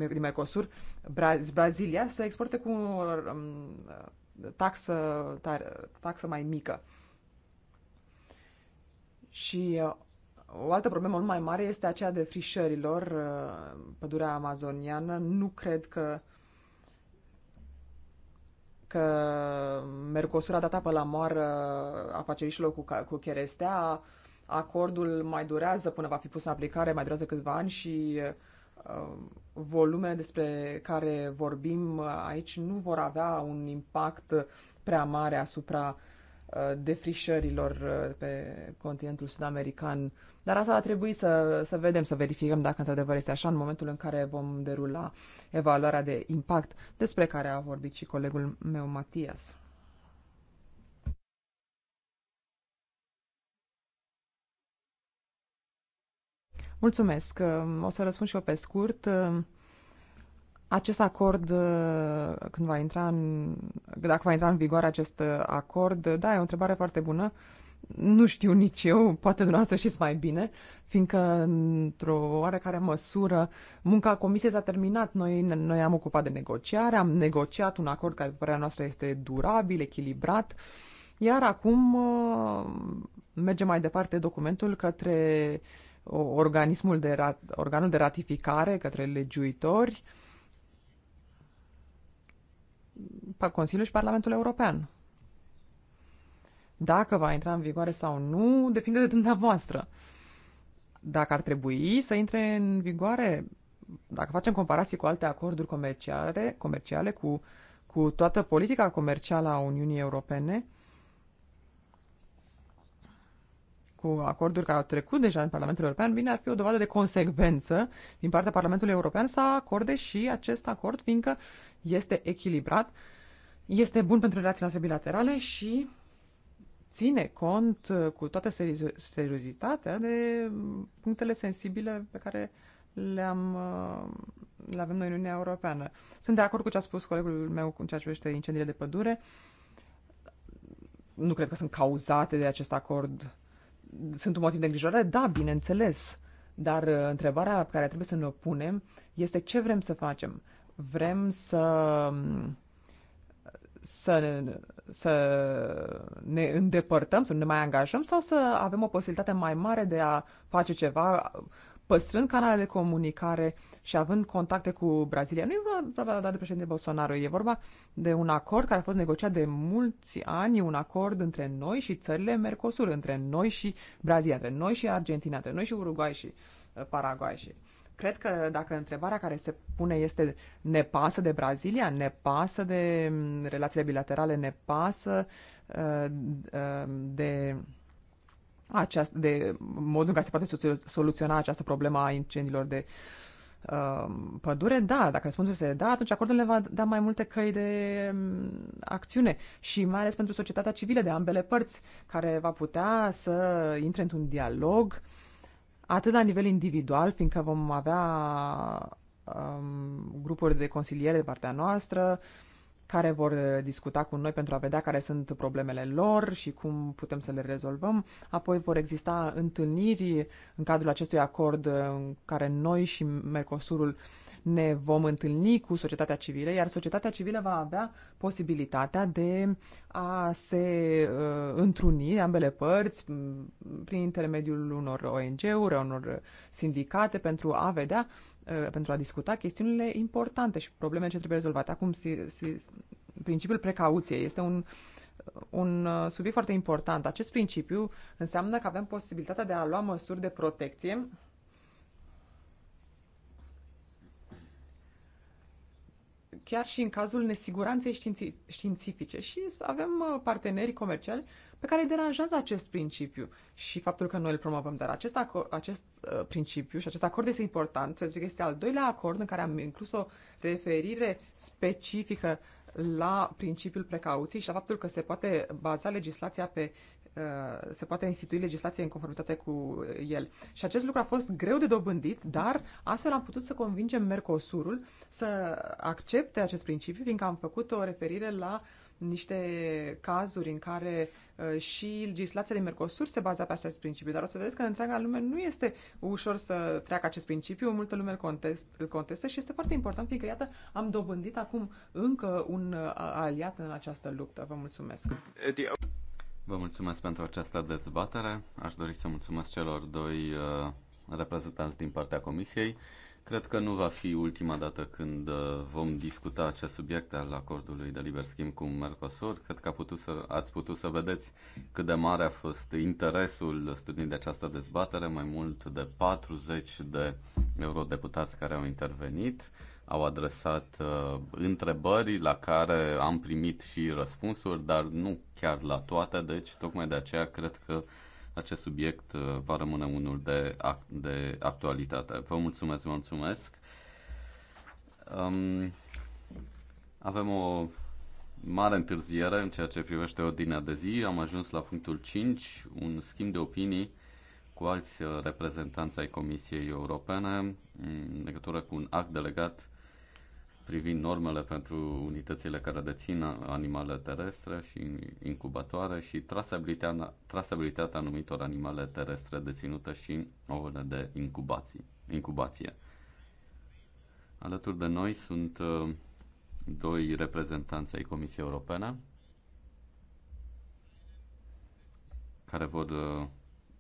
din Mercosur, Braz, Brazilia, să exporte cu um, taxă, tar, taxă mai mică. Și uh, o altă problemă mult mai mare este aceea de frișărilor. Uh, pădurea amazoniană nu cred că că Mercosur a dat apă la moară loc cu, cu cherestea, acordul mai durează până va fi pus în aplicare, mai durează câțiva ani și uh, volumele despre care vorbim aici nu vor avea un impact prea mare asupra uh, defrișărilor uh, pe continentul sud-american. Dar asta va trebui să, să vedem, să verificăm dacă într-adevăr este așa în momentul în care vom derula evaluarea de impact despre care a vorbit și colegul meu Matias. Mulțumesc. O să răspund și eu pe scurt. Acest acord, când va intra în, dacă va intra în vigoare acest acord, da, e o întrebare foarte bună. Nu știu nici eu, poate dumneavoastră știți mai bine, fiindcă într-o oarecare măsură munca comisiei s-a terminat. Noi, noi am ocupat de negociare, am negociat un acord care, după părerea noastră, este durabil, echilibrat, iar acum merge mai departe documentul către uh, organismul de rat, organul de ratificare către legiuitori, Consiliul și Parlamentul European. Dacă va intra în vigoare sau nu, depinde de dumneavoastră. Dacă ar trebui să intre în vigoare, dacă facem comparații cu alte acorduri comerciale, comerciale cu, cu toată politica comercială a Uniunii Europene, cu acorduri care au trecut deja în Parlamentul European, bine, ar fi o dovadă de consecvență din partea Parlamentului European să acorde și acest acord, fiindcă este echilibrat, este bun pentru relațiile noastre bilaterale și ține cont uh, cu toată seriozitatea de mm, punctele sensibile pe care le-am, uh, le avem noi în Uniunea Europeană. Sunt de acord cu ce a spus colegul meu în ceea ce privește incendiile de pădure. Nu cred că sunt cauzate de acest acord sunt un motiv de îngrijorare? Da, bineînțeles. Dar uh, întrebarea pe care trebuie să ne o punem este ce vrem să facem. Vrem să mm, să, să ne îndepărtăm, să nu ne mai angajăm sau să avem o posibilitate mai mare de a face ceva păstrând canalele de comunicare și având contacte cu Brazilia. Nu e vorba doar de președinte Bolsonaro, e vorba de un acord care a fost negociat de mulți ani, un acord între noi și țările Mercosur, între noi și Brazilia, între noi și Argentina, între noi și Uruguay și uh, Paraguay. Și... Cred că dacă întrebarea care se pune este ne pasă de Brazilia, ne pasă de mm, relațiile bilaterale, ne pasă uh, uh de aceast, de modul în care se poate soluționa această problemă a incendiilor de um, pădure, da, dacă răspunsul este da, atunci acordul le va da mai multe căi de um, acțiune și mai ales pentru societatea civilă de ambele părți, care va putea să intre într-un dialog atât la nivel individual, fiindcă vom avea um, grupuri de consiliere de partea noastră, uh, care vor uh, discuta cu noi pentru a vedea care sunt problemele lor și cum putem să le rezolvăm. Apoi vor exista întâlniri în cadrul acestui acord uh, în care noi și Mercosurul ne vom întâlni cu societatea civilă, iar societatea civilă va avea posibilitatea de a se uh, întruni ambele părți prin intermediul unor ONG-uri, unor sindicate pentru a vedea Uh, pentru a discuta chestiunile importante și probleme ce trebuie rezolvate. Acum, si, si, principiul precauției este un, un uh, subiect foarte important. Acest principiu înseamnă că avem posibilitatea de a lua măsuri de protecție chiar și în cazul nesiguranței științi- științifice. Și avem uh, parteneri comerciali pe care îi deranjează acest principiu și faptul că noi îl promovăm. Dar acest, acest uh, principiu și acest acord este important, pentru că este al doilea acord în care am inclus o referire specifică la principiul precauției și la faptul că se poate baza legislația pe Uh, se poate institui legislație în conformitate cu el. Și acest lucru a fost greu de dobândit, dar astfel am putut să convingem Mercosurul să accepte acest principiu, fiindcă am făcut o referire la niște cazuri în care uh, și legislația din Mercosur se baza pe acest principiu, dar o să vedeți că în întreaga lume nu este ușor să treacă acest principiu, multă lume îl, contest, îl contestă și este foarte important, fiindcă, iată, am dobândit acum încă un uh, aliat în această luptă. Vă mulțumesc! Vă mulțumesc pentru această dezbatere. Aș dori să mulțumesc celor doi uh, reprezentanți din partea Comisiei. Cred că nu va fi ultima dată când uh, vom discuta acest subiect al acordului de liber schimb cu Mercosur. Cred că a putut să, ați putut să vedeți cât de mare a fost interesul studiind de această dezbatere, mai mult de 40 de eurodeputați care au intervenit au adresat uh, întrebări la care am primit și răspunsuri, dar nu chiar la toate, deci tocmai de aceea cred că acest subiect uh, va rămâne unul de, act- de actualitate. Vă mulțumesc, vă mulțumesc. Um, avem o mare întârziere în ceea ce privește ordinea de zi. Am ajuns la punctul 5, un schimb de opinii cu alți uh, reprezentanți ai Comisiei Europene în legătură cu un act delegat privind normele pentru unitățile care dețin animale terestre și incubatoare și trasabilitatea, trasabilitatea anumitor animale terestre deținute și ouăle de incubații, incubație. Alături de noi sunt uh, doi reprezentanți ai Comisiei Europene care vor uh,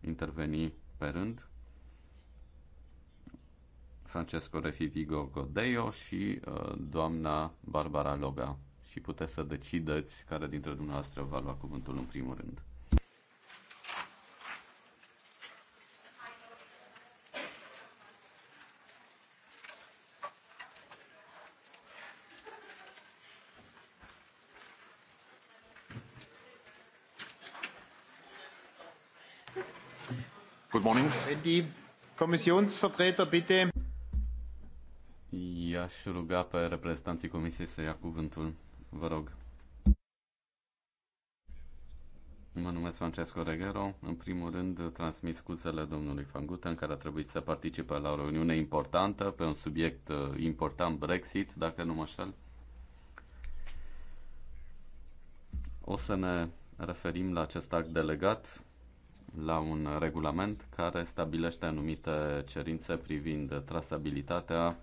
interveni pe rând Francesco Refivigo Godeio și uh, doamna Barbara Loga. Și puteți să decideți care dintre dumneavoastră va lua cuvântul în primul rând. Good morning. Die Kommissionsvertreter bitte. Aș ruga pe reprezentanții Comisiei să ia cuvântul. Vă rog. Mă numesc Francesco Reghero. În primul rând, transmit scuzele domnului Fanguten, care a trebuit să participe la o reuniune importantă pe un subiect uh, important, Brexit, dacă nu mă șel. O să ne referim la acest act delegat, la un regulament care stabilește anumite cerințe privind trasabilitatea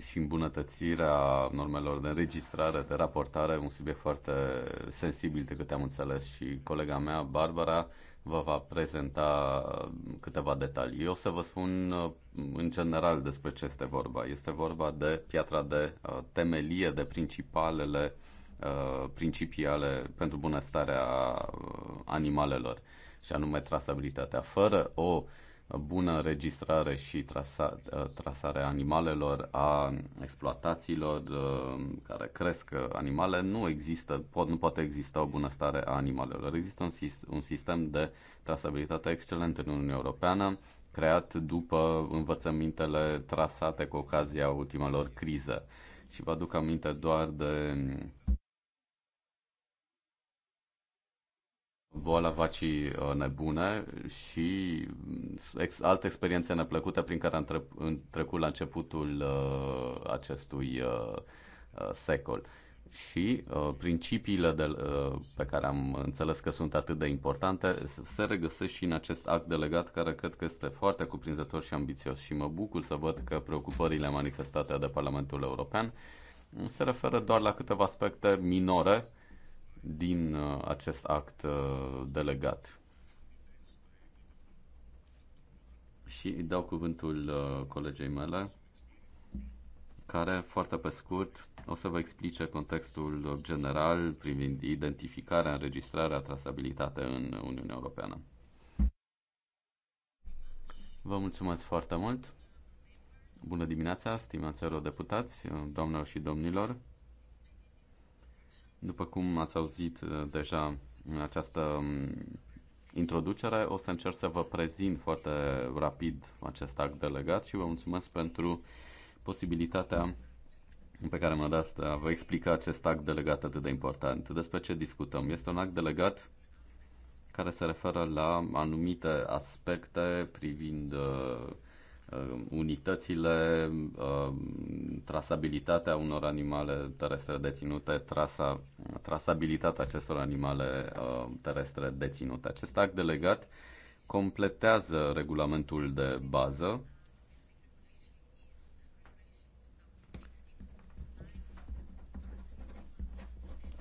și îmbunătățirea normelor de înregistrare, de raportare, un subiect foarte sensibil de câte am înțeles și colega mea, Barbara, vă va prezenta câteva detalii. Eu o să vă spun uh, în general despre ce este vorba. Este vorba de piatra de uh, temelie, de principalele uh, principii ale pentru bunăstarea animalelor, și anume trasabilitatea. Fără o uh, bună registrare și trasa, trasare animalelor, a exploatațiilor uh, care cresc animale, nu există, pot, nu poate exista o bunăstare a animalelor. Există un, un sistem de trasabilitate excelent în Uniunea Europeană, creat după învățămintele trasate cu ocazia ultimelor crize. Și vă aduc aminte doar de boala vacii uh, nebune și mm, ex, alte experiențe neplăcute prin care am tre- trecut la începutul uh, acestui uh, uh, secol. Și uh, principiile de, uh, pe care am înțeles că sunt atât de importante se regăsesc și în acest act delegat care cred că este foarte cuprinzător și ambițios și mă bucur să văd că preocupările manifestate de Parlamentul European se referă doar la câteva aspecte minore uh, din uh, acest act uh, delegat. Și îi dau cuvântul uh, colegei mele, care foarte pe scurt o să vă explice contextul general privind identificarea, înregistrarea, trasabilitate în Uniunea Europeană. Vă mulțumesc foarte mult! Bună dimineața, stimați eurodeputați, doamnelor și domnilor! După cum ați auzit uh, deja în această um, introducere, o să încerc să vă prezint foarte rapid acest act delegat și vă mulțumesc pentru posibilitatea pe care mă dați de a vă explica acest act delegat atât de important. Despre ce discutăm? Este un act delegat care se referă la anumite aspecte privind uh, Uh, unitățile, uh, trasabilitatea unor animale terestre deținute, trasa, trasabilitatea acestor animale uh, terestre deținute. Acest act delegat completează regulamentul de bază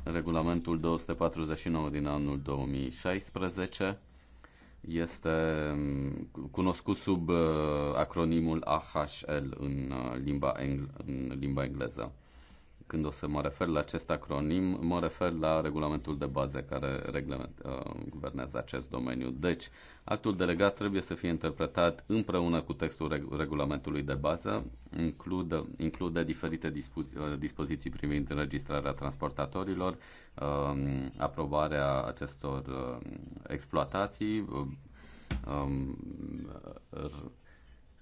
regulamentul 249 din anul 2016 este mm, cunoscut sub uh, acronimul AHL în uh, limba, engl- în limba engleză. Când o să mă refer la acest acronim, mă refer la regulamentul de bază care reglement, uh, guvernează acest domeniu. Deci, actul delegat trebuie să fie interpretat împreună cu textul reg- regulamentului de bază, include, include diferite dispu- uh, dispoziții privind înregistrarea transportatorilor, uh, aprobarea acestor uh, exploatații, uh,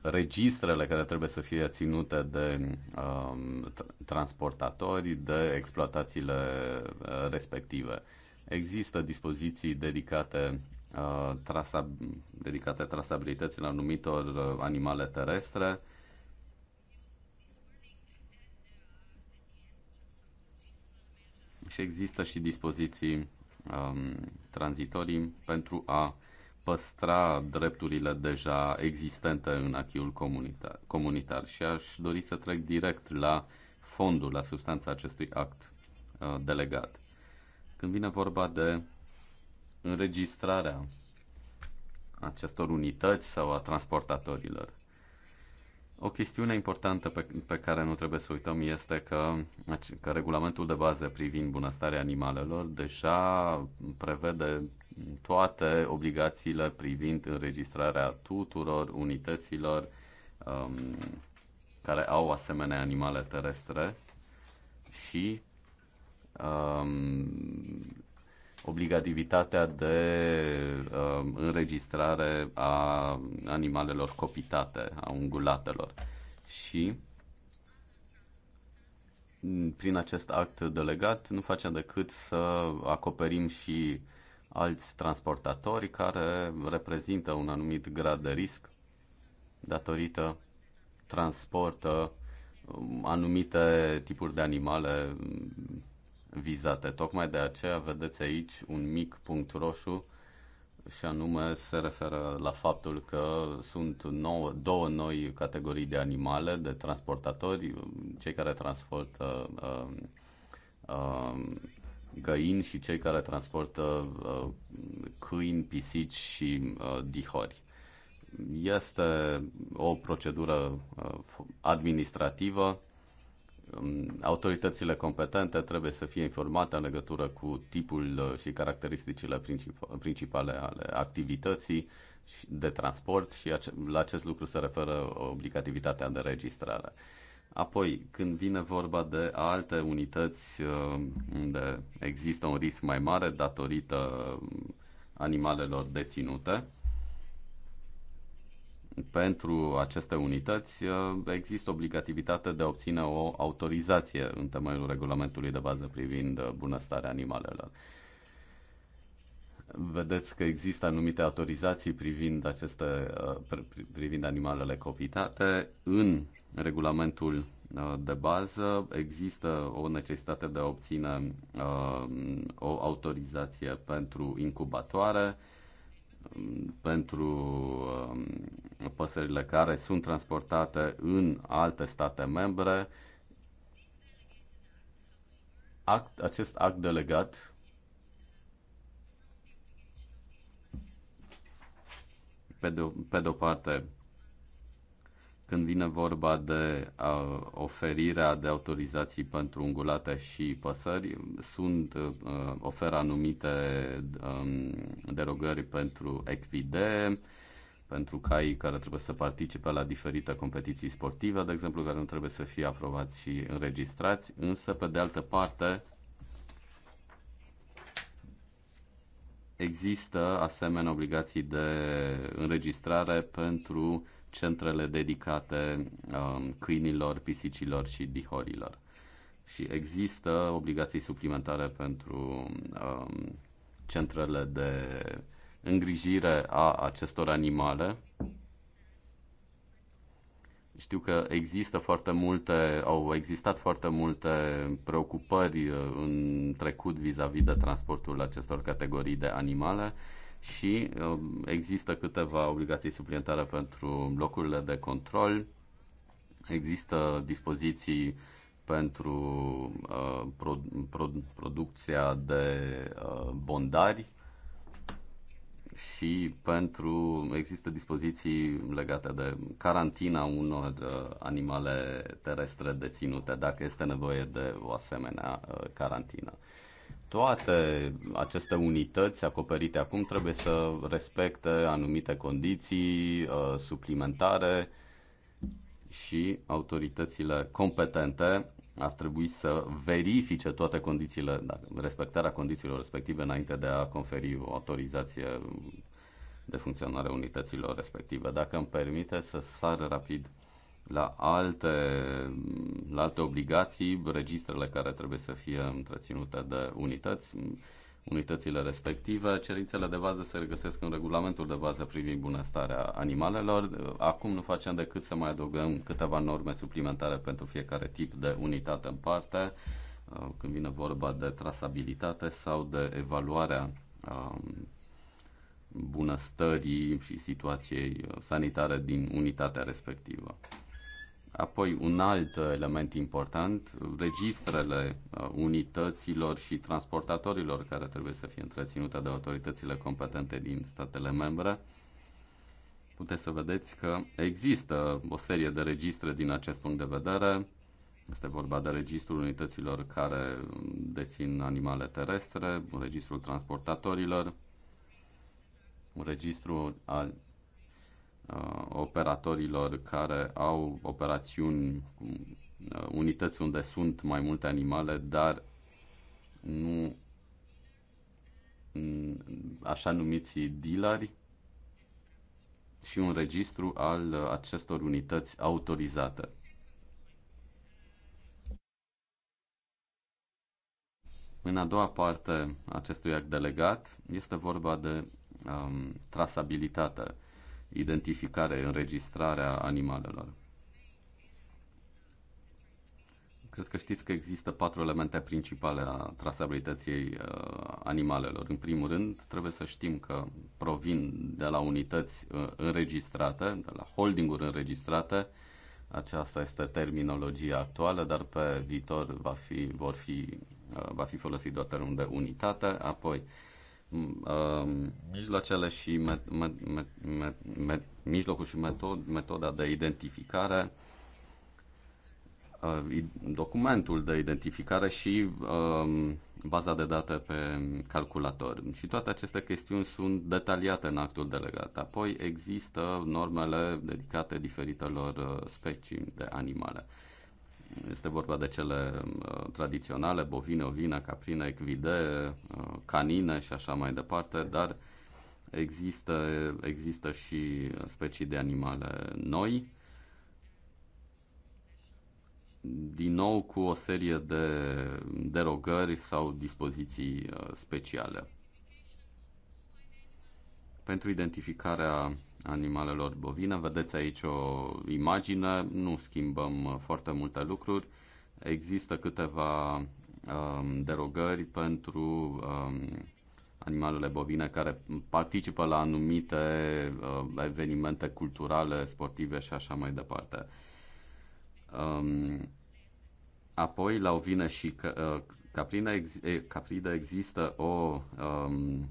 registrele care trebuie să fie ținute de um, transportatori, de exploatațiile uh, respective. Există dispoziții dedicate, uh, trasa, dedicate trasabilității la anumitor uh, animale terestre. Și există și dispoziții um, tranzitorii pentru a păstra drepturile deja existente în achiul comunitar, comunitar și aș dori să trec direct la fondul, la substanța acestui act uh, delegat. Când vine vorba de înregistrarea acestor unități sau a transportatorilor, o chestiune importantă pe, pe care nu trebuie să uităm este că, că regulamentul de bază privind bunăstarea animalelor deja prevede toate obligațiile privind înregistrarea tuturor unităților um, care au asemenea animale terestre și um, obligativitatea de uh, înregistrare a animalelor copitate, a ungulatelor. Și prin acest act delegat nu facem decât să acoperim și alți transportatori care reprezintă un anumit grad de risc datorită transportă um, anumite tipuri de animale vizate. Tocmai de aceea vedeți aici un mic punct roșu și anume se referă la faptul că sunt nouă, două noi categorii de animale, de transportatori, cei care transportă uh, uh, găini și cei care transportă uh, câini, pisici și uh, dihori. Este o procedură uh, administrativă autoritățile competente trebuie să fie informate în legătură cu tipul uh, și caracteristicile principale ale activității de transport și la acest lucru se referă obligativitatea de registrare. Apoi, când vine vorba de alte unități uh, unde există un risc mai mare datorită um, animalelor deținute, pentru aceste unități uh, există obligativitatea de a obține o autorizație în temeiul regulamentului de bază privind uh, bunăstarea animalelor. Vedeți că există anumite autorizații privind, aceste, uh, privind animalele copitate. În regulamentul de bază există o necesitate de a obține o autorizație pentru incubatoare pentru um, păsările care sunt transportate în alte state membre. Act, acest act delegat pe de, pe de o parte când vine vorba de uh, oferirea de autorizații pentru ungulate și păsări, sunt uh, oferă anumite um, derogări pentru echidee, pentru cai care trebuie să participe la diferite competiții sportive, de exemplu, care nu trebuie să fie aprobați și înregistrați, însă, pe de altă parte, există asemenea obligații de înregistrare pentru uh, centrele dedicate um, câinilor, pisicilor și dihorilor. Și există obligații suplimentare pentru um, centrele de îngrijire a acestor animale. Știu că există foarte multe, au existat foarte multe preocupări uh, în trecut vis-a-vis -vis de transportul acestor categorii de animale și um, există câteva obligații suplimentare pentru locurile de control, există dispoziții pentru uh, pro, pro, producția de uh, bondari și pentru există dispoziții legate de carantina unor uh, animale terestre deținute, dacă este nevoie de o asemenea uh, carantină. Uh, toate aceste unități acoperite acum trebuie să respecte anumite condiții uh, suplimentare și autoritățile competente ar trebui să verifice toate condițiile, da, respectarea condițiilor respective înainte de a conferi o autorizație de funcționare unităților respective. Dacă îmi permite să sar rapid la alte, la alte obligații, registrele care trebuie să fie întreținute de unități, unitățile respective. Cerințele de bază se regăsesc în regulamentul de bază privind bunăstarea animalelor. Acum nu facem decât să mai adăugăm câteva norme suplimentare pentru fiecare tip de unitate în parte, uh, când vine vorba de trasabilitate sau de evaluarea um, bunăstării și situației uh, sanitare din unitatea respectivă. Apoi, un alt element important, registrele uh, unităților și transportatorilor care trebuie să fie întreținute de autoritățile competente din statele membre. Puteți să vedeți că există o serie de registre din acest punct de vedere. Este vorba de registrul unităților care dețin animale terestre, registrul transportatorilor, un registru al Uh, operatorilor care au operațiuni, uh, unități unde sunt mai multe animale, dar nu mm, așa numiți dealeri și un registru al uh, acestor unități autorizate. În a doua parte acestui act delegat este vorba de um, trasabilitate identificare, înregistrarea animalelor. Cred că știți că există patru elemente principale a trasabilității uh, animalelor. În primul rând, trebuie să știm că provin de la unități uh, înregistrate, de la holdinguri înregistrate. Aceasta este terminologia actuală, dar pe viitor va fi, vor fi, uh, va fi folosit doar termenul de unitate. Apoi, uh, Um, mijloacele și met, met, met, met, met, mijlocul și metod, metoda de identificare, uh, documentul de identificare și um, baza de date pe calculator. Și toate aceste chestiuni sunt detaliate în actul delegat. Apoi există normele dedicate diferitelor uh, specii de animale. Este vorba de cele uh, tradiționale, bovine, ovine, caprine, echide, uh, canine și așa mai departe, dar există, există și specii de animale noi, din nou cu o serie de derogări sau dispoziții uh, speciale. Pentru identificarea animalelor bovine. Vedeți aici o imagine, nu schimbăm uh, foarte multe lucruri. Există câteva um, derogări pentru um, animalele bovine care participă la anumite uh, evenimente culturale, sportive și așa mai departe. Um, apoi, la ovine și uh, caprine, ex- capride există o um,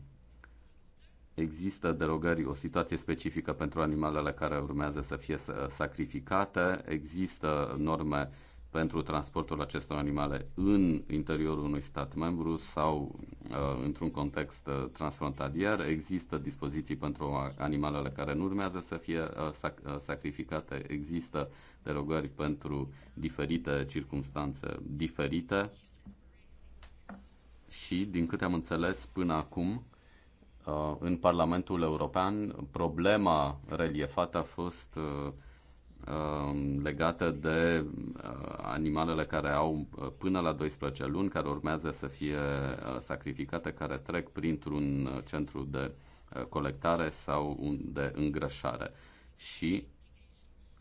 există derogări, o situație specifică pentru animalele care urmează să fie sacrificate, există norme pentru transportul acestor animale în interiorul unui stat membru sau uh, într-un context uh, transfrontalier. Există dispoziții pentru animalele care nu urmează să fie uh, sac- uh, sacrificate. Există derogări pentru diferite circunstanțe diferite. Și, din câte am înțeles până acum, Uh, în Parlamentul European problema reliefată a fost uh, um, legată de uh, animalele care au până la 12 luni, care urmează să fie sacrificate, care trec printr-un centru de colectare sau de îngrășare. Și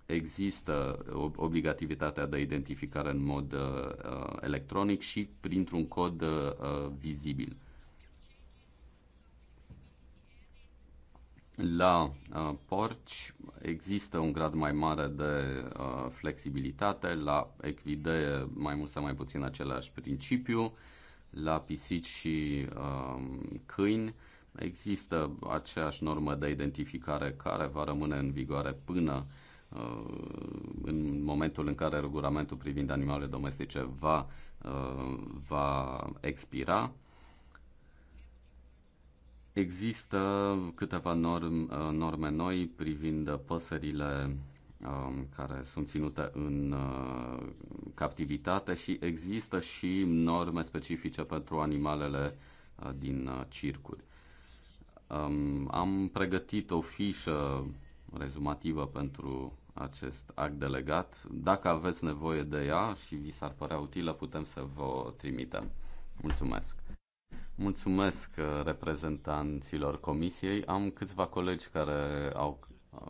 există obligativitatea de identificare în mod electronic și printr-un cod vizibil. la uh, porci există un grad mai mare de uh, flexibilitate, la echidee mai mult sau mai puțin același principiu, la pisici și uh, câini există aceeași normă de identificare care va rămâne în vigoare până uh, în momentul în care regulamentul privind animalele domestice va, uh, va expira Există câteva norm, uh, norme noi privind păsările um, care sunt ținute în uh, captivitate și există și norme specifice pentru animalele uh, din circuri. Um, am pregătit o fișă rezumativă pentru acest act delegat. Dacă aveți nevoie de ea și vi s-ar părea utilă, putem să vă trimitem. Mulțumesc! Mulțumesc uh, reprezentanților comisiei. Am câțiva colegi care au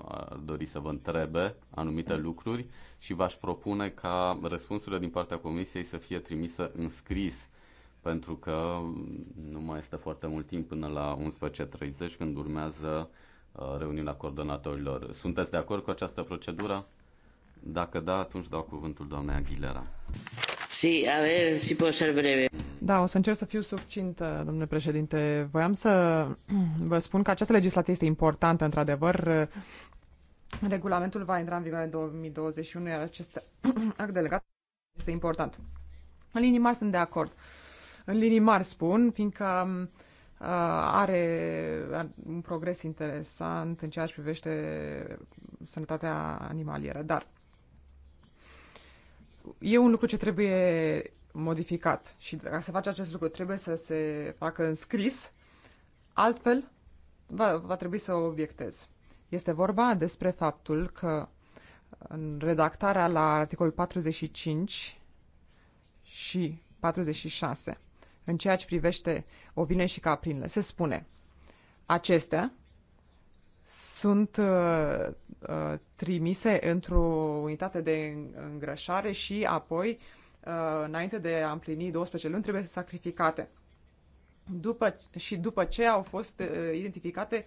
ar uh, dori să vă întrebe anumite lucruri și v-aș propune ca răspunsurile din partea comisiei să fie trimise în scris pentru că nu mai este foarte mult timp până la 11.30 când urmează uh, reuniunea coordonatorilor. Sunteți de acord cu această procedură? Dacă da, atunci dau cuvântul doamnei Aguilera. Si, a ver, si pot ser breve. Da, o să încerc să fiu succintă, uh, domnule președinte. Voiam să vă spun că această legislație este importantă, într-adevăr. Uh, regulamentul va intra în vigoare în 2021, iar acest act delegat este important. În linii mari sunt de acord. În linii mari spun, fiindcă um, uh, are un progres interesant în ceea ce privește sănătatea animalieră, dar e un lucru ce trebuie modificat și ca să faci acest lucru trebuie să se facă în scris, altfel va, va trebui să obiectez. Este vorba despre faptul că în redactarea la articolul 45 și 46, în ceea ce privește ovine și caprinele, se spune acestea sunt uh, uh, trimise într-o unitate de îngrășare și apoi, uh, înainte de a împlini 12 luni, trebuie sacrificate. După, și după ce au fost uh, identificate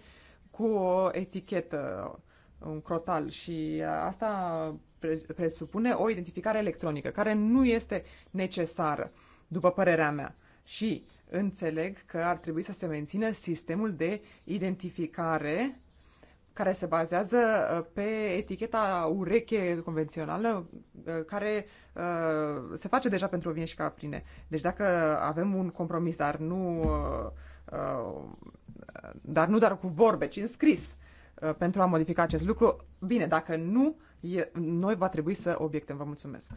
cu o etichetă, un crotal și uh, asta pre- presupune o identificare electronică, care nu este necesară, după părerea mea. Și înțeleg că ar trebui să se mențină sistemul de identificare care se bazează uh, pe eticheta ureche convențională uh, care uh, se face deja pentru vin și caprine. Deci dacă avem un compromis, dar nu, dar nu doar cu vorbe, ci în scris, pentru a modifica acest lucru, bine, dacă nu, noi va trebui să obiectăm. Vă mulțumesc.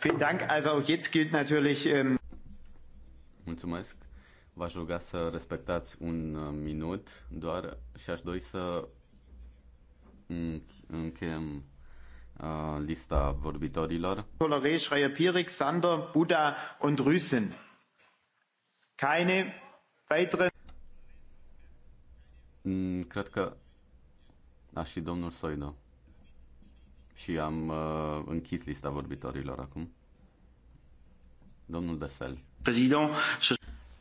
Vielen Dank. Also auch jetzt gilt natürlich. Ähm, mulțumesc. V-aș ruga să respectați un uh, minut doar și aș dori să încheiem uh, lista vorbitorilor. Tolores, Raya Pirik, Sander, Buda und Rüsen. Keine weitere... Mm, cred că... A, și domnul Soido. Și am uh, închis lista vorbitorilor acum. Domnul Desel. Prezident,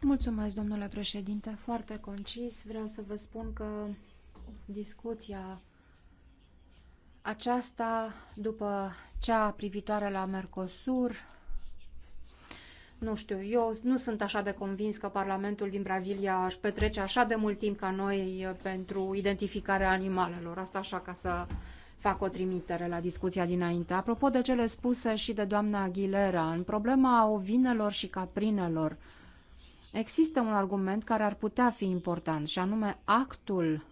Mulțumesc, domnule președinte. Foarte concis. Vreau să vă spun că discuția aceasta, după cea privitoare la Mercosur, nu știu, eu nu sunt așa de convins că Parlamentul din Brazilia își petrece așa de mult timp ca noi uh, pentru identificarea animalelor. Asta așa ca să fac o trimitere la discuția dinainte. Apropo de cele spuse și de doamna Aguilera, în problema ovinelor și caprinelor, Există un argument care ar putea fi important, și anume actul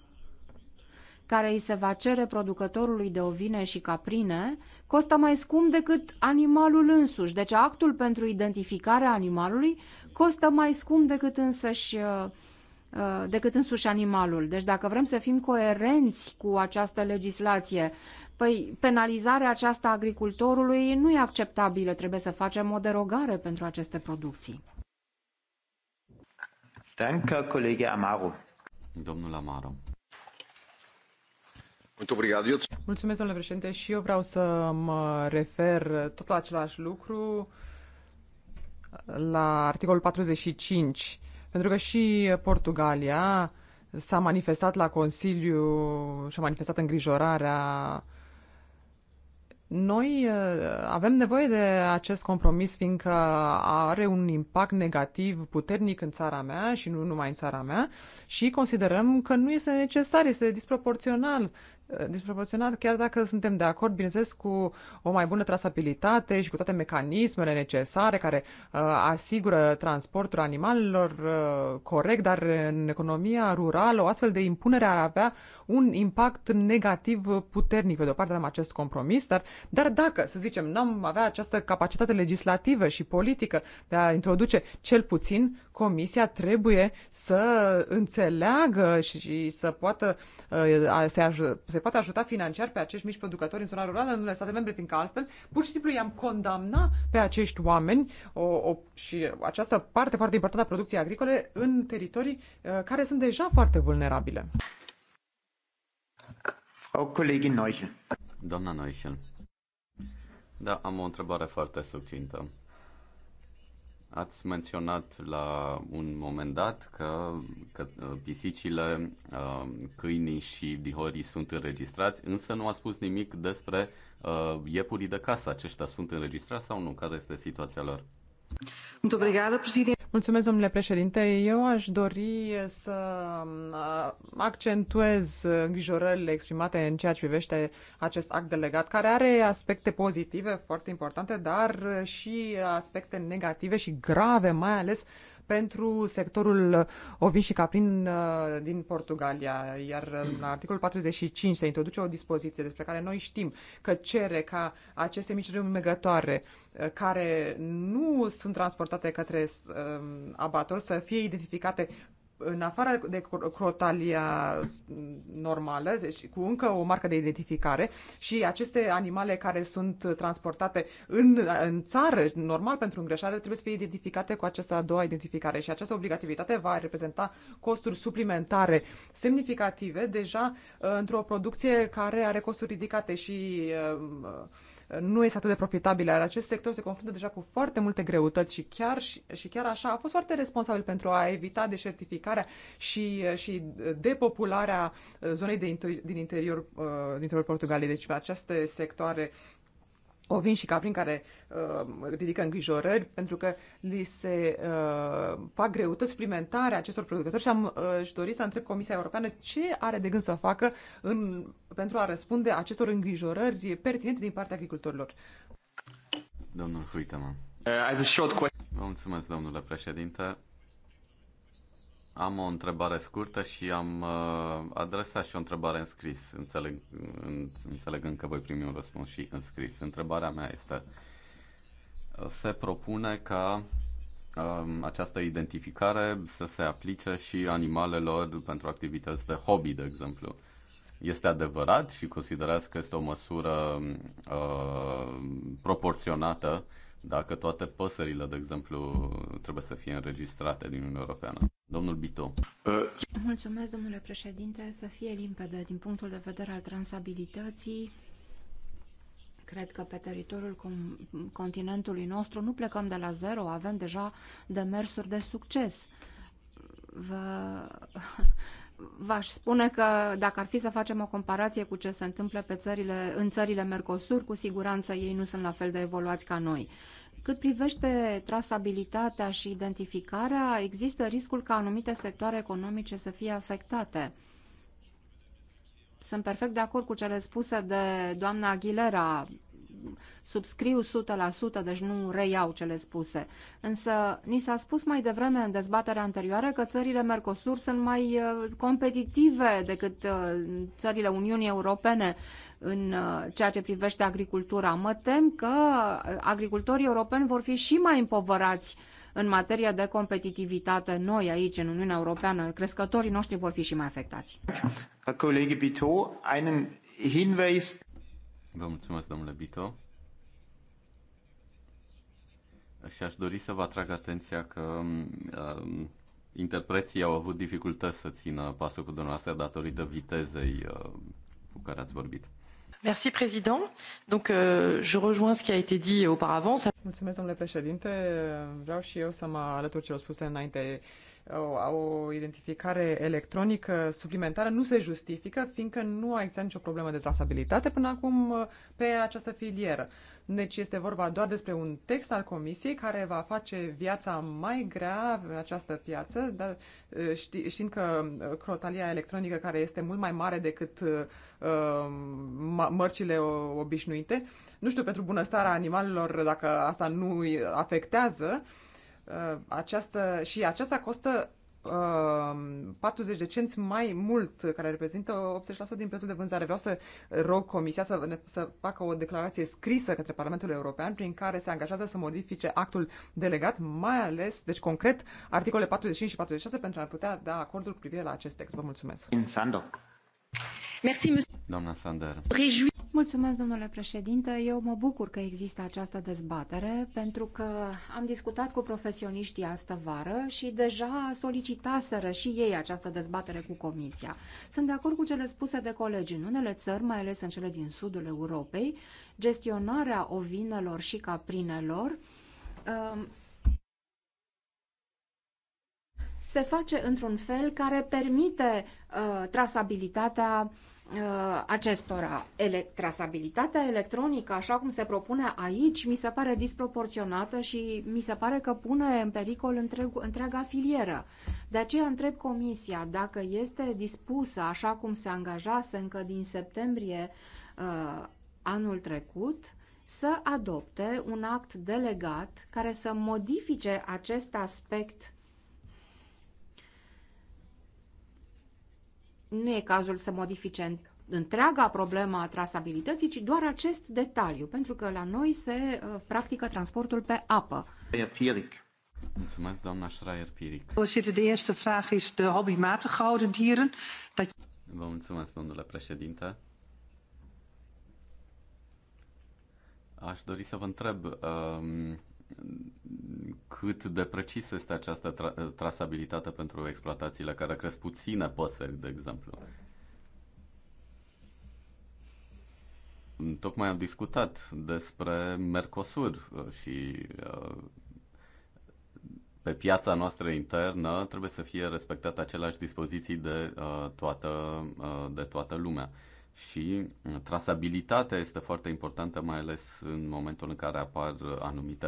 care îi se va cere producătorului de ovine și caprine, costă mai scump decât animalul însuși. Deci actul pentru identificarea animalului costă mai scump decât însăși uh, uh, decât însuși animalul. Deci dacă vrem să fim coerenți cu această legislație, păi penalizarea aceasta agricultorului nu e acceptabilă, trebuie să facem o derogare pentru aceste producții. Danke, Kollege Amaro. Domnul Amaro. Mulțumesc, domnule președinte, și eu vreau să mă refer tot la același lucru, la articolul 45, pentru că și Portugalia s-a manifestat la Consiliu și-a manifestat îngrijorarea uh, noi uh, avem nevoie de acest compromis fiindcă are un impact negativ puternic în țara mea și nu numai în țara mea și considerăm că nu este necesar, este disproporțional Uh, disproporționat, chiar dacă suntem de acord, bineînțeles, cu o mai bună trasabilitate și cu toate mecanismele necesare care uh, asigură transportul animalelor uh, corect, dar în economia rurală o astfel de impunere ar avea un impact negativ puternic. Pe de-o parte avem acest compromis, dar, dar dacă, să zicem, n-am avea această capacitate legislativă și politică de a introduce cel puțin Comisia trebuie să înțeleagă și, și să poată uh, să, poate ajuta financiar pe acești mici producători în zona rurală, în unele state membre, fiindcă altfel pur și simplu i-am condamna pe acești oameni o, o, și această parte foarte importantă a producției agricole în teritorii uh, care sunt deja foarte vulnerabile. O colegi Noichel. Doamna Noichel. Da, am o întrebare foarte succintă. Ați menționat la un moment dat că, că uh, pisicile, uh, câinii și dihorii sunt înregistrați, însă nu a spus nimic despre uh, iepurii de casă. Aceștia sunt înregistrați sau nu? Care este situația lor? Mulțumesc, președinte. Mulțumesc, domnule președinte. Eu aș dori să uh, accentuez îngrijorările exprimate în ceea ce privește acest act delegat, care are aspecte pozitive foarte importante, dar și aspecte negative și grave, mai ales pentru sectorul ovin și caprin uh, din Portugalia. Iar uh, la articolul 45 se introduce o dispoziție despre care noi știm că cere ca aceste mici rumegătoare uh, care nu sunt transportate către abator să fie identificate în afară de crotalia normală, deci cu încă o marcă de identificare și aceste animale care sunt transportate în, în țară, normal pentru îngreșare, trebuie să fie identificate cu această a doua identificare și această obligativitate va reprezenta costuri suplimentare semnificative deja uh, într-o producție care are costuri ridicate și uh, nu este atât de profitabilă, iar acest sector se confruntă deja cu foarte multe greutăți și chiar, și, și chiar așa a fost foarte responsabil pentru a evita deșertificarea și, și depopularea zonei de din interior, uh, din interior Portugaliei. Deci pe aceste sectoare ovin și caprin care uh, ridică îngrijorări pentru că li se uh, fac greutăți suplimentare acestor producători și am uh, dorit să întreb Comisia Europeană ce are de gând să facă în, pentru a răspunde acestor îngrijorări pertinente din partea agricultorilor. Domnul Huitama. Uh, I have a short question. Vă mulțumesc, domnule președinte. Am o întrebare scurtă și am uh, adresat și o întrebare în scris, înțeleg, în, înțelegând că voi primi un răspuns și în scris. Întrebarea mea este, uh, se propune ca um, această identificare să se aplice și animalelor pentru activități de hobby, de exemplu. Este adevărat și considerați că este o măsură uh, proporționată uh, dacă toate păsările, de exemplu, trebuie să fie înregistrate din Uniunea Europeană. Domnul Bito. Mulțumesc, domnule președinte, să fie limpede din punctul de vedere al transabilității. Cred că pe teritoriul continentului nostru nu plecăm de la zero, avem deja demersuri de succes. Vă v-aș spune că dacă ar fi să facem o comparație cu ce se întâmplă pe țările, în țările Mercosur, cu siguranță ei nu sunt la fel de evoluați ca noi. Cât privește trasabilitatea și identificarea, există riscul ca anumite sectoare economice să fie afectate. Sunt perfect de acord cu cele spuse de doamna Aguilera subscriu 100%, deci nu reiau cele spuse. Însă, ni s-a spus mai devreme în dezbaterea anterioară că țările Mercosur sunt mai uh, competitive decât uh, țările Uniunii Europene în uh, ceea ce privește agricultura. Mă tem că agricultorii europeni vor fi și mai împovărați în materie de competitivitate noi aici în Uniunea Europeană, crescătorii noștri vor fi și mai afectați. Bito, Vă mulțumesc, domnule Bito și aș dori să vă atrag atenția că uh, interpreții au avut dificultăți să țină pasul cu dumneavoastră datorită vitezei uh, cu care ați vorbit. Merci, président. Donc, euh, je rejoins ce qui a été dit auparavant. Mulțumesc, domnule președinte. Vreau și eu să mă alătur celor spuse înainte. O, o identificare electronică suplimentară nu se justifică, fiindcă nu a existat nicio problemă de trasabilitate până acum uh, pe această filieră. Deci este vorba doar despre un text al Comisiei care va face viața mai grea în această piață, dar uh, ști, știind că uh, crotalia electronică, care este mult mai mare decât uh, um, mărcile obișnuite, nu știu pentru bunăstarea animalelor dacă asta nu afectează, uh, această, și aceasta costă 40 uh, de cenți mai mult, care reprezintă 80% din prețul de vânzare. Vreau să rog Comisia să, ne, să facă o declarație scrisă către Parlamentul European prin care se angajează să modifice actul delegat, mai ales, deci concret, articole 45 și 46 pentru a putea da acordul cu privire la acest text. Vă mulțumesc. In Sando. Mulțumesc, domnule președinte. Eu mă bucur că există această dezbatere pentru că am discutat cu profesioniștii astă vară și deja solicitaseră și ei această dezbatere cu Comisia. Sunt de acord cu cele spuse de colegi. În unele țări, mai ales în cele din sudul Europei, gestionarea ovinelor și caprinelor um, se face într-un fel care permite uh, trasabilitatea uh, acestora. Ele- trasabilitatea electronică, așa cum se propune aici, mi se pare disproporționată și mi se pare că pune în pericol întreg, întreaga filieră. De aceea întreb Comisia dacă este dispusă, așa cum se angajase încă din septembrie uh, anul trecut, să adopte un act delegat care să modifice acest aspect nu e cazul să modifice întreaga problemă a trasabilității, ci doar acest detaliu, pentru că la noi se uh, practică transportul pe apă. Piric. Mulțumesc, doamna Schreier-Piric. Voorzitter, de este vraag is de hobbymatig gehouden dieren. Dat... Vă mulțumesc, domnule președinte. Aș dori să vă întreb, um, cât de precis este această tra- trasabilitate pentru exploatațiile care cresc puține păsări, de exemplu. Tocmai am discutat despre Mercosur uh, și uh, pe piața noastră internă trebuie să fie respectate aceleași dispoziții de uh, toată, de toată lumea și trasabilitatea este foarte importantă, mai ales în momentul în care apar anumite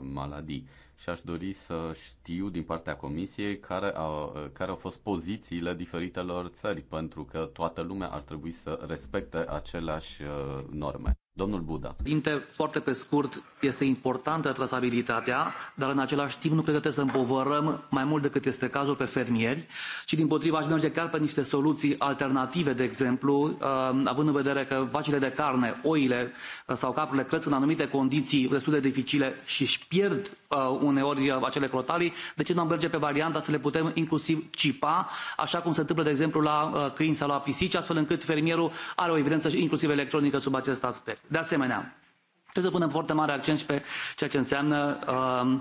maladii. Și aș dori să știu din partea Comisiei care au, care au fost pozițiile diferitelor țări, pentru că toată lumea ar trebui să respecte aceleași norme. Domnul Buda. Dinte, foarte pe scurt, este importantă trasabilitatea, dar în același timp nu cred că trebuie să împovărăm mai mult decât este cazul pe fermieri, ci din potriva aș merge chiar pe niște soluții alternative, de exemplu, uh, având în vedere că vacile de carne, oile uh, sau caprele cresc în anumite condiții destul de dificile și își pierd Uh, uneori uh, acele crotalii, de ce nu am merge pe varianta să le putem inclusiv cipa, așa cum se întâmplă, de exemplu, la uh, câini sau la pisici, astfel încât fermierul are o evidență inclusiv electronică sub acest aspect. De asemenea, trebuie să punem foarte mare accent și pe ceea ce înseamnă uh,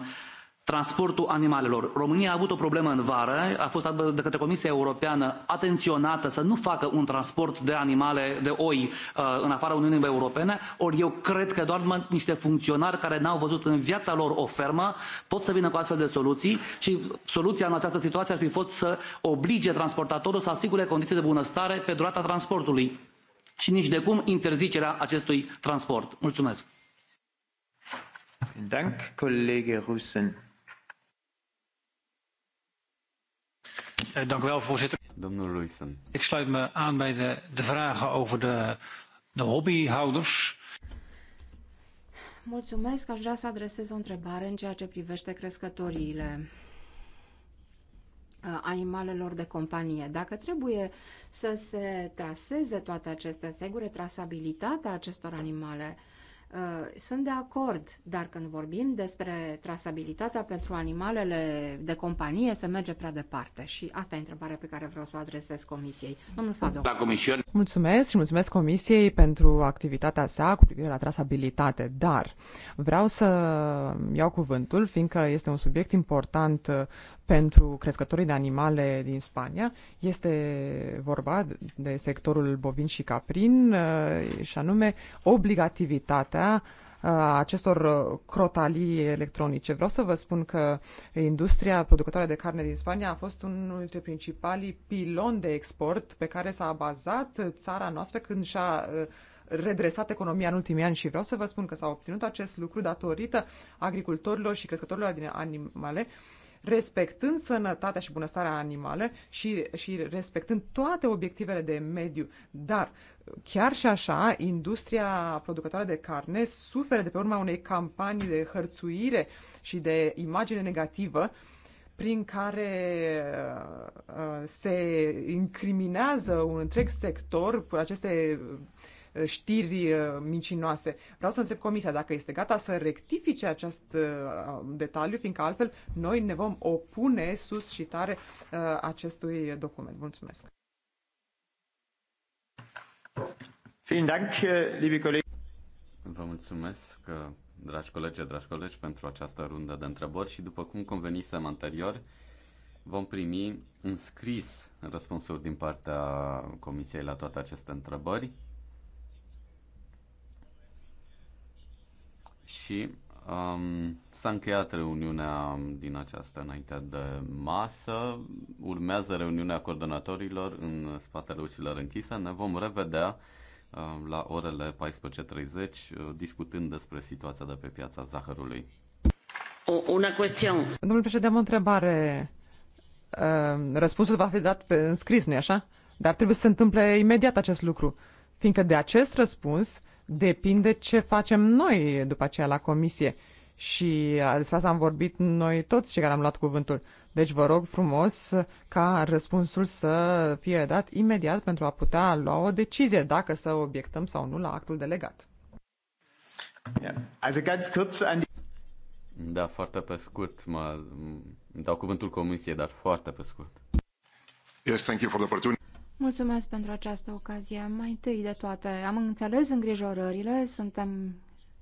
transportul animalelor. România a avut o problemă în vară, a fost de către Comisia Europeană atenționată să nu facă un transport de animale, de oi, uh, în afara Uniunii Europene, ori eu cred că doar niște funcționari care n-au văzut în viața lor o fermă pot să vină cu astfel de soluții și soluția în această situație ar fi fost să oblige transportatorul să asigure condiții de bunăstare pe durata transportului și nici de cum interzicerea acestui transport. Mulțumesc! Dank, Kollege Russen. Eh, dank u wel, voorzitter. Ik sluit me aan bij de, de vragen over de, de hobbyhouders. Mulțumesc, aș vrea să adresez o întrebare în ceea ce privește crescătoriile eh, animalelor de companie. Dacă trebuie să se traseze toate acestea, asigure trasabilitatea acestor animale, uh, Uh, sunt de acord, dar când vorbim despre trasabilitatea pentru animalele de companie, se merge prea departe. Și asta e întrebarea pe care vreau să o adresez Comisiei. Domnul Fabio. La comisiune. Mulțumesc și mulțumesc Comisiei pentru activitatea sa cu privire la trasabilitate, dar vreau să iau cuvântul, fiindcă este un subiect important uh, pentru crescătorii de animale din Spania. Este vorba de sectorul bovin și caprin uh, și anume obligativitatea uh, acestor crotalii electronice. Vreau să vă spun că industria producătoare de carne din Spania a fost unul dintre principalii piloni de export pe care s-a bazat țara noastră când și-a uh, redresat economia în ultimii ani și vreau să vă spun că s-a obținut acest lucru datorită agricultorilor și crescătorilor din animale respectând sănătatea și bunăstarea animale și, și respectând toate obiectivele de mediu. Dar, chiar și așa, industria producătoare de carne suferă de pe urma unei campanii de hărțuire și de imagine negativă prin care uh, se incriminează un întreg sector, aceste Uh, știri uh, mincinoase. Vreau să întreb comisia dacă este gata să rectifice acest uh, detaliu, fiindcă altfel noi ne vom opune sus și tare acestui document. Mulțumesc! Äh, Vă mulțumesc, dragi colegi, dragi colegi, pentru această rundă de întrebări și după cum convenisem anterior, vom primi înscris răspunsuri din partea Comisiei la toate aceste întrebări. și um, s-a încheiat reuniunea din această înainte de masă. Urmează reuniunea coordonatorilor în spatele ușilor închise. Ne vom revedea um, la orele 14.30 uh, discutând despre situația de pe piața zahărului. O, una cuestión. Domnul președinte, am o întrebare. Uh, răspunsul va fi dat pe, înscris, scris, nu-i așa? Dar trebuie să se întâmple imediat acest lucru, fiindcă de acest răspuns depinde ce facem noi după aceea la comisie. Și uh, despre asta am vorbit noi toți cei care am luat cuvântul. Deci vă rog frumos ca răspunsul să fie dat imediat pentru a putea lua o decizie dacă să obiectăm sau nu la actul delegat. Da, foarte pe scurt. Mă, dau cuvântul comisiei, dar foarte pe scurt. Yes, thank you for the opportunity. Mulțumesc pentru această ocazie. Mai întâi de toate, am înțeles îngrijorările, suntem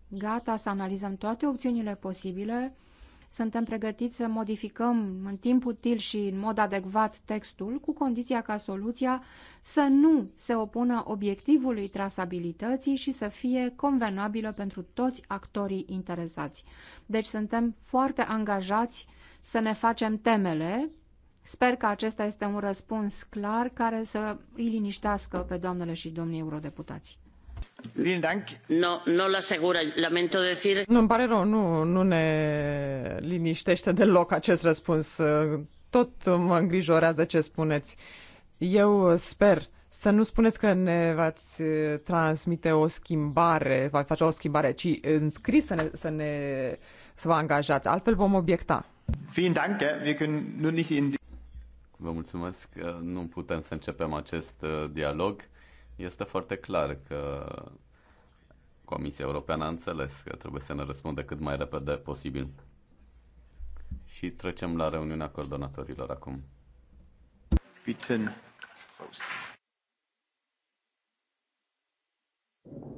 gata să analizăm toate opțiunile posibile, suntem pregătiți să modificăm în timp util și în mod adecvat textul, cu condiția ca soluția să nu se opună obiectivului trasabilității și să fie convenabilă pentru toți actorii interesați. Deci suntem foarte angajați să ne facem temele Sper că acesta este un răspuns clar care să îi liniștească pe doamnele și domnii eurodeputați. No, no la asegură, Lamento decir... Nu, îmi pare rău, nu, nu ne liniștește deloc acest răspuns. Tot mă îngrijorează ce spuneți. Eu sper să nu spuneți că ne vați eh, transmite o schimbare, va face o schimbare, ci înscris să ne, să ne să vă angajați. Altfel vom obiecta. Vielen Dank. Wir können nur nicht in Vă mulțumesc. Uh, nu putem să începem acest uh, dialog. Este foarte clar că Comisia Europeană a înțeles că trebuie să ne răspundă cât mai repede posibil. Și trecem la reuniunea coordonatorilor acum. Bitten. you.